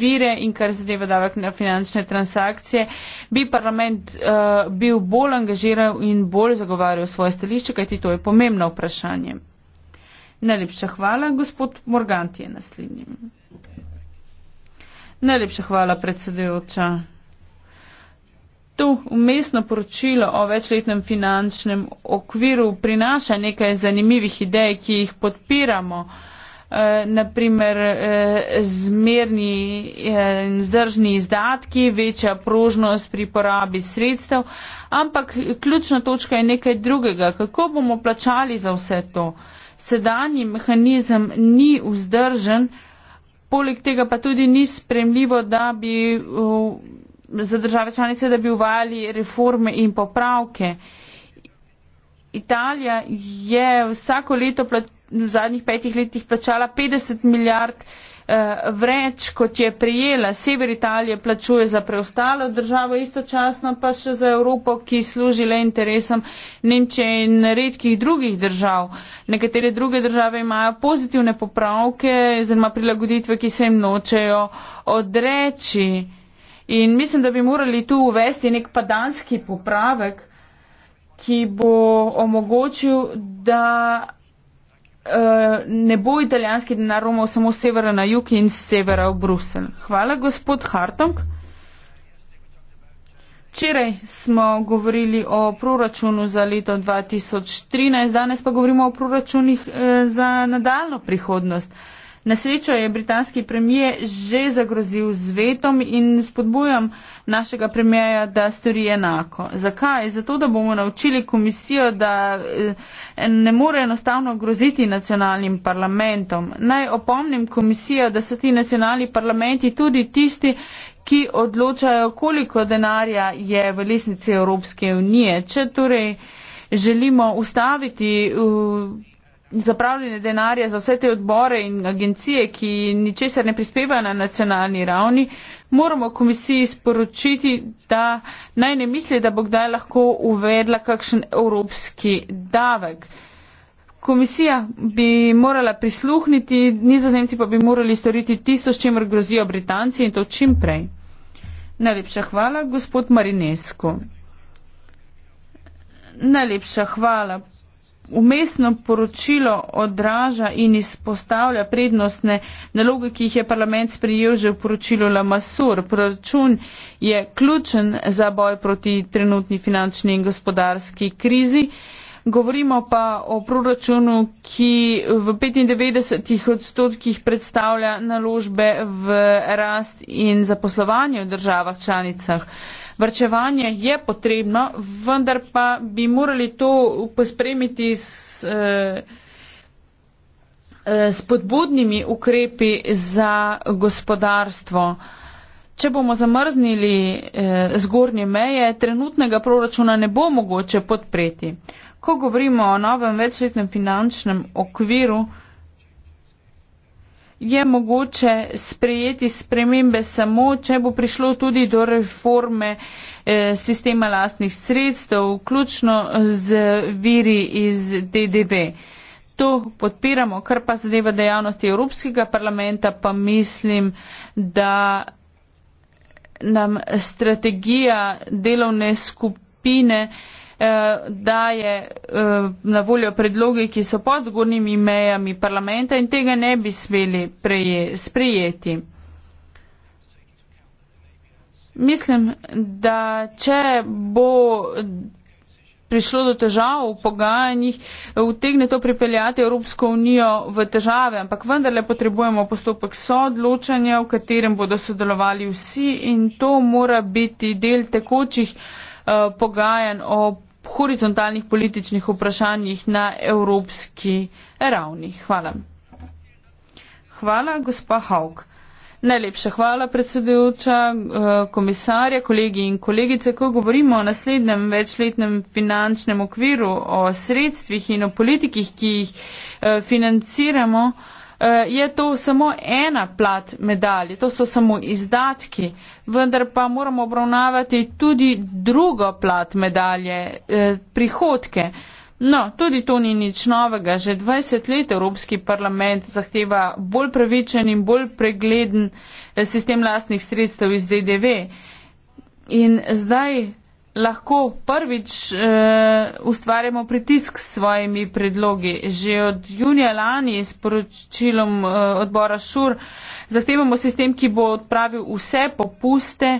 vire in kar zadeva davek na finančne transakcije, bi parlament eh, bil bolj angažiran in bolj zagovarjal svoje stališče, kajti to je pomembno vprašanje. Najlepša hvala. Gospod Morganti je naslednji. Najlepša hvala, predsedujoča. Tu umestno poročilo o večletnem finančnem okviru prinaša nekaj zanimivih idej, ki jih podpiramo. E, eh, naprimer, e, eh, zmerni in eh, e, zdržni izdatki, večja prožnost pri porabi sredstev, ampak ključna točka je nekaj drugega. Kako bomo plačali za vse to? E, sedanji mehanizem ni vzdržen, poleg tega pa tudi ni spremljivo, da bi uh, za države članice, da bi uvajali reforme in popravke. Italija je vsako leto v zadnjih petih letih plačala 50 milijard evrov eh, vreč, kot je prijela. Sever Italije plačuje za preostalo državo, istočasno pa še za Evropo, ki služi le interesom Nemčije in redkih drugih držav. Nekatere druge države imajo pozitivne popravke, oziroma prilagoditve, ki se jim nočejo odreči. In mislim, da bi morali tu uvesti nek padanski popravek, ki bo omogočil, da Eh, ne bo italijanski denar romal samo z severa na jug in z severa v Bruselj. Hvala, gospod Hartong. Včeraj smo govorili o proračunu za leto 2013, danes pa govorimo o proračunih eh, za nadaljno prihodnost. Na srečo je britanski premije že zagrozil z vetom in spodbujam našega premijeja, da stori enako. Zakaj? Zato, da bomo naučili komisijo, da eh, ne more enostavno groziti nacionalnim parlamentom. Naj opomnim komisijo, da so ti nacionalni parlamenti tudi tisti, ki odločajo, koliko denarja je v lesnici Evropske unije. Če torej želimo ustaviti. Uh, zapravljanje denarja za vse te odbore in agencije, ki ničesar ne prispevajo na nacionalni ravni, moramo komisiji sporočiti, da naj ne misli, da bo kdaj lahko uvedla kakšen evropski davek. Komisija bi morala prisluhniti, nizozemci pa bi morali storiti tisto, s čimer grozijo Britanci in to čim prej. Najlepša hvala, gospod Marinesko. Najlepša hvala umestno poročilo odraža in izpostavlja prednostne naloge, ki jih je parlament sprejel že v poročilu Lamasur. Proračun je ključen za boj proti trenutni finančni in gospodarski krizi. Govorimo pa o proračunu, ki v 95 odstotkih predstavlja naložbe v rast in zaposlovanje v državah članicah. Vrčevanje je potrebno, vendar pa bi morali to pospremiti s, eh, eh, s podbudnimi ukrepi za gospodarstvo. Če bomo zamrznili eh, zgornje meje, trenutnega proračuna ne bo mogoče podpreti. Ko govorimo o novem večletnem finančnem okviru, je mogoče sprejeti spremembe samo, če bo prišlo tudi do reforme eh, sistema lastnih sredstev, vključno z viri iz DDV. To podpiramo, kar pa zadeva dejavnosti Evropskega parlamenta, pa mislim, da nam strategija delovne skupine eh, Eh, daje eh, na voljo predloge, ki so pod zgornjimi mejami parlamenta in tega ne bi smeli sprejeti. Mislim, da če bo prišlo do težav v pogajanjih, utegne to pripeljati Evropsko unijo v težave, ampak vendarle potrebujemo postopek soodločanja, v katerem bodo sodelovali vsi in to mora biti del tekočih uh, pogajanj o horizontalnih političnih vprašanjih na evropski ravni. Hvala. Hvala, gospa Haug. Najlepša hvala, predsedujoča, eh, komisarja, kolegi in kolegice. Ko govorimo o naslednjem večletnem finančnem okviru, o sredstvih in o politikih, ki jih eh, financiramo, Eh, je to samo ena plat medalje, to so samo izdatki, vendar pa moramo obravnavati tudi drugo plat medalje, eh, prihodke. No, tudi to ni nič novega. Že 20 let Evropski parlament zahteva bolj pravičen in bolj pregleden eh, sistem lastnih sredstev iz DDV. In zdaj lahko prvič e, ustvarjamo pritisk s svojimi predlogi. Že od junija lani s poročilom e, odbora ŠUR zahtevamo sistem, ki bo odpravil vse popuste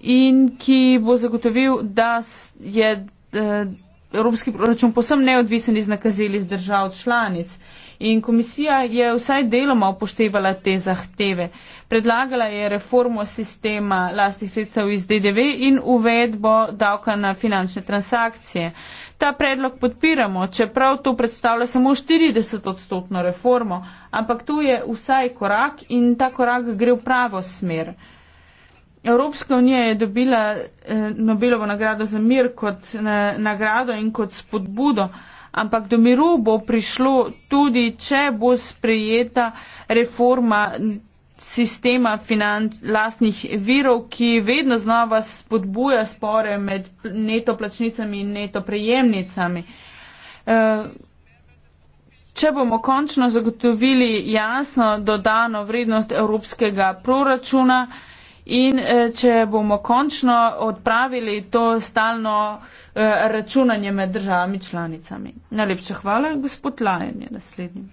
in ki bo zagotovil, da je e, evropski proračun posebno neodvisen iz nakazil iz držav članic in komisija je vsaj deloma upoštevala te zahteve. Predlagala je reformo sistema lastnih sredstev iz DDV in uvedbo davka na finančne transakcije. Ta predlog podpiramo, čeprav to predstavlja samo 40 odstotno reformo, ampak tu je vsaj korak in ta korak gre v pravo smer. Evropska unija je dobila eh, Nobelovo nagrado za mir kot eh, nagrado in kot spodbudo. Eh, ampak do miru bo prišlo tudi, če bo sprejeta reforma sistema financ, lastnih virov, ki vedno znova spodbuja spore med neto plačnicami in neto prejemnicami. Eh, če bomo končno zagotovili jasno dodano vrednost evropskega proračuna, in eh, če bomo končno odpravili to stalno eh, računanje med državami članicami. Najlepša hvala, gospod Lajen je naslednji.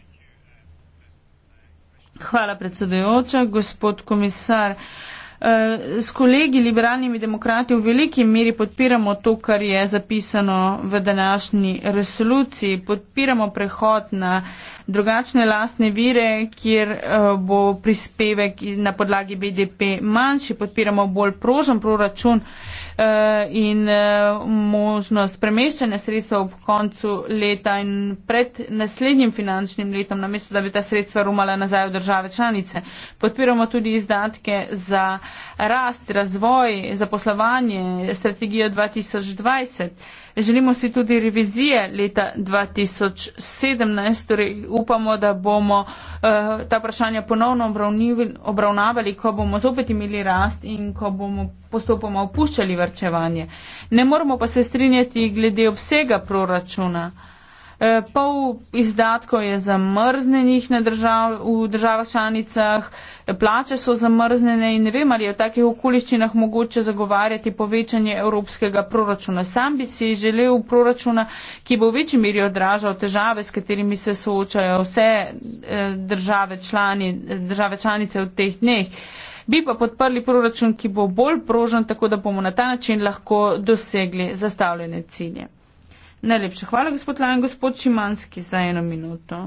Hvala predsedujoča, gospod komisar. Uh, Eh, s kolegi liberalnimi demokrati v veliki meri podpiramo to, kar je zapisano v današnji resoluciji. Podpiramo prehod na drugačne lastne vire, kjer eh, bo prispevek na podlagi BDP manjši. Podpiramo bolj prožen proračun eh, in možnost premeščanja sredstva ob koncu leta in pred naslednjim finančnim letom, namesto da bi ta sredstva rumala nazaj v države članice. Podpiramo tudi izdatke za rast, razvoj, zaposlovanje, strategijo 2020. Želimo si tudi revizije leta 2017, torej upamo, da bomo uh, ta vprašanja ponovno obravnavali, ko bomo zopet imeli rast in ko bomo postopoma opuščali vrčevanje. Ne moramo pa se strinjati glede obsega proračuna. Uh, Eh, pol izdatkov je zamrznenih držav, v državah članicah, plače so zamrznene in ne vem, ali je v takih okoliščinah mogoče zagovarjati povečanje evropskega proračuna. Sam bi si želel proračuna, ki bo v večji meri odražal težave, s katerimi se soočajo vse eh, države, člani, države članice v teh dneh. Bi pa podprli proračun, ki bo bolj prožen, tako da bomo na ta način lahko dosegli zastavljene cilje. Najlepša hvala, gospod Lajan. Gospod Šimanski, za eno minuto.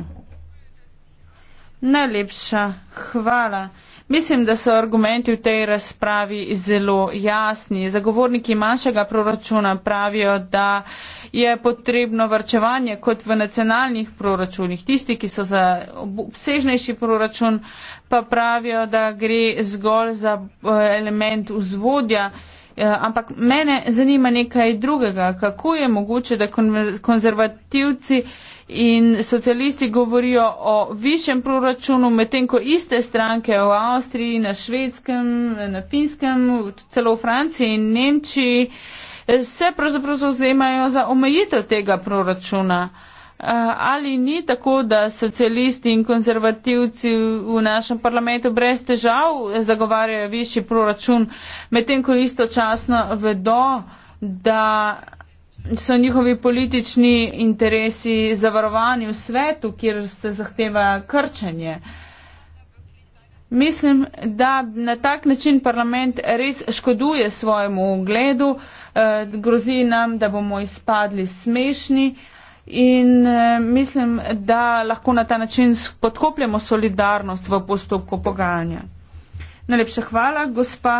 Najlepša hvala. Mislim, da so argumenti v tej razpravi zelo jasni. Zagovorniki manjšega proračuna pravijo, da je potrebno vrčevanje kot v nacionalnih proračunih. Tisti, ki so za obsežnejši proračun, pa pravijo, da gre zgolj za eh, element vzvodja. Eh, ampak mene zanima nekaj drugega. Kako je mogoče, da konzervativci in socialisti govorijo o višjem proračunu, medtem ko iste stranke v Avstriji, na Švedskem, na Finskem, celo v Franciji in Nemčiji eh, se pravzaprav zauzemajo za omejitev tega proračuna. Ali ni tako, da socialisti in konzervativci v našem parlamentu brez težav zagovarjajo višji proračun, medtem ko istočasno vedo, da so njihovi politični interesi zavarovani v svetu, kjer se zahteva krčanje? Mislim, da na tak način parlament res škoduje svojemu ugledu, e, grozi nam, da bomo izpadli smešni. In eh, mislim, da lahko na ta način podkopljamo solidarnost v postopku pogajanja. Najlepša hvala, gospa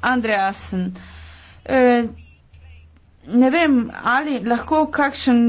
Andreasen. Eh, ne vem, ali lahko kakšen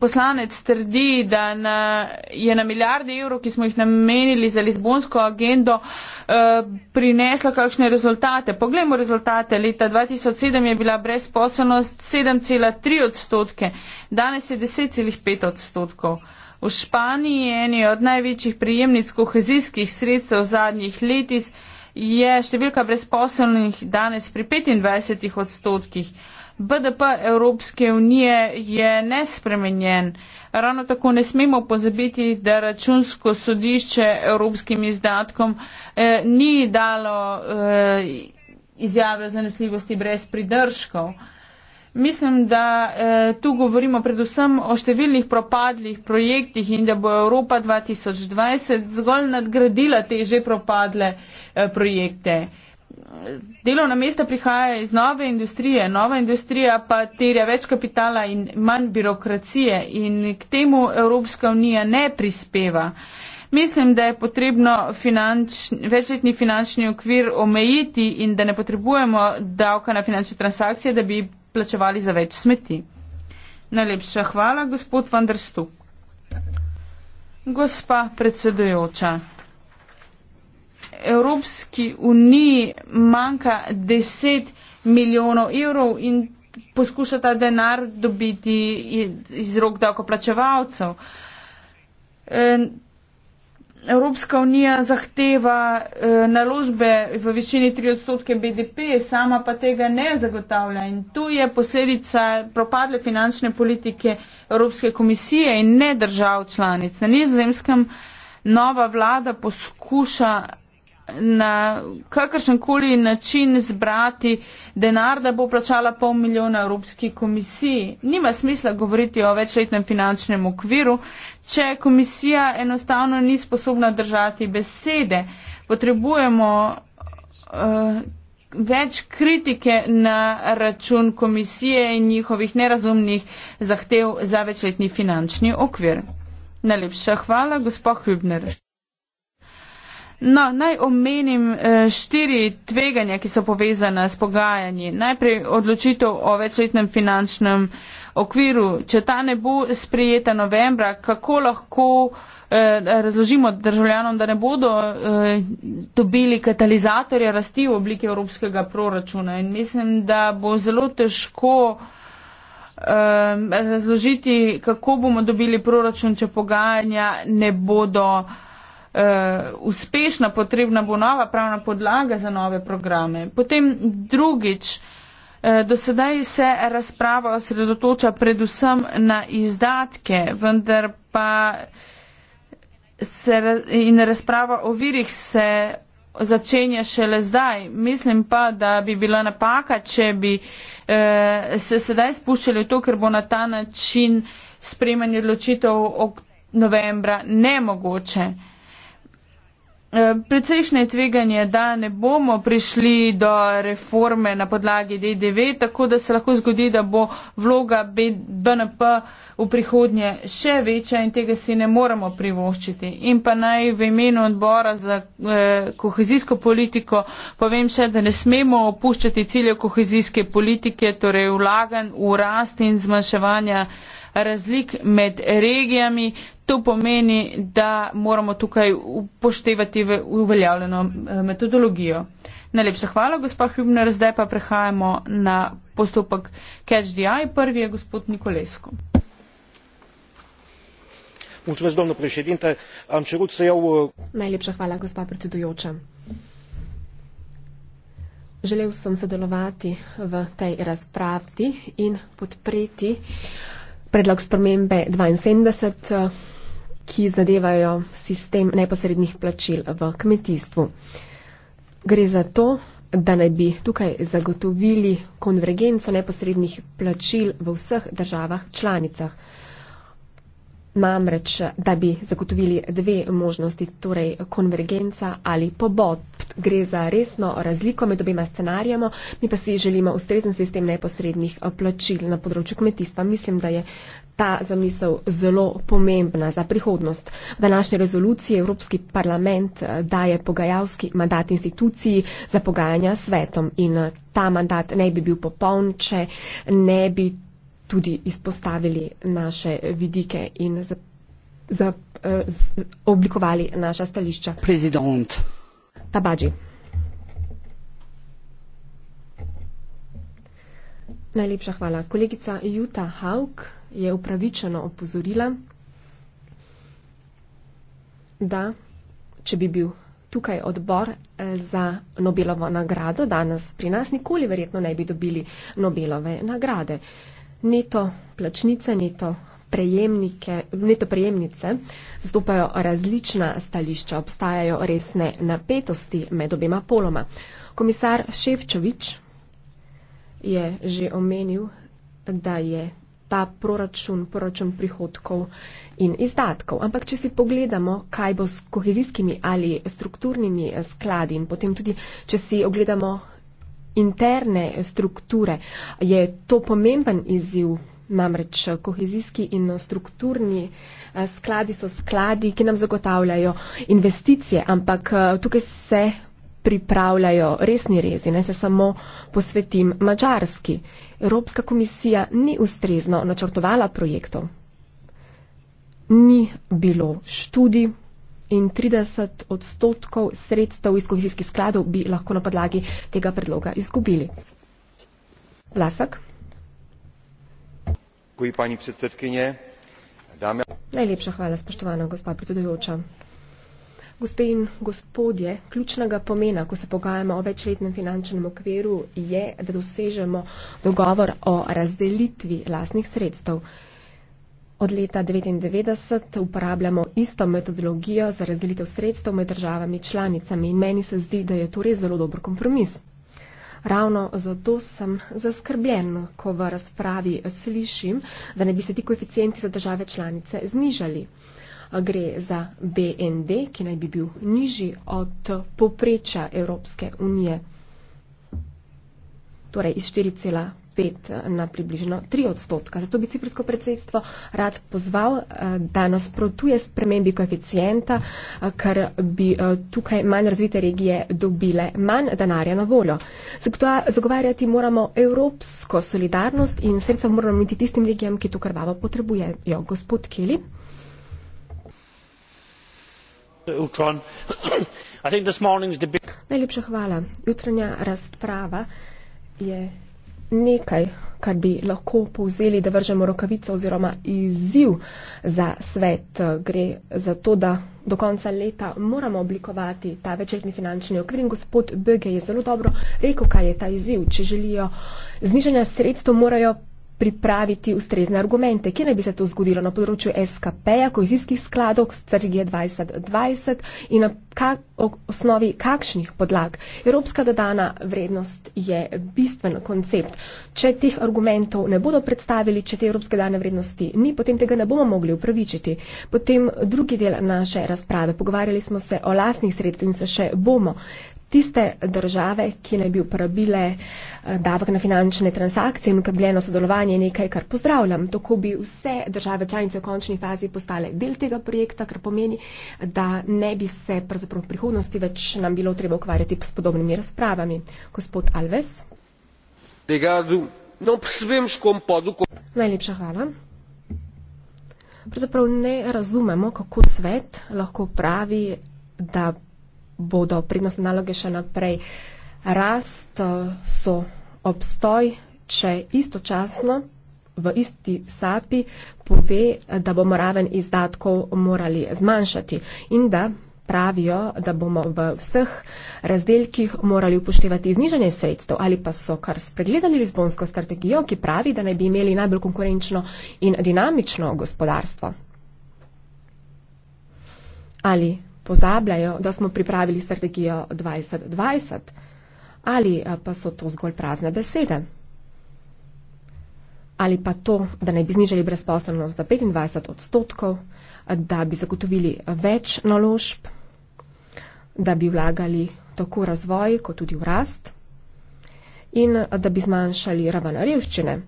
poslanec trdi, da na, je na milijarde evrov, ki smo jih namenili za Lizbonsko agendo, eh, prineslo kakšne rezultate. Poglejmo rezultate. Leta 2007 je bila brezposobnost 7,3 odstotke, danes je 10,5 odstotkov. V Španiji je eni od največjih prijemnic kohezijskih sredstev zadnjih letih, je številka brezposobnih danes pri 25 odstotkih. BDP Evropske unije je nespremenjen. Ravno tako ne smemo pozabiti, da računsko sodišče evropskim izdatkom eh, ni dalo eh, izjave o zanesljivosti brez pridržkov. Mislim, da eh, tu govorimo predvsem o številnih propadlih projektih in da bo Evropa 2020 zgolj nadgradila te že propadle eh, projekte. Eh, delovna mesta prihaja iz nove industrije, nova industrija pa terja več kapitala in manj birokracije in k temu Evropska unija ne prispeva. Mislim, da je potrebno finanč, večletni finančni okvir omejiti in da ne potrebujemo davka na finančne transakcije, da bi plačevali za več smeti. Najlepša hvala, gospod Vandrstup. Gospa predsedujoča. Evropski uniji manjka 10 milijonov evrov in poskuša ta denar dobiti iz rok davkoplačevalcev. Evropska unija zahteva e, naložbe v višini 3 odstotke BDP, sama pa tega ne zagotavlja in tu je posledica propadle finančne politike Evropske komisije in ne držav članic. Na nizozemskem nova vlada poskuša na kakršen koli način zbrati denar, da bo plačala pol milijona Evropski komisiji. Nima smisla govoriti o večletnem finančnem okviru, če komisija enostavno ni sposobna držati besede. Potrebujemo uh, več kritike na račun komisije in njihovih nerazumnih zahtev za večletni finančni okvir. Najlepša hvala, gospod Hübner. No, naj omenim eh, štiri tveganja, ki so povezane s pogajanji. Najprej odločitev o večletnem finančnem okviru. Če ta ne bo sprijeta novembra, kako lahko eh, razložimo državljanom, da ne bodo eh, dobili katalizatorja rasti v obliki evropskega proračuna? In mislim, da bo zelo težko razložiti, kako bomo dobili proračun, če pogajanja ne bodo uh, uspešna, potrebna bo nova pravna podlaga za nove programe. Potem drugič, uh, do sedaj se razprava osredotoča predvsem na izdatke, vendar pa se in razprava o virih se začenja šele zdaj. Mislim pa, da bi bila napaka, če bi eh, se sedaj spuščali v to, ker bo na ta način spremanje odločitev od novembra nemogoče. Eh, Eh, precejšnje tveganje, da ne bomo prišli do reforme na podlagi DDV, tako da se lahko zgodi, da bo vloga BNP v prihodnje še večja in tega si ne moramo privoščiti. In pa naj v imenu odbora za eh, kohezijsko politiko povem še, da ne smemo opuščati ciljev kohezijske politike, torej vlagan v rast in zmanjševanja. Eh, razlik med regijami. To pomeni, da moramo tukaj upoštevati uveljavljeno eh, metodologijo. Najlepša hvala, gospa Hübner. Zdaj pa prehajamo na postopek Catch the Eye. Prvi je gospod Nikolesko. Uh, Najlepša hvala, gospa predsedujoča. Želel sem sodelovati v tej razpravi in podpreti uh, predlog spremembe 72, eh, ki zadevajo sistem neposrednih plačil v kmetijstvu. Gre za to, da naj bi tukaj zagotovili konvergenco neposrednih plačil v vseh državah članicah namreč, da bi zagotovili dve možnosti, torej konvergenca ali pobod. Gre za resno razliko med obima scenarijama, mi pa si želimo ustrezen sistem neposrednih eh, plačil na področju kmetijstva. Mislim, da je ta zamisel zelo pomembna za prihodnost. V današnji rezoluciji Evropski parlament eh, daje pogajalski mandat instituciji za pogajanja svetom in eh, ta mandat ne bi bil popoln, če ne bi tudi izpostavili naše vidike in za, za, eh, z, oblikovali naša stališča. Prezident. Tabadži. Najlepša hvala. Kolegica Juta Hauk je upravičeno opozorila, da če bi bil tukaj odbor eh, za Nobelovo nagrado, danes pri nas nikoli verjetno ne bi dobili Nobelove nagrade neto plačnice, neto prejemnike, neto prejemnice zastopajo različna stališča, obstajajo resne napetosti med obema poloma. Komisar Ševčovič je že omenil, da je ta proračun, proračun prihodkov in izdatkov. Ampak, če si pogledamo, kaj bo s kohezijskimi ali strukturnimi skladi in potem tudi, če si ogledamo interne strukture. Je to pomemben izziv, namreč eh, kohezijski in eh, strukturni eh, skladi so skladi, ki nam zagotavljajo investicije, ampak tukaj se pripravljajo resni rezi, ne se samo posvetim mačarski. Evropska komisija ni ustrezno načrtovala projektov. Ni bilo študij, in 30 odstotkov sredstev iz kohezijskih skladov bi lahko na podlagi tega predloga izgubili. Vlasak. Kuj, Dame... Najlepša hvala, spoštovana gospa predsedujoča. Gospe in gospodje, ključnega pomena, ko se pogajamo o večletnem finančnem okviru, je, da dosežemo dogovor o razdelitvi lasnih sredstev. Od leta 1999 uporabljamo isto metodologijo za razdelitev sredstev med državami članicami in meni se zdi, da je to res zelo dober kompromis. Ravno zato sem zaskrbljen, ko v razpravi slišim, da ne bi se ti koeficienti za države članice znižali. Gre za BND, ki naj bi bil nižji od popreča Evropske unije, torej iz pet na približno tri odstotka. Zato bi ciprsko predsedstvo rad pozval, eh, da nasprotuje spremembi koeficijenta, eh, ker bi eh, tukaj manj razvite regije dobile manj denarja na voljo. Zagovarjati moramo evropsko solidarnost in sredstva moramo imeti tistim regijam, ki to krvavo potrebujejo. Gospod Kelly. Najlepša hvala. Jutranja razprava je. Yeah nekaj, kar bi lahko povzeli, da vržemo rokavico oziroma izziv za svet, gre za to, da do konca leta moramo oblikovati ta večletni finančni okvir in gospod Böge je zelo dobro rekel, kaj je ta izziv. Če želijo znižanja sredstev, morajo pripraviti ustrezne argumente, kje naj bi se to zgodilo na področju SKP-ja, kohezijskih skladov, strategije 2020 in na kak, osnovi kakšnih podlag. Evropska dodana vrednost je bistven koncept. Če teh argumentov ne bodo predstavili, če te evropske dodane vrednosti ni, potem tega ne bomo mogli upravičiti. Potem drugi del naše razprave. Pogovarjali smo se o lastnih sredstvih in se še bomo tiste države, ki ne bi uporabile eh, davek na finančne transakcije in ukrepljeno sodelovanje je nekaj, kar pozdravljam. Tako bi vse države članice v končni fazi postale del tega projekta, kar pomeni, da ne bi se pravzaprav v prihodnosti več nam bilo treba ukvarjati s podobnimi razpravami. Gospod Alves. Najlepša hvala. Pravzaprav ne razumemo, kako svet lahko pravi, da bodo prednostne naloge še naprej rast, eh, so obstoj, če istočasno v isti sapi pove, da bomo raven izdatkov morali zmanjšati in da pravijo, da bomo v vseh razdelkih morali upoštevati znižanje sredstev ali pa so kar spregledali Lizbonsko strategijo, ki pravi, da naj bi imeli najbolj konkurenčno in dinamično gospodarstvo. Ali pozabljajo, da smo pripravili strategijo 2020 ali eh, pa so to zgolj prazne besede. Ali pa to, da naj bi znižali brezposobnost za 25 odstotkov, da bi zagotovili več naložb, da bi vlagali tako razvoj kot tudi v rast in eh, da bi zmanjšali raven revščine.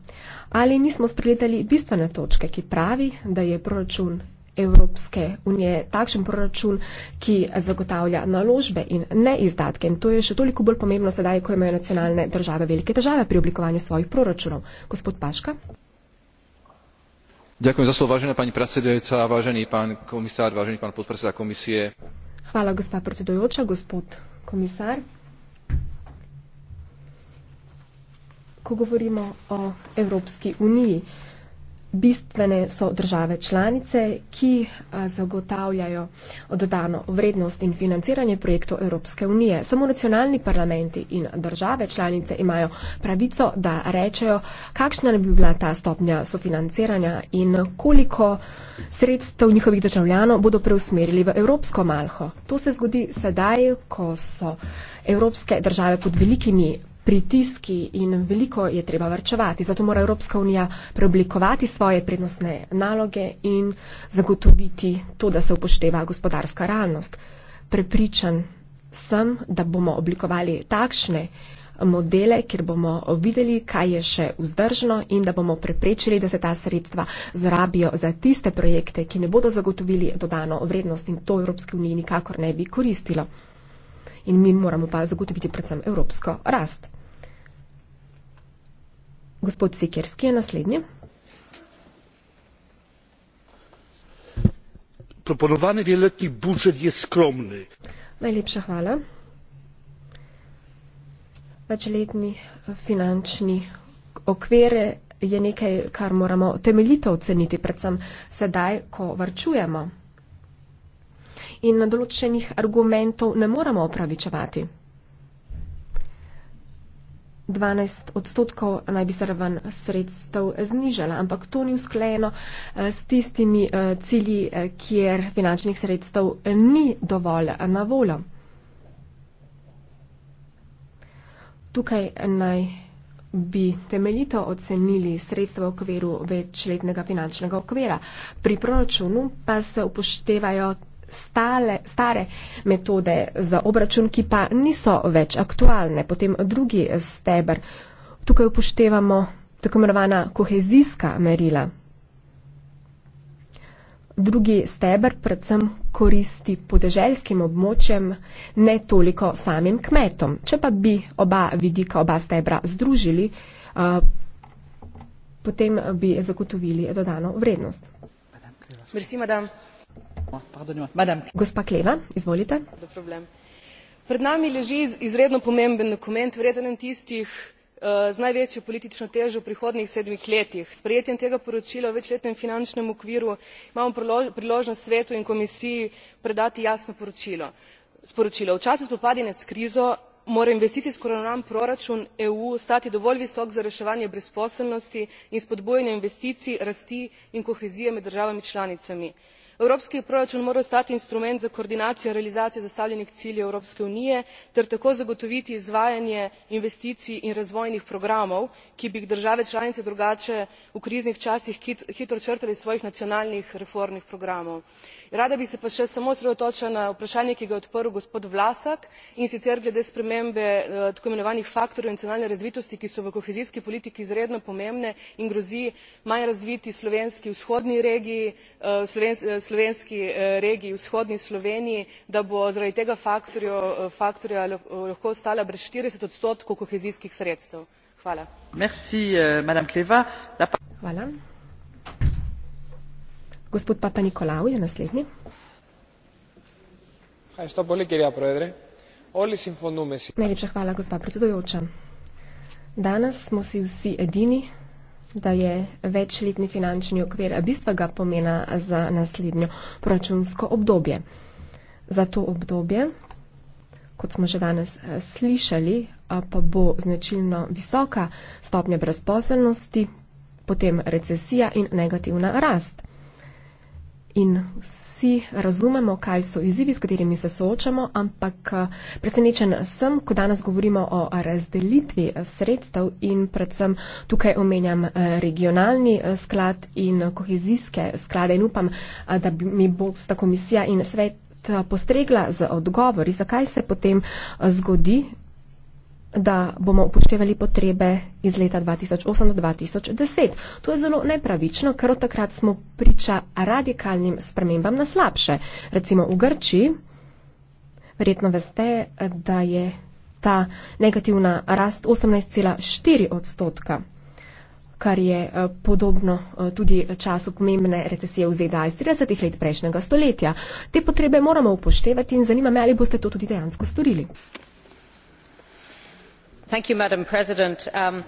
Ali nismo spregledali bistvene točke, ki pravi, da je proračun Evropske unije takšen proračun, ki zagotavlja naložbe in ne izdatke. In to je še toliko bolj pomembno sedaj, ko imajo nacionalne države velike težave pri oblikovanju svojih proračunov. Gospod Paška. Ďakujem za slovo, vážená pani predsedujúca, vážený pán komisár, vážený pán podpredseda komisie. Hvala, gospa predsedujúca, gospod komisár. Ko govorimo o Európskej únii, Bistvene so države članice, ki zagotavljajo dodano vrednost in financiranje projektov Evropske unije. Samo nacionalni parlamenti in države članice imajo pravico, da rečejo, kakšna ne bi bila ta stopnja sofinanciranja in koliko sredstev njihovih državljanov bodo preusmerili v Evropsko malho. To se zgodi sedaj, ko so evropske države pod velikimi pritiski in veliko je treba vrčevati. Zato mora Evropska unija preoblikovati svoje prednostne naloge in zagotoviti to, da se upošteva gospodarska realnost. Prepričan sem, da bomo oblikovali takšne modele, kjer bomo videli, kaj je še vzdržno in da bomo preprečili, da se ta sredstva zrabijo za tiste projekte, ki ne bodo zagotovili dodano vrednost in to Evropske unije nikakor ne bi koristilo. In mi moramo pa zagotoviti predvsem evropsko rast. Gospod Sikerski je naslednji. Proponovani veletni budžet je skromni. Najlepša hvala. Večletni eh, finančni okvire je nekaj, kar moramo temeljito oceniti, predvsem sedaj, ko varčujemo. In na določenih argumentov ne moramo opravičevati. 12 odstotkov naj bi se raven sredstev znižala, ampak to ni usklejeno eh, s tistimi eh, cilji, eh, kjer finančnih sredstev ni dovolj na voljo. Tukaj naj bi temeljito ocenili sredstva v okviru večletnega finančnega okvira. Pri proračunu pa se upoštevajo stale, stare metode za obračun, ki pa niso več aktualne. Potem drugi steber. Tukaj upoštevamo tako imenovana kohezijska merila. Drugi steber predvsem koristi podeželskim območjem, ne toliko samim kmetom. Če pa bi oba vidika, oba stebra združili, potem bi zagotovili dodano vrednost. Merci, madame. Gospa Kleva, izvolite. Pred nami leži izredno pomemben dokument, vreden en tistih eh, z največjo politično težo v prihodnih sedmih letih. S prijetjem tega poročila o večletnem finančnem okviru imamo priložnost svetu in komisiji predati jasno poročilo. Sporočilo. V času spopadine s krizo mora investicijsko ravnan proračun EU stati dovolj visok za reševanje brezposelnosti in spodbujanje investicij, rasti in kohezije med državami članicami evropski proračun mora ostati instrument za koordinacijo in realizacijo zastavljenih ciljev evropske unije ter tako zagotoviti izvajanje investicij in razvojnih programov ki bi jih države članice drugače v kriznih časih hitro črtale iz svojih nacionalnih reformnih programov. rada bi se pa še samo osredotočila na vprašanje ki ga je odprl gospod vlasak in sicer glede spremembe eh, tako imenovanih faktorjev nacionalne razvitosti ki so v kohezijski politiki izredno pomembne in grozi manj razviti slovenski vzhodni regiji eh, eh, slovenski eh, regiji vzhodni sloveniji da bo zaradi tega eh, faktorja lahko ostala brez štirideset odstotkov kohezijskih sredstev. Eh, najlepša hvala gospa predsedujoča. danes smo si vsi edini da je večletni finančni okvir bistvega pomena za naslednjo proračunsko obdobje. Za to obdobje, kot smo že danes eh, slišali, eh, pa bo značilno visoka stopnja brezposelnosti, potem recesija in negativna rast in vsi razumemo, kaj so izzivi, s katerimi se soočamo, ampak eh, presenečen sem, ko danes govorimo o razdelitvi eh, sredstev in predvsem tukaj omenjam eh, regionalni sklad in kohezijske sklade in upam, da bi mi bo sta komisija in svet postregla z odgovori, zakaj se potem zgodi, da bomo upoštevali potrebe iz leta 2008 do 2010. To je zelo nepravično, ker od takrat smo priča radikalnim spremembam na slabše. Recimo v Grči, verjetno veste, da je ta negativna rast 18,4 odstotka, kar je eh, podobno eh, tudi času pomembne recesije v ZDA iz 30 let prejšnjega stoletja. Te potrebe moramo upoštevati in zanima me, ali boste to tudi dejansko storili. Um,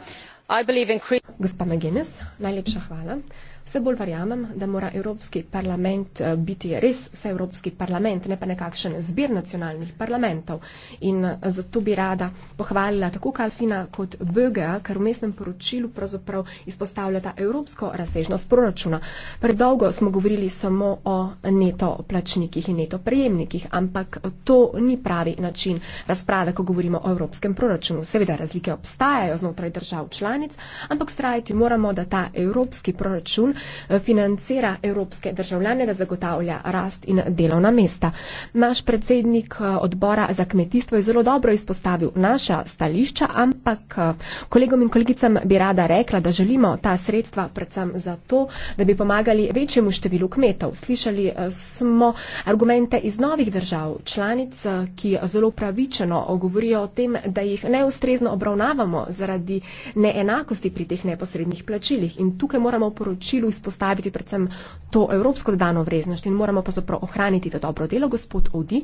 gospa mcguinness najlepša hvala. Vse bolj verjamem, da mora Evropski parlament eh, biti res vseevropski parlament, ne pa nekakšen zbir nacionalnih parlamentov. In eh, zato bi rada pohvalila tako Kalfina kot BGA, ker v mestnem poročilu pravzaprav izpostavlja ta evropsko razsežnost proračuna. Predolgo smo govorili samo o neto plačnikih in neto prejemnikih, ampak to ni pravi način razprave, ko govorimo o evropskem proračunu. Seveda razlike obstajajo znotraj držav članic, ampak strajiti moramo, da ta evropski proračun financira evropske državljane, da zagotavlja rast in delovna mesta. Naš predsednik eh, odbora za kmetijstvo je zelo dobro izpostavil naša stališča, ampak eh, kolegom in kolegicam bi rada rekla, da želimo ta sredstva predvsem zato, da bi pomagali večjemu številu kmetov. Slišali eh, smo argumente iz novih držav, članic, ki zelo pravičeno govorijo o tem, da jih neustrezno obravnavamo zaradi neenakosti pri teh neposrednih plačilih. In tukaj moramo poročiti, cilj vzpostaviti predvsem to evropsko dodano vrednost in moramo pravzaprav ohraniti to dobro delo, gospod Odi.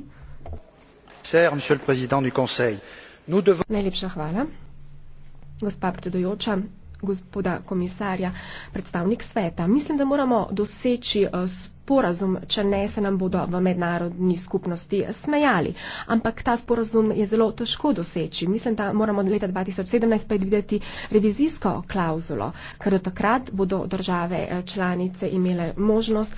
Najlepša hvala. Gospa predsedojoča, gospoda komisarja, predstavnik sveta. Mislim, da moramo doseči uh, sporazum, če ne se nam bodo v mednarodni skupnosti smejali. Ampak ta sporazum je zelo težko doseči. Mislim, da moramo od leta 2017 predvideti revizijsko klauzulo, ker do takrat bodo države eh, članice imele možnost,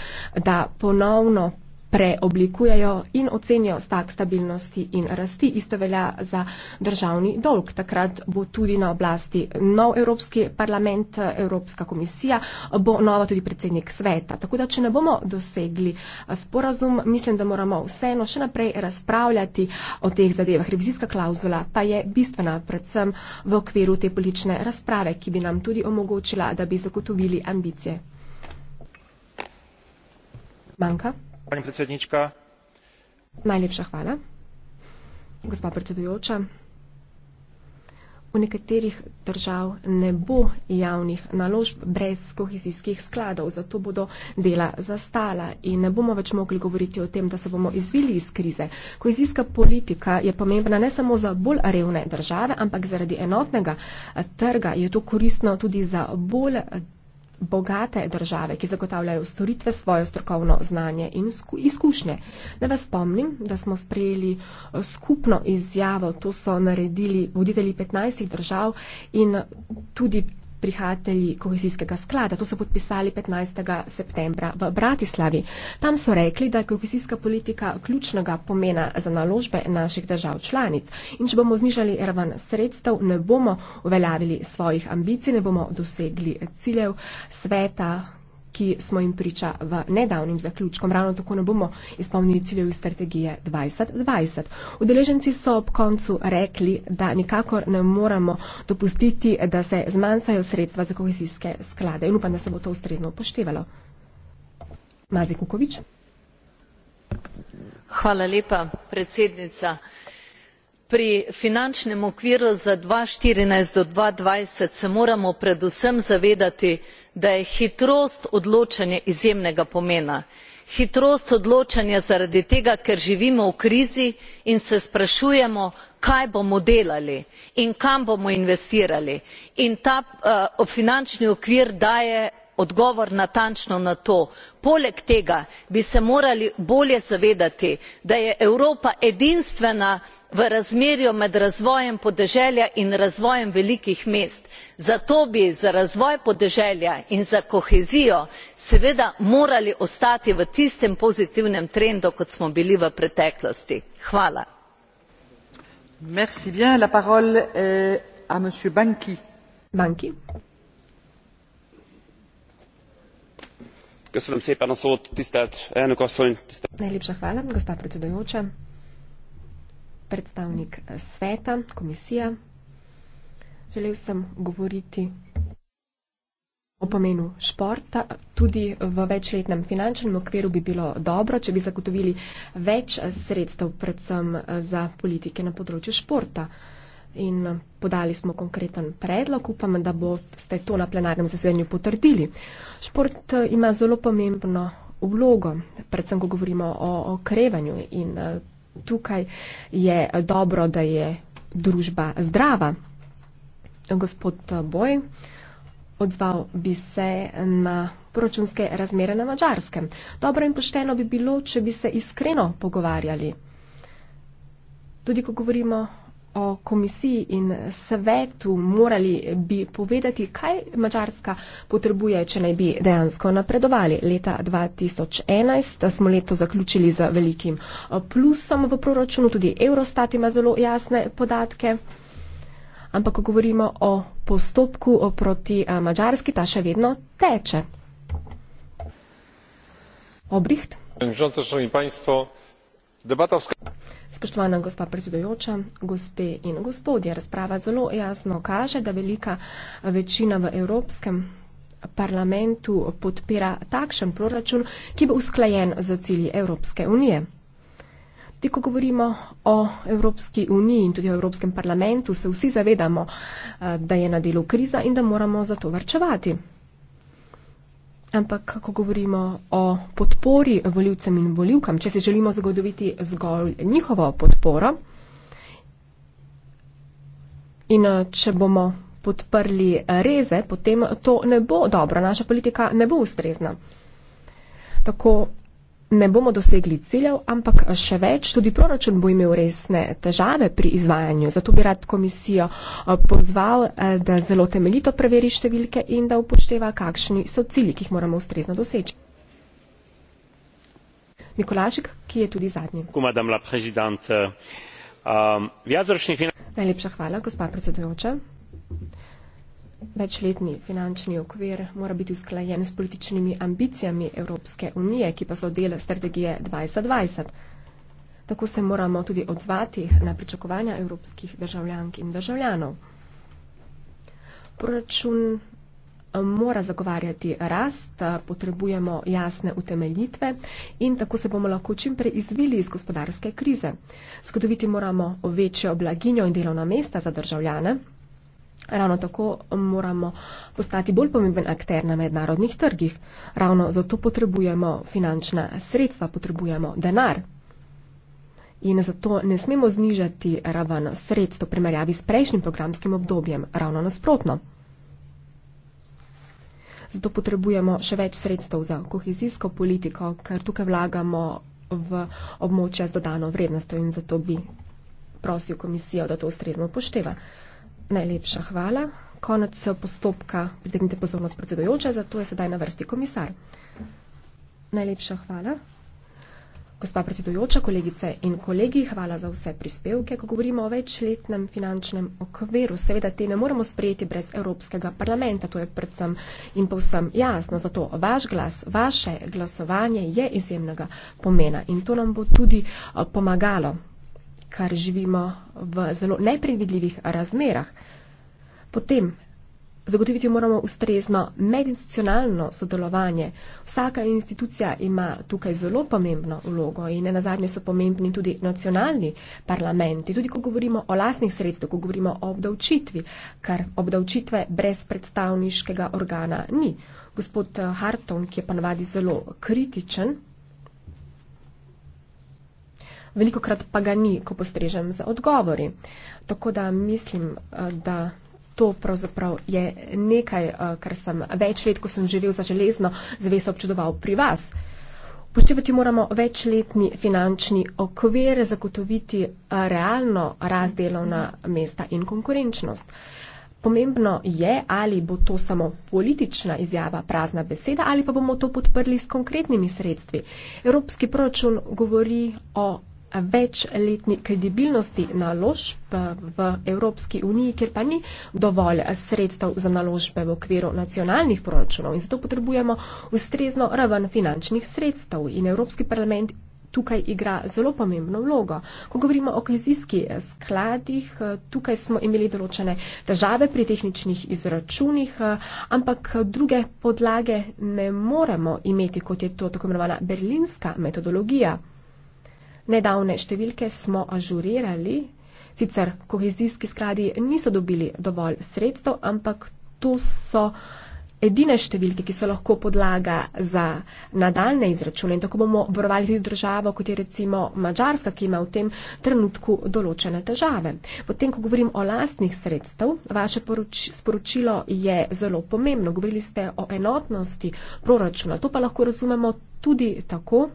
da ponovno preoblikujejo in ocenijo stak stabilnosti in rasti. Isto velja za državni dolg. Takrat bo tudi na oblasti nov Evropski parlament, Evropska komisija, bo nova tudi predsednik sveta. Tako da, če ne bomo dosegli eh, sporazum, mislim, da moramo vseeno še naprej razpravljati o teh zadevah. Revizijska klauzula pa je bistvena predvsem v okviru te politične razprave, ki bi nam tudi omogočila, da bi zagotovili ambicije. Manka? pani predsednička. Najlepša hvala. Gospa predsedujoča, v nekaterih držav ne bo javnih naložb brez kohezijskih skladov, zato bodo dela zastala in ne bomo več mogli govoriti o tem, da se bomo izvili iz krize. Kohezijska politika je pomembna ne samo za bolj revne države, ampak zaradi enotnega trga je to koristno tudi za bolj bogate države, ki zagotavljajo storitve svojo strokovno znanje in izkušnje. Ne vas spomnim, da smo sprejeli eh, skupno izjavo, to so naredili voditelji 15 držav in tudi prihatelji kohezijskega sklada. To so podpisali 15. septembra v Bratislavi. Tam so rekli, da je kohezijska politika ključnega pomena za naložbe naših držav članic. In če bomo znižali raven sredstev, ne bomo uveljavili svojih ambicij, ne bomo dosegli ciljev sveta, ki smo jim priča v nedavnim zaključkom. Ravno tako ne bomo izpolnili ciljev iz strategije 2020. Udeleženci so ob koncu rekli, da nikakor ne moramo dopustiti, da se zmanjsajo sredstva za kohezijske sklade in upam, da se bo to ustrezno upoštevalo. Mazi Kukovič. Hvala lepa, predsednica pri finančnem okviru za dva tisoč štirinajst do dva tisoč dvajset se moramo predvsem zavedati da je hitrost odločanja izjemnega pomena hitrost odločanja zaradi tega ker živimo v krizi in se sprašujemo kaj bomo delali in kam bomo investirali in ta eh, finančni okvir daje odgovor natančno na to. poleg tega bi se morali bolje zavedati da je evropa edinstvena v razmerju med razvojem podeželja in razvojem velikih mest zato bi za razvoj podeželja in za kohezijo seveda morali ostati v tistem pozitivnem trendu kot smo bili v preteklosti. Najlepša hvala, gospa predsedujoča, predstavnik eh, sveta, komisija. Želel sem govoriti o pomenu športa. Tudi v večletnem finančnem okviru bi bilo dobro, če bi zagotovili več sredstev, predvsem eh, za politike na področju športa in eh, podali smo konkreten predlog, upam, da boste to na plenarnem zasedanju potrdili. Šport eh, ima zelo pomembno vlogo, predvsem, ko govorimo o okrevanju in eh, tukaj je dobro, da je družba zdrava. Gospod Boj, odzval bi se na proračunske razmere na Mačarskem. Dobro in pošteno bi bilo, če bi se iskreno pogovarjali. Tudi, ko govorimo o komisiji in svetu morali bi povedati, kaj Mačarska potrebuje, če naj bi dejansko napredovali. Leta 2011 smo leto zaključili z velikim eh, plusom v proračunu, tudi Eurostat ima zelo jasne podatke. Ampak, ko govorimo o postopku eh, proti eh, Mačarski, ta še vedno teče. Obriht. Žal, Spoštovana gospa predsedujoča, gospe in gospodje, razprava zelo jasno kaže, da velika večina v Evropskem parlamentu podpira takšen proračun, ki bo usklajen z cilji Evropske unije. Tudi ko govorimo o Evropski uniji in tudi o Evropskem parlamentu, se vsi zavedamo, eh, da je na delu kriza in da moramo za to vrčevati. Ampak, ko govorimo o podpori voljivcem in voljivkam, če si želimo zagotoviti zgolj njihovo podporo in eh, če bomo podprli reze, potem to ne bo dobro, naša politika ne bo ustrezna. Tako ne bomo dosegli ciljev, ampak še več, tudi proračun bo imel resne težave pri izvajanju. Zato bi rad komisijo eh, pozval, eh, da zelo temeljito preveri številke in da upošteva, kakšni so cilji, ki jih moramo ustrezno doseči. Mikolašek, ki je tudi zadnji. Euh, um, Najlepša hvala, gospod predsedujoča večletni finančni okvir mora biti usklajen s političnimi ambicijami Evropske unije, ki pa so del strategije 2020. Tako se moramo tudi odzvati na pričakovanja evropskih državljank in državljanov. Proračun eh, mora zagovarjati rast, eh, potrebujemo jasne utemeljitve in tako se bomo lahko čim prej izvili iz gospodarske krize. Skodoviti moramo večjo blaginjo in delovna mesta za državljane, Ravno tako moramo postati bolj pomemben akter na mednarodnih trgih. Ravno zato potrebujemo finančna sredstva, potrebujemo denar. In zato ne smemo znižati raven sredstv v primerjavi s prejšnjim programskim obdobjem, ravno nasprotno. Zato potrebujemo še več sredstev za kohezijsko politiko, ker tukaj vlagamo v območja z dodano vrednostjo in zato bi prosil komisijo, da to ustrezno upošteva. Najlepša hvala. Konec postopka, pritegnite pozornost predsedojoča, zato je sedaj na vrsti komisar. Najlepša hvala. Gospa predsedujoča, kolegice in kolegi, hvala za vse prispevke. Ko govorimo o večletnem finančnem okviru, seveda te ne moremo sprejeti brez Evropskega parlamenta, to je predvsem in povsem jasno. Zato vaš glas, vaše glasovanje je izjemnega pomena in to nam bo tudi eh, pomagalo ker živimo v zelo neprevidljivih razmerah. Potem zagotoviti moramo ustrezno medinstitucionalno sodelovanje. Vsaka institucija ima tukaj zelo pomembno vlogo in ne nazadnje so pomembni tudi nacionalni parlamenti. Tudi ko govorimo o lasnih sredstev, ko govorimo o obdavčitvi, ker obdavčitve brez predstavniškega organa ni. Gospod eh, Harton, ki je ponavadi zelo kritičen veliko krat pa ga ni, ko postrežem z odgovori. Tako da mislim, eh, da to pravzaprav je nekaj, eh, kar sem več let, ko sem živel za železno, zaveso občudoval pri vas. Poštevati moramo večletni finančni okvir, zagotoviti eh, realno razdelovna mesta in konkurenčnost. Pomembno je, ali bo to samo politična izjava, prazna beseda, ali pa bomo to podprli s konkretnimi sredstvi. Evropski proračun govori o večletni kredibilnosti naložb eh, v Evropski uniji, kjer pa ni dovolj eh, sredstev za naložbe v okviru nacionalnih proračunov in zato potrebujemo ustrezno raven finančnih sredstev in Evropski parlament tukaj igra zelo pomembno vlogo. Ko govorimo o kohezijskih eh, skladih, tukaj smo imeli določene težave pri tehničnih izračunih, ampak druge podlage ne moremo imeti, kot je to tako imenovana berlinska metodologija. Nedavne številke smo ažurirali, sicer kohezijski skladi niso dobili dovolj sredstev, ampak to so edine številke, ki so lahko podlaga za nadaljne izračune. In tako bomo obrovali tudi državo, kot je recimo Mačarska, ki ima v tem trenutku določene težave. Potem, ko govorim o lastnih sredstev, vaše sporočilo je zelo pomembno. Govorili ste o enotnosti proračuna. To pa lahko razumemo tudi tako,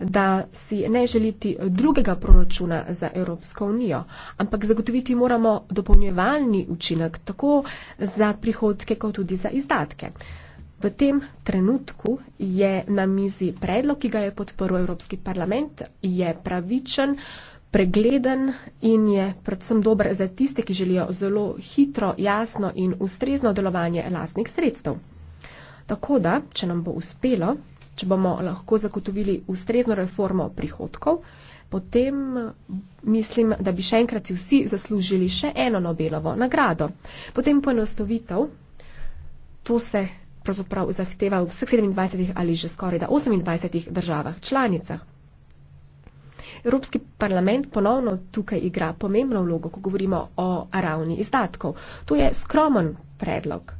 da si ne želiti drugega proračuna za Evropsko unijo, ampak zagotoviti moramo dopolnjevalni učinek tako za prihodke, kot tudi za izdatke. V tem trenutku je na mizi predlog, ki ga je podporil Evropski parlament, je pravičen, pregleden in je predvsem dober za tiste, ki želijo zelo hitro, jasno in ustrezno delovanje lastnih sredstev. Tako da, če nam bo uspelo, če bomo lahko zagotovili ustrezno reformo prihodkov, potem mislim, da bi še enkrat si vsi zaslužili še eno Nobelovo nagrado. Potem poenostavitev, to se pravzaprav zahteva v vseh 27 ali že skoraj da 28 državah članicah. Evropski parlament ponovno tukaj igra pomembno vlogo, ko govorimo o ravni izdatkov. To je skromen predlog.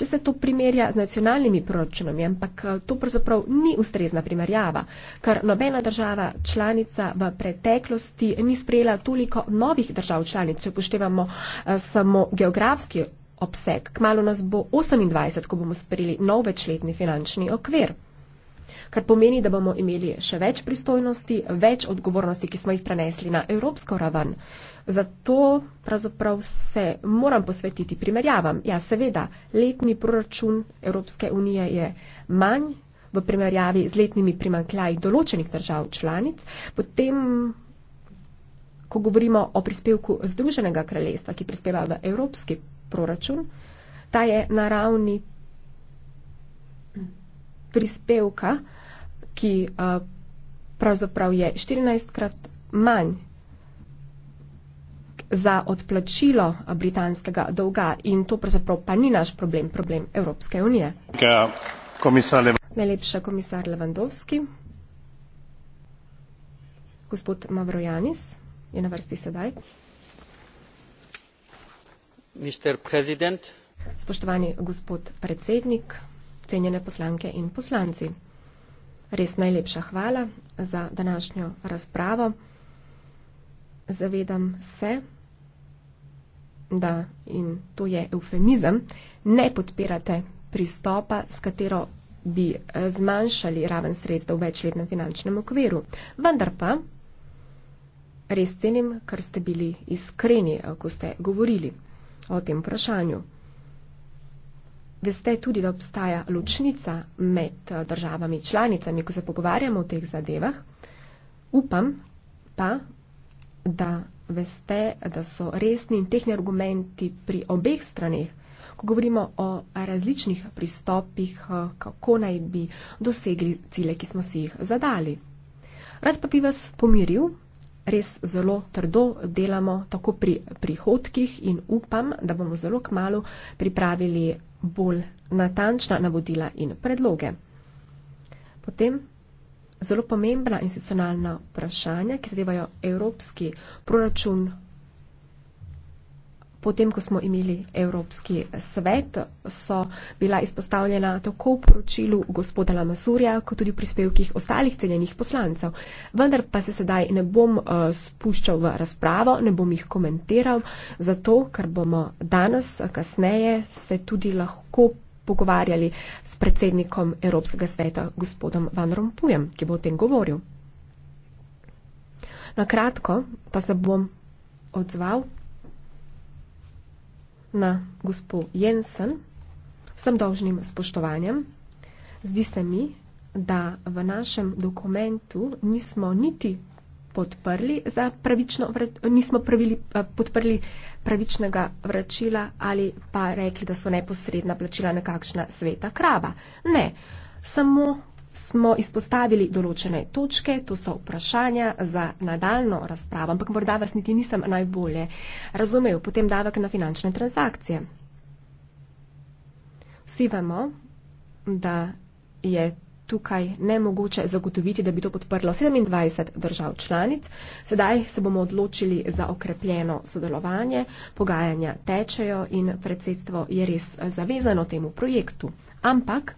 Če se to primerja z nacionalnimi proračunami, ampak eh, to pravzaprav ni ustrezna primerjava, ker nobena država članica v preteklosti ni sprejela toliko novih držav članic, če upoštevamo eh, samo geografski obseg. Kmalo nas bo 28, ko bomo sprejeli nov večletni finančni okvir kar pomeni, da bomo imeli še več pristojnosti, več odgovornosti, ki smo jih prenesli na evropsko raven. Zato pravzaprav se moram posvetiti primerjavam. Ja, seveda, letni proračun Evropske unije je manj v primerjavi z letnimi primankljaji določenih držav članic, potem, ko govorimo o prispevku Združenega kraljestva, ki prispeva v Evropski proračun, ta je na ravni prispevka, ki uh, pravzaprav je 14 krat manj za odplačilo britanskega dolga in to pravzaprav pa ni naš problem, problem Evropske unije. Najlepša komisar Levandovski. Gospod Mavrojanis je na vrsti sedaj. Spoštovani gospod predsednik, cenjene poslanke in poslanci. Res najlepša hvala za današnjo razpravo. Zavedam se, da, in to je eufemizem, ne podpirate pristopa, s katero bi eh, zmanjšali raven sredstev v večletnem finančnem okviru. Vendar pa res cenim, ker ste bili iskreni, eh, ko ste govorili o tem vprašanju. Veste tudi, da obstaja ločnica med eh, državami članicami, ko se pogovarjamo o teh zadevah. Upam pa, da veste, da so resni in tehni argumenti pri obeh straneh, ko govorimo o različnih pristopih, eh, kako naj bi dosegli cilje, ki smo si jih zadali. Rad pa bi vas pomiril, res zelo trdo delamo tako pri prihodkih in upam, da bomo zelo kmalo pripravili bolj natančna navodila in predloge. Potem zelo pomembna institucionalna vprašanja, ki zadevajo evropski proračun, potem, ko smo imeli Evropski svet, so bila izpostavljena tako v poročilu gospoda Lamasurja, kot tudi v prispevkih ostalih cenjenih poslancev. Vendar pa se sedaj ne bom eh, spuščal v razpravo, ne bom jih komentiral, zato ker bomo danes, eh, kasneje, se tudi lahko pogovarjali s predsednikom Evropskega sveta, gospodom Van Rompujem, ki bo o tem govoril. Na kratko pa se bom odzval na gospo Jensen vsem dolžnim spoštovanjem. Zdi se mi, da v našem dokumentu nismo niti podprli za pravično, nismo pravili, eh, podprli pravičnega vračila ali pa rekli, da so neposredna plačila nekakšna sveta krava. Ne, samo smo izpostavili določene točke, to so vprašanja za nadaljno razpravo, ampak morda vas niti nisem najbolje razumel, potem davek na finančne transakcije. Vsi vemo, da je tukaj nemogoče zagotoviti, da bi to podprlo 27 držav članic. Sedaj se bomo odločili za okrepljeno sodelovanje, pogajanja tečejo in predsedstvo je res eh, zavezano temu projektu. Ampak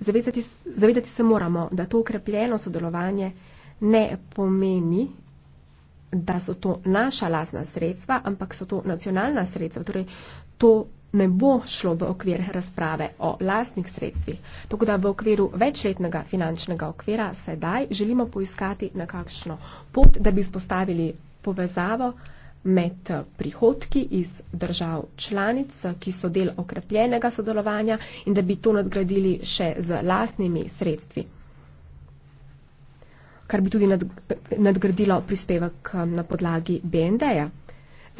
zavezati, zavedati se moramo, da to okrepljeno sodelovanje ne pomeni da so to naša lasna sredstva, ampak so to nacionalna sredstva. Torej, to ne bo šlo v okvir razprave o lastnih sredstvih, tako da v okviru večletnega finančnega okvira sedaj želimo poiskati na kakšno pot, da bi spostavili povezavo med prihodki iz držav članic, ki so del okrepljenega sodelovanja in da bi to nadgradili še z lastnimi sredstvi, kar bi tudi nadgradilo prispevek na podlagi BND-ja.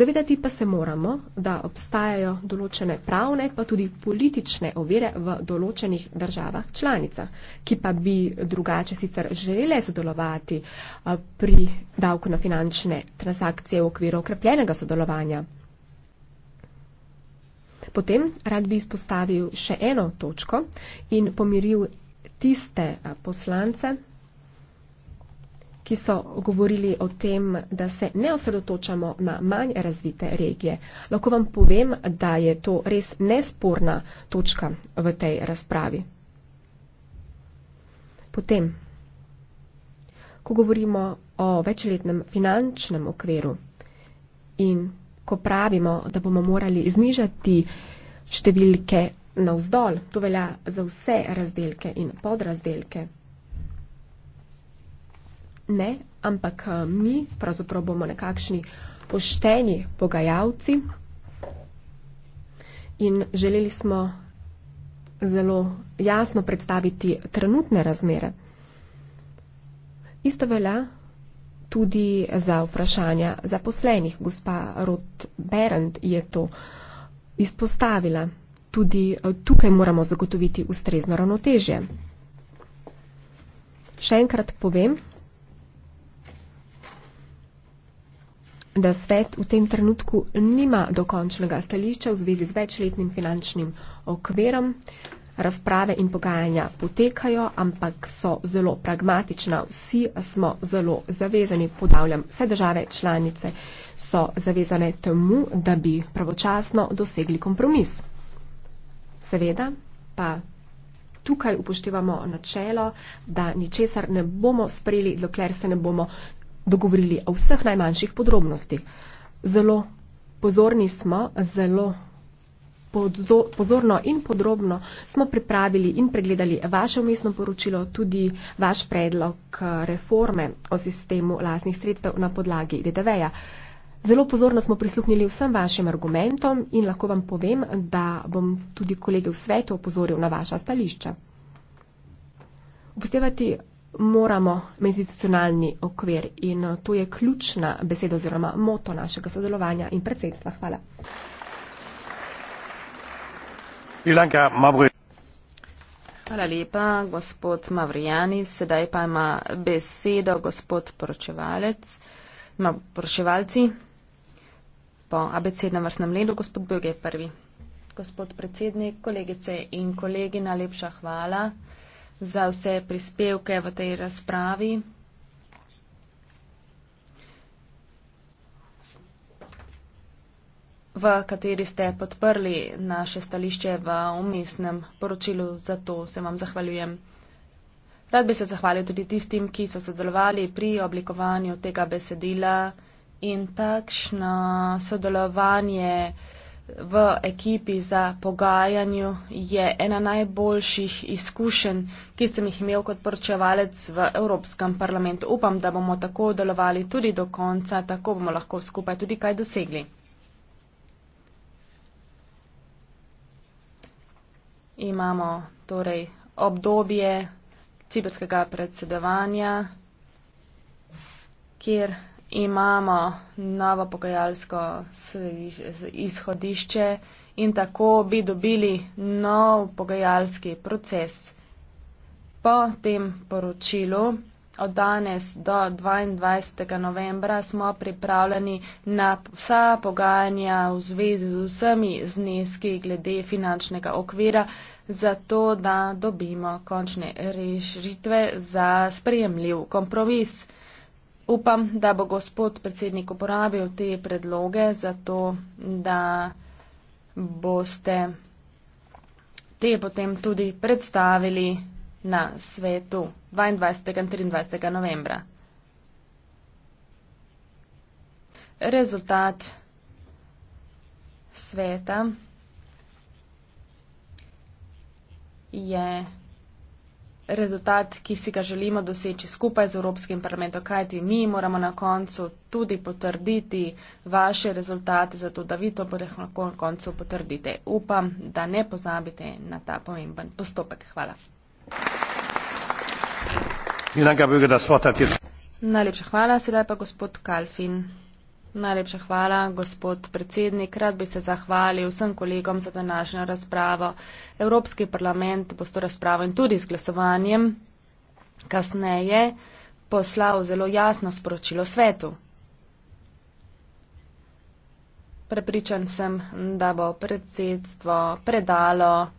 Zavedati pa se moramo, da obstajajo določene pravne pa tudi politične ovire v določenih državah članicah, ki pa bi drugače sicer želele sodelovati pri davku na finančne transakcije v okviru okrepljenega sodelovanja. Potem rad bi izpostavil še eno točko in pomiril tiste poslance, ki so govorili o tem, da se ne osredotočamo na manj razvite regije. Lahko vam povem, da je to res nesporna točka v tej razpravi. Potem, ko govorimo o večletnem finančnem okviru in ko pravimo, da bomo morali znižati številke navzdol, to velja za vse razdelke in podrazdelke ne, ampak eh, mi pravzaprav bomo nekakšni pošteni pogajalci in želeli smo zelo jasno predstaviti trenutne razmere. Isto velja tudi za vprašanja zaposlenih. Gospa Rot Berend je to izpostavila. Tudi eh, tukaj moramo zagotoviti ustrezno ravnotežje. Še enkrat povem, da svet v tem trenutku nima dokončnega stališča v zvezi z večletnim finančnim okverom. Razprave in pogajanja potekajo, ampak so zelo pragmatična. Vsi smo zelo zavezani, podavljam, vse države članice so zavezane temu, da bi pravočasno dosegli kompromis. Seveda pa tukaj upoštevamo načelo, da ničesar ne bomo sprejeli, dokler se ne bomo dogovorili o vseh najmanjših podrobnostih. Zelo pozorni smo, zelo pozorno in podrobno smo pripravili in pregledali vaše umestno poročilo, tudi vaš predlog reforme o sistemu lastnih sredstev na podlagi DDV-ja. Zelo pozorno smo prisluhnili vsem vašim argumentom in lahko vam povem, da bom tudi kolege v svetu opozoril na vaša stališča. Upoštevati moramo medinstitucionalni okvir in eh, to je ključna beseda oziroma moto našega sodelovanja in predsedstva. Hvala. Hvala lepa, gospod Mavrijanis. Sedaj pa ima besedo gospod poročevalec. Ma, no, poročevalci po abecednem vrstnem ledu, gospod Bilge prvi. Gospod predsednik, kolegice in kolegi, najlepša hvala za vse prispevke v tej razpravi. v kateri ste podprli naše stališče v umestnem poročilu. Zato se vam zahvaljujem. Rad bi se zahvalil tudi tistim, ki so sodelovali pri oblikovanju tega besedila in takšno sodelovanje v ekipi za pogajanju je ena najboljših izkušenj, ki sem jih imel kot poročevalec v Evropskem parlamentu. Upam, da bomo tako delovali tudi do konca, tako bomo lahko skupaj tudi kaj dosegli. Imamo torej obdobje ciberskega predsedovanja, kjer imamo novo pogajalsko izhodišče in tako bi dobili nov pogajalski proces. Po tem poročilu od danes do 22. novembra smo pripravljeni na vsa pogajanja v zvezi z vsemi zneski glede finančnega okvira, zato da dobimo končne rešitve za sprejemljiv kompromis upam, da bo gospod predsednik uporabil te predloge za to, da boste te potem tudi predstavili na svetu 22. in 23. novembra. Rezultat sveta je rezultat, ki si ga želimo doseči skupaj z Evropskim parlamentom, kajti mi moramo na koncu tudi potrditi vaše rezultate, zato da vi to na koncu potrdite. Upam, da ne pozabite na ta pomemben postopek. Hvala. Najlepša hvala, sedaj pa gospod Kalfin. Najlepša hvala, gospod predsednik. Rad bi se zahvalil vsem kolegom za današnjo razpravo. Evropski parlament bo s to razpravo in tudi z glasovanjem kasneje poslal zelo jasno sporočilo svetu. Prepričan sem, da bo predsedstvo predalo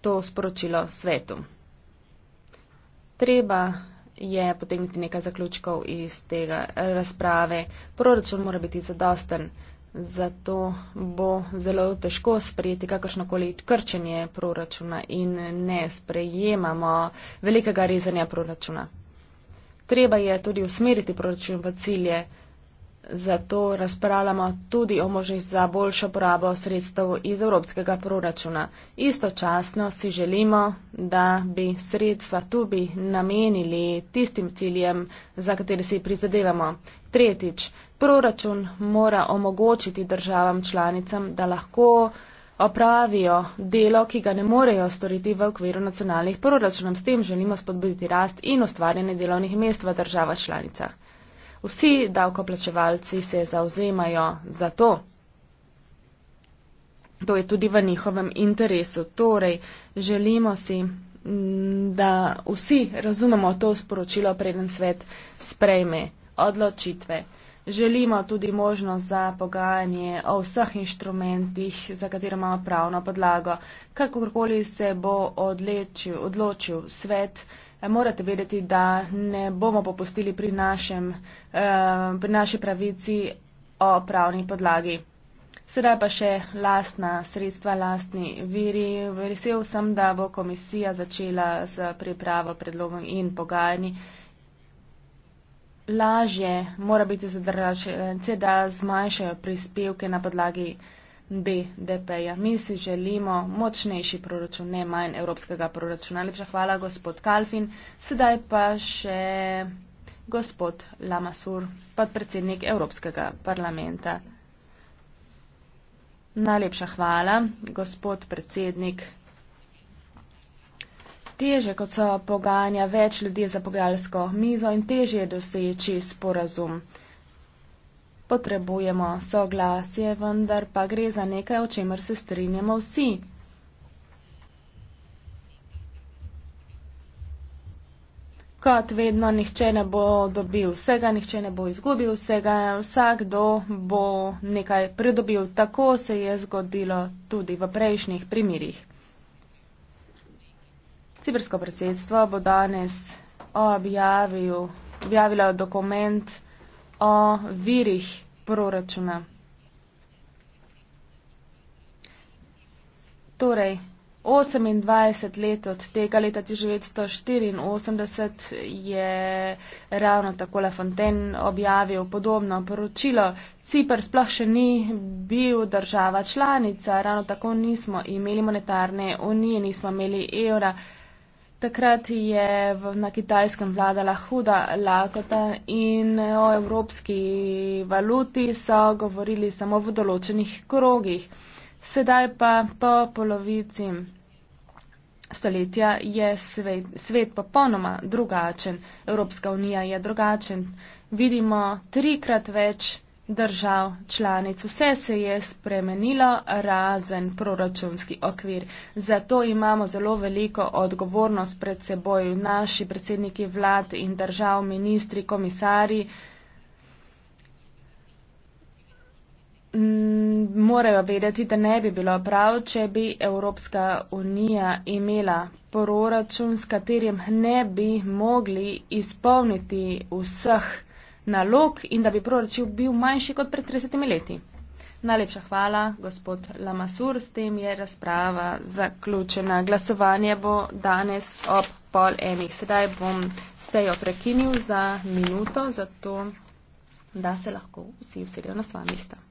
to sporočilo svetu. Treba je potegniti nekaj zaključkov iz tega razprave. Proračun mora biti zadosten, zato bo zelo težko sprejeti kakršnokoli krčenje proračuna in ne sprejemamo velikega rezanja proračuna. Treba je tudi usmeriti proračun v cilje, zato razpravljamo tudi o možnih za boljšo porabo sredstev iz evropskega proračuna. Istočasno si želimo, da bi sredstva tudi namenili tistim ciljem, za katere si prizadevamo. Tretjič, proračun mora omogočiti državam članicam, da lahko opravijo delo, ki ga ne morejo storiti v okviru nacionalnih proračunov. S tem želimo spodbuditi rast in ustvarjanje delovnih mest v državah članicah. Vsi davkoplačevalci se zauzemajo za to. To je tudi v njihovem interesu. Torej, želimo si, mm, da vsi razumemo to sporočilo, preden svet sprejme odločitve. Želimo tudi možnost za pogajanje o vseh inštrumentih, za katero imamo pravno podlago, kakorkoli se bo odločil, odločil svet morate vedeti, da ne bomo popustili pri, našem, eh, pri naši pravici o pravni podlagi. Sedaj pa še lastna sredstva, lastni viri. Vesel sem, da bo komisija začela z pripravo predlogov in pogajanji. Lažje mora biti zadržati, da zmanjšajo prispevke na podlagi uh, B, DP-ja. Mi si želimo močnejši proračun, ne manj evropskega proračuna. Lepša hvala, gospod Kalfin. Sedaj pa še gospod Lamasur, podpredsednik Evropskega parlamenta. Najlepša hvala, gospod predsednik. Teže, kot so pogajanja več ljudi za pogajalsko mizo in teže je doseči sporazum. Potrebujemo soglasje, vendar pa gre za nekaj, o čemer se strinjamo vsi. Kot vedno, nihče ne bo dobil vsega, nihče ne bo izgubil vsega, vsakdo bo nekaj pridobil. Tako se je zgodilo tudi v prejšnjih primerjih. Cibersko predsedstvo bo danes objavil, objavilo dokument, o virih proračuna. Torej, 28 let od tega leta 1984 je ravno tako La Fontaine objavil podobno poročilo. Cipr sploh še ni bil država članica, ravno tako nismo imeli monetarne unije, nismo imeli evra. Takrat je v, na kitajskem vladala huda lakota in o evropski valuti so govorili samo v določenih krogih. Sedaj pa po polovici stoletja je svet, svet popolnoma drugačen. Evropska unija je drugačen. Vidimo trikrat več držav članic. Vse se je spremenilo, razen proračunski okvir. Zato imamo zelo veliko odgovornost pred seboj naši predsedniki vlad in držav, ministri, komisari. Morajo vedeti, da ne bi bilo prav, če bi Evropska unija imela proračun, s katerim ne bi mogli izpolniti vseh nalog in da bi proračun bil manjši kot pred 30 leti. Najlepša hvala, gospod Lamasur. S tem je razprava zaključena. Glasovanje bo danes ob pol enih. Sedaj bom sejo prekinil za minuto, zato da se lahko vsi usedejo na svoje mesta.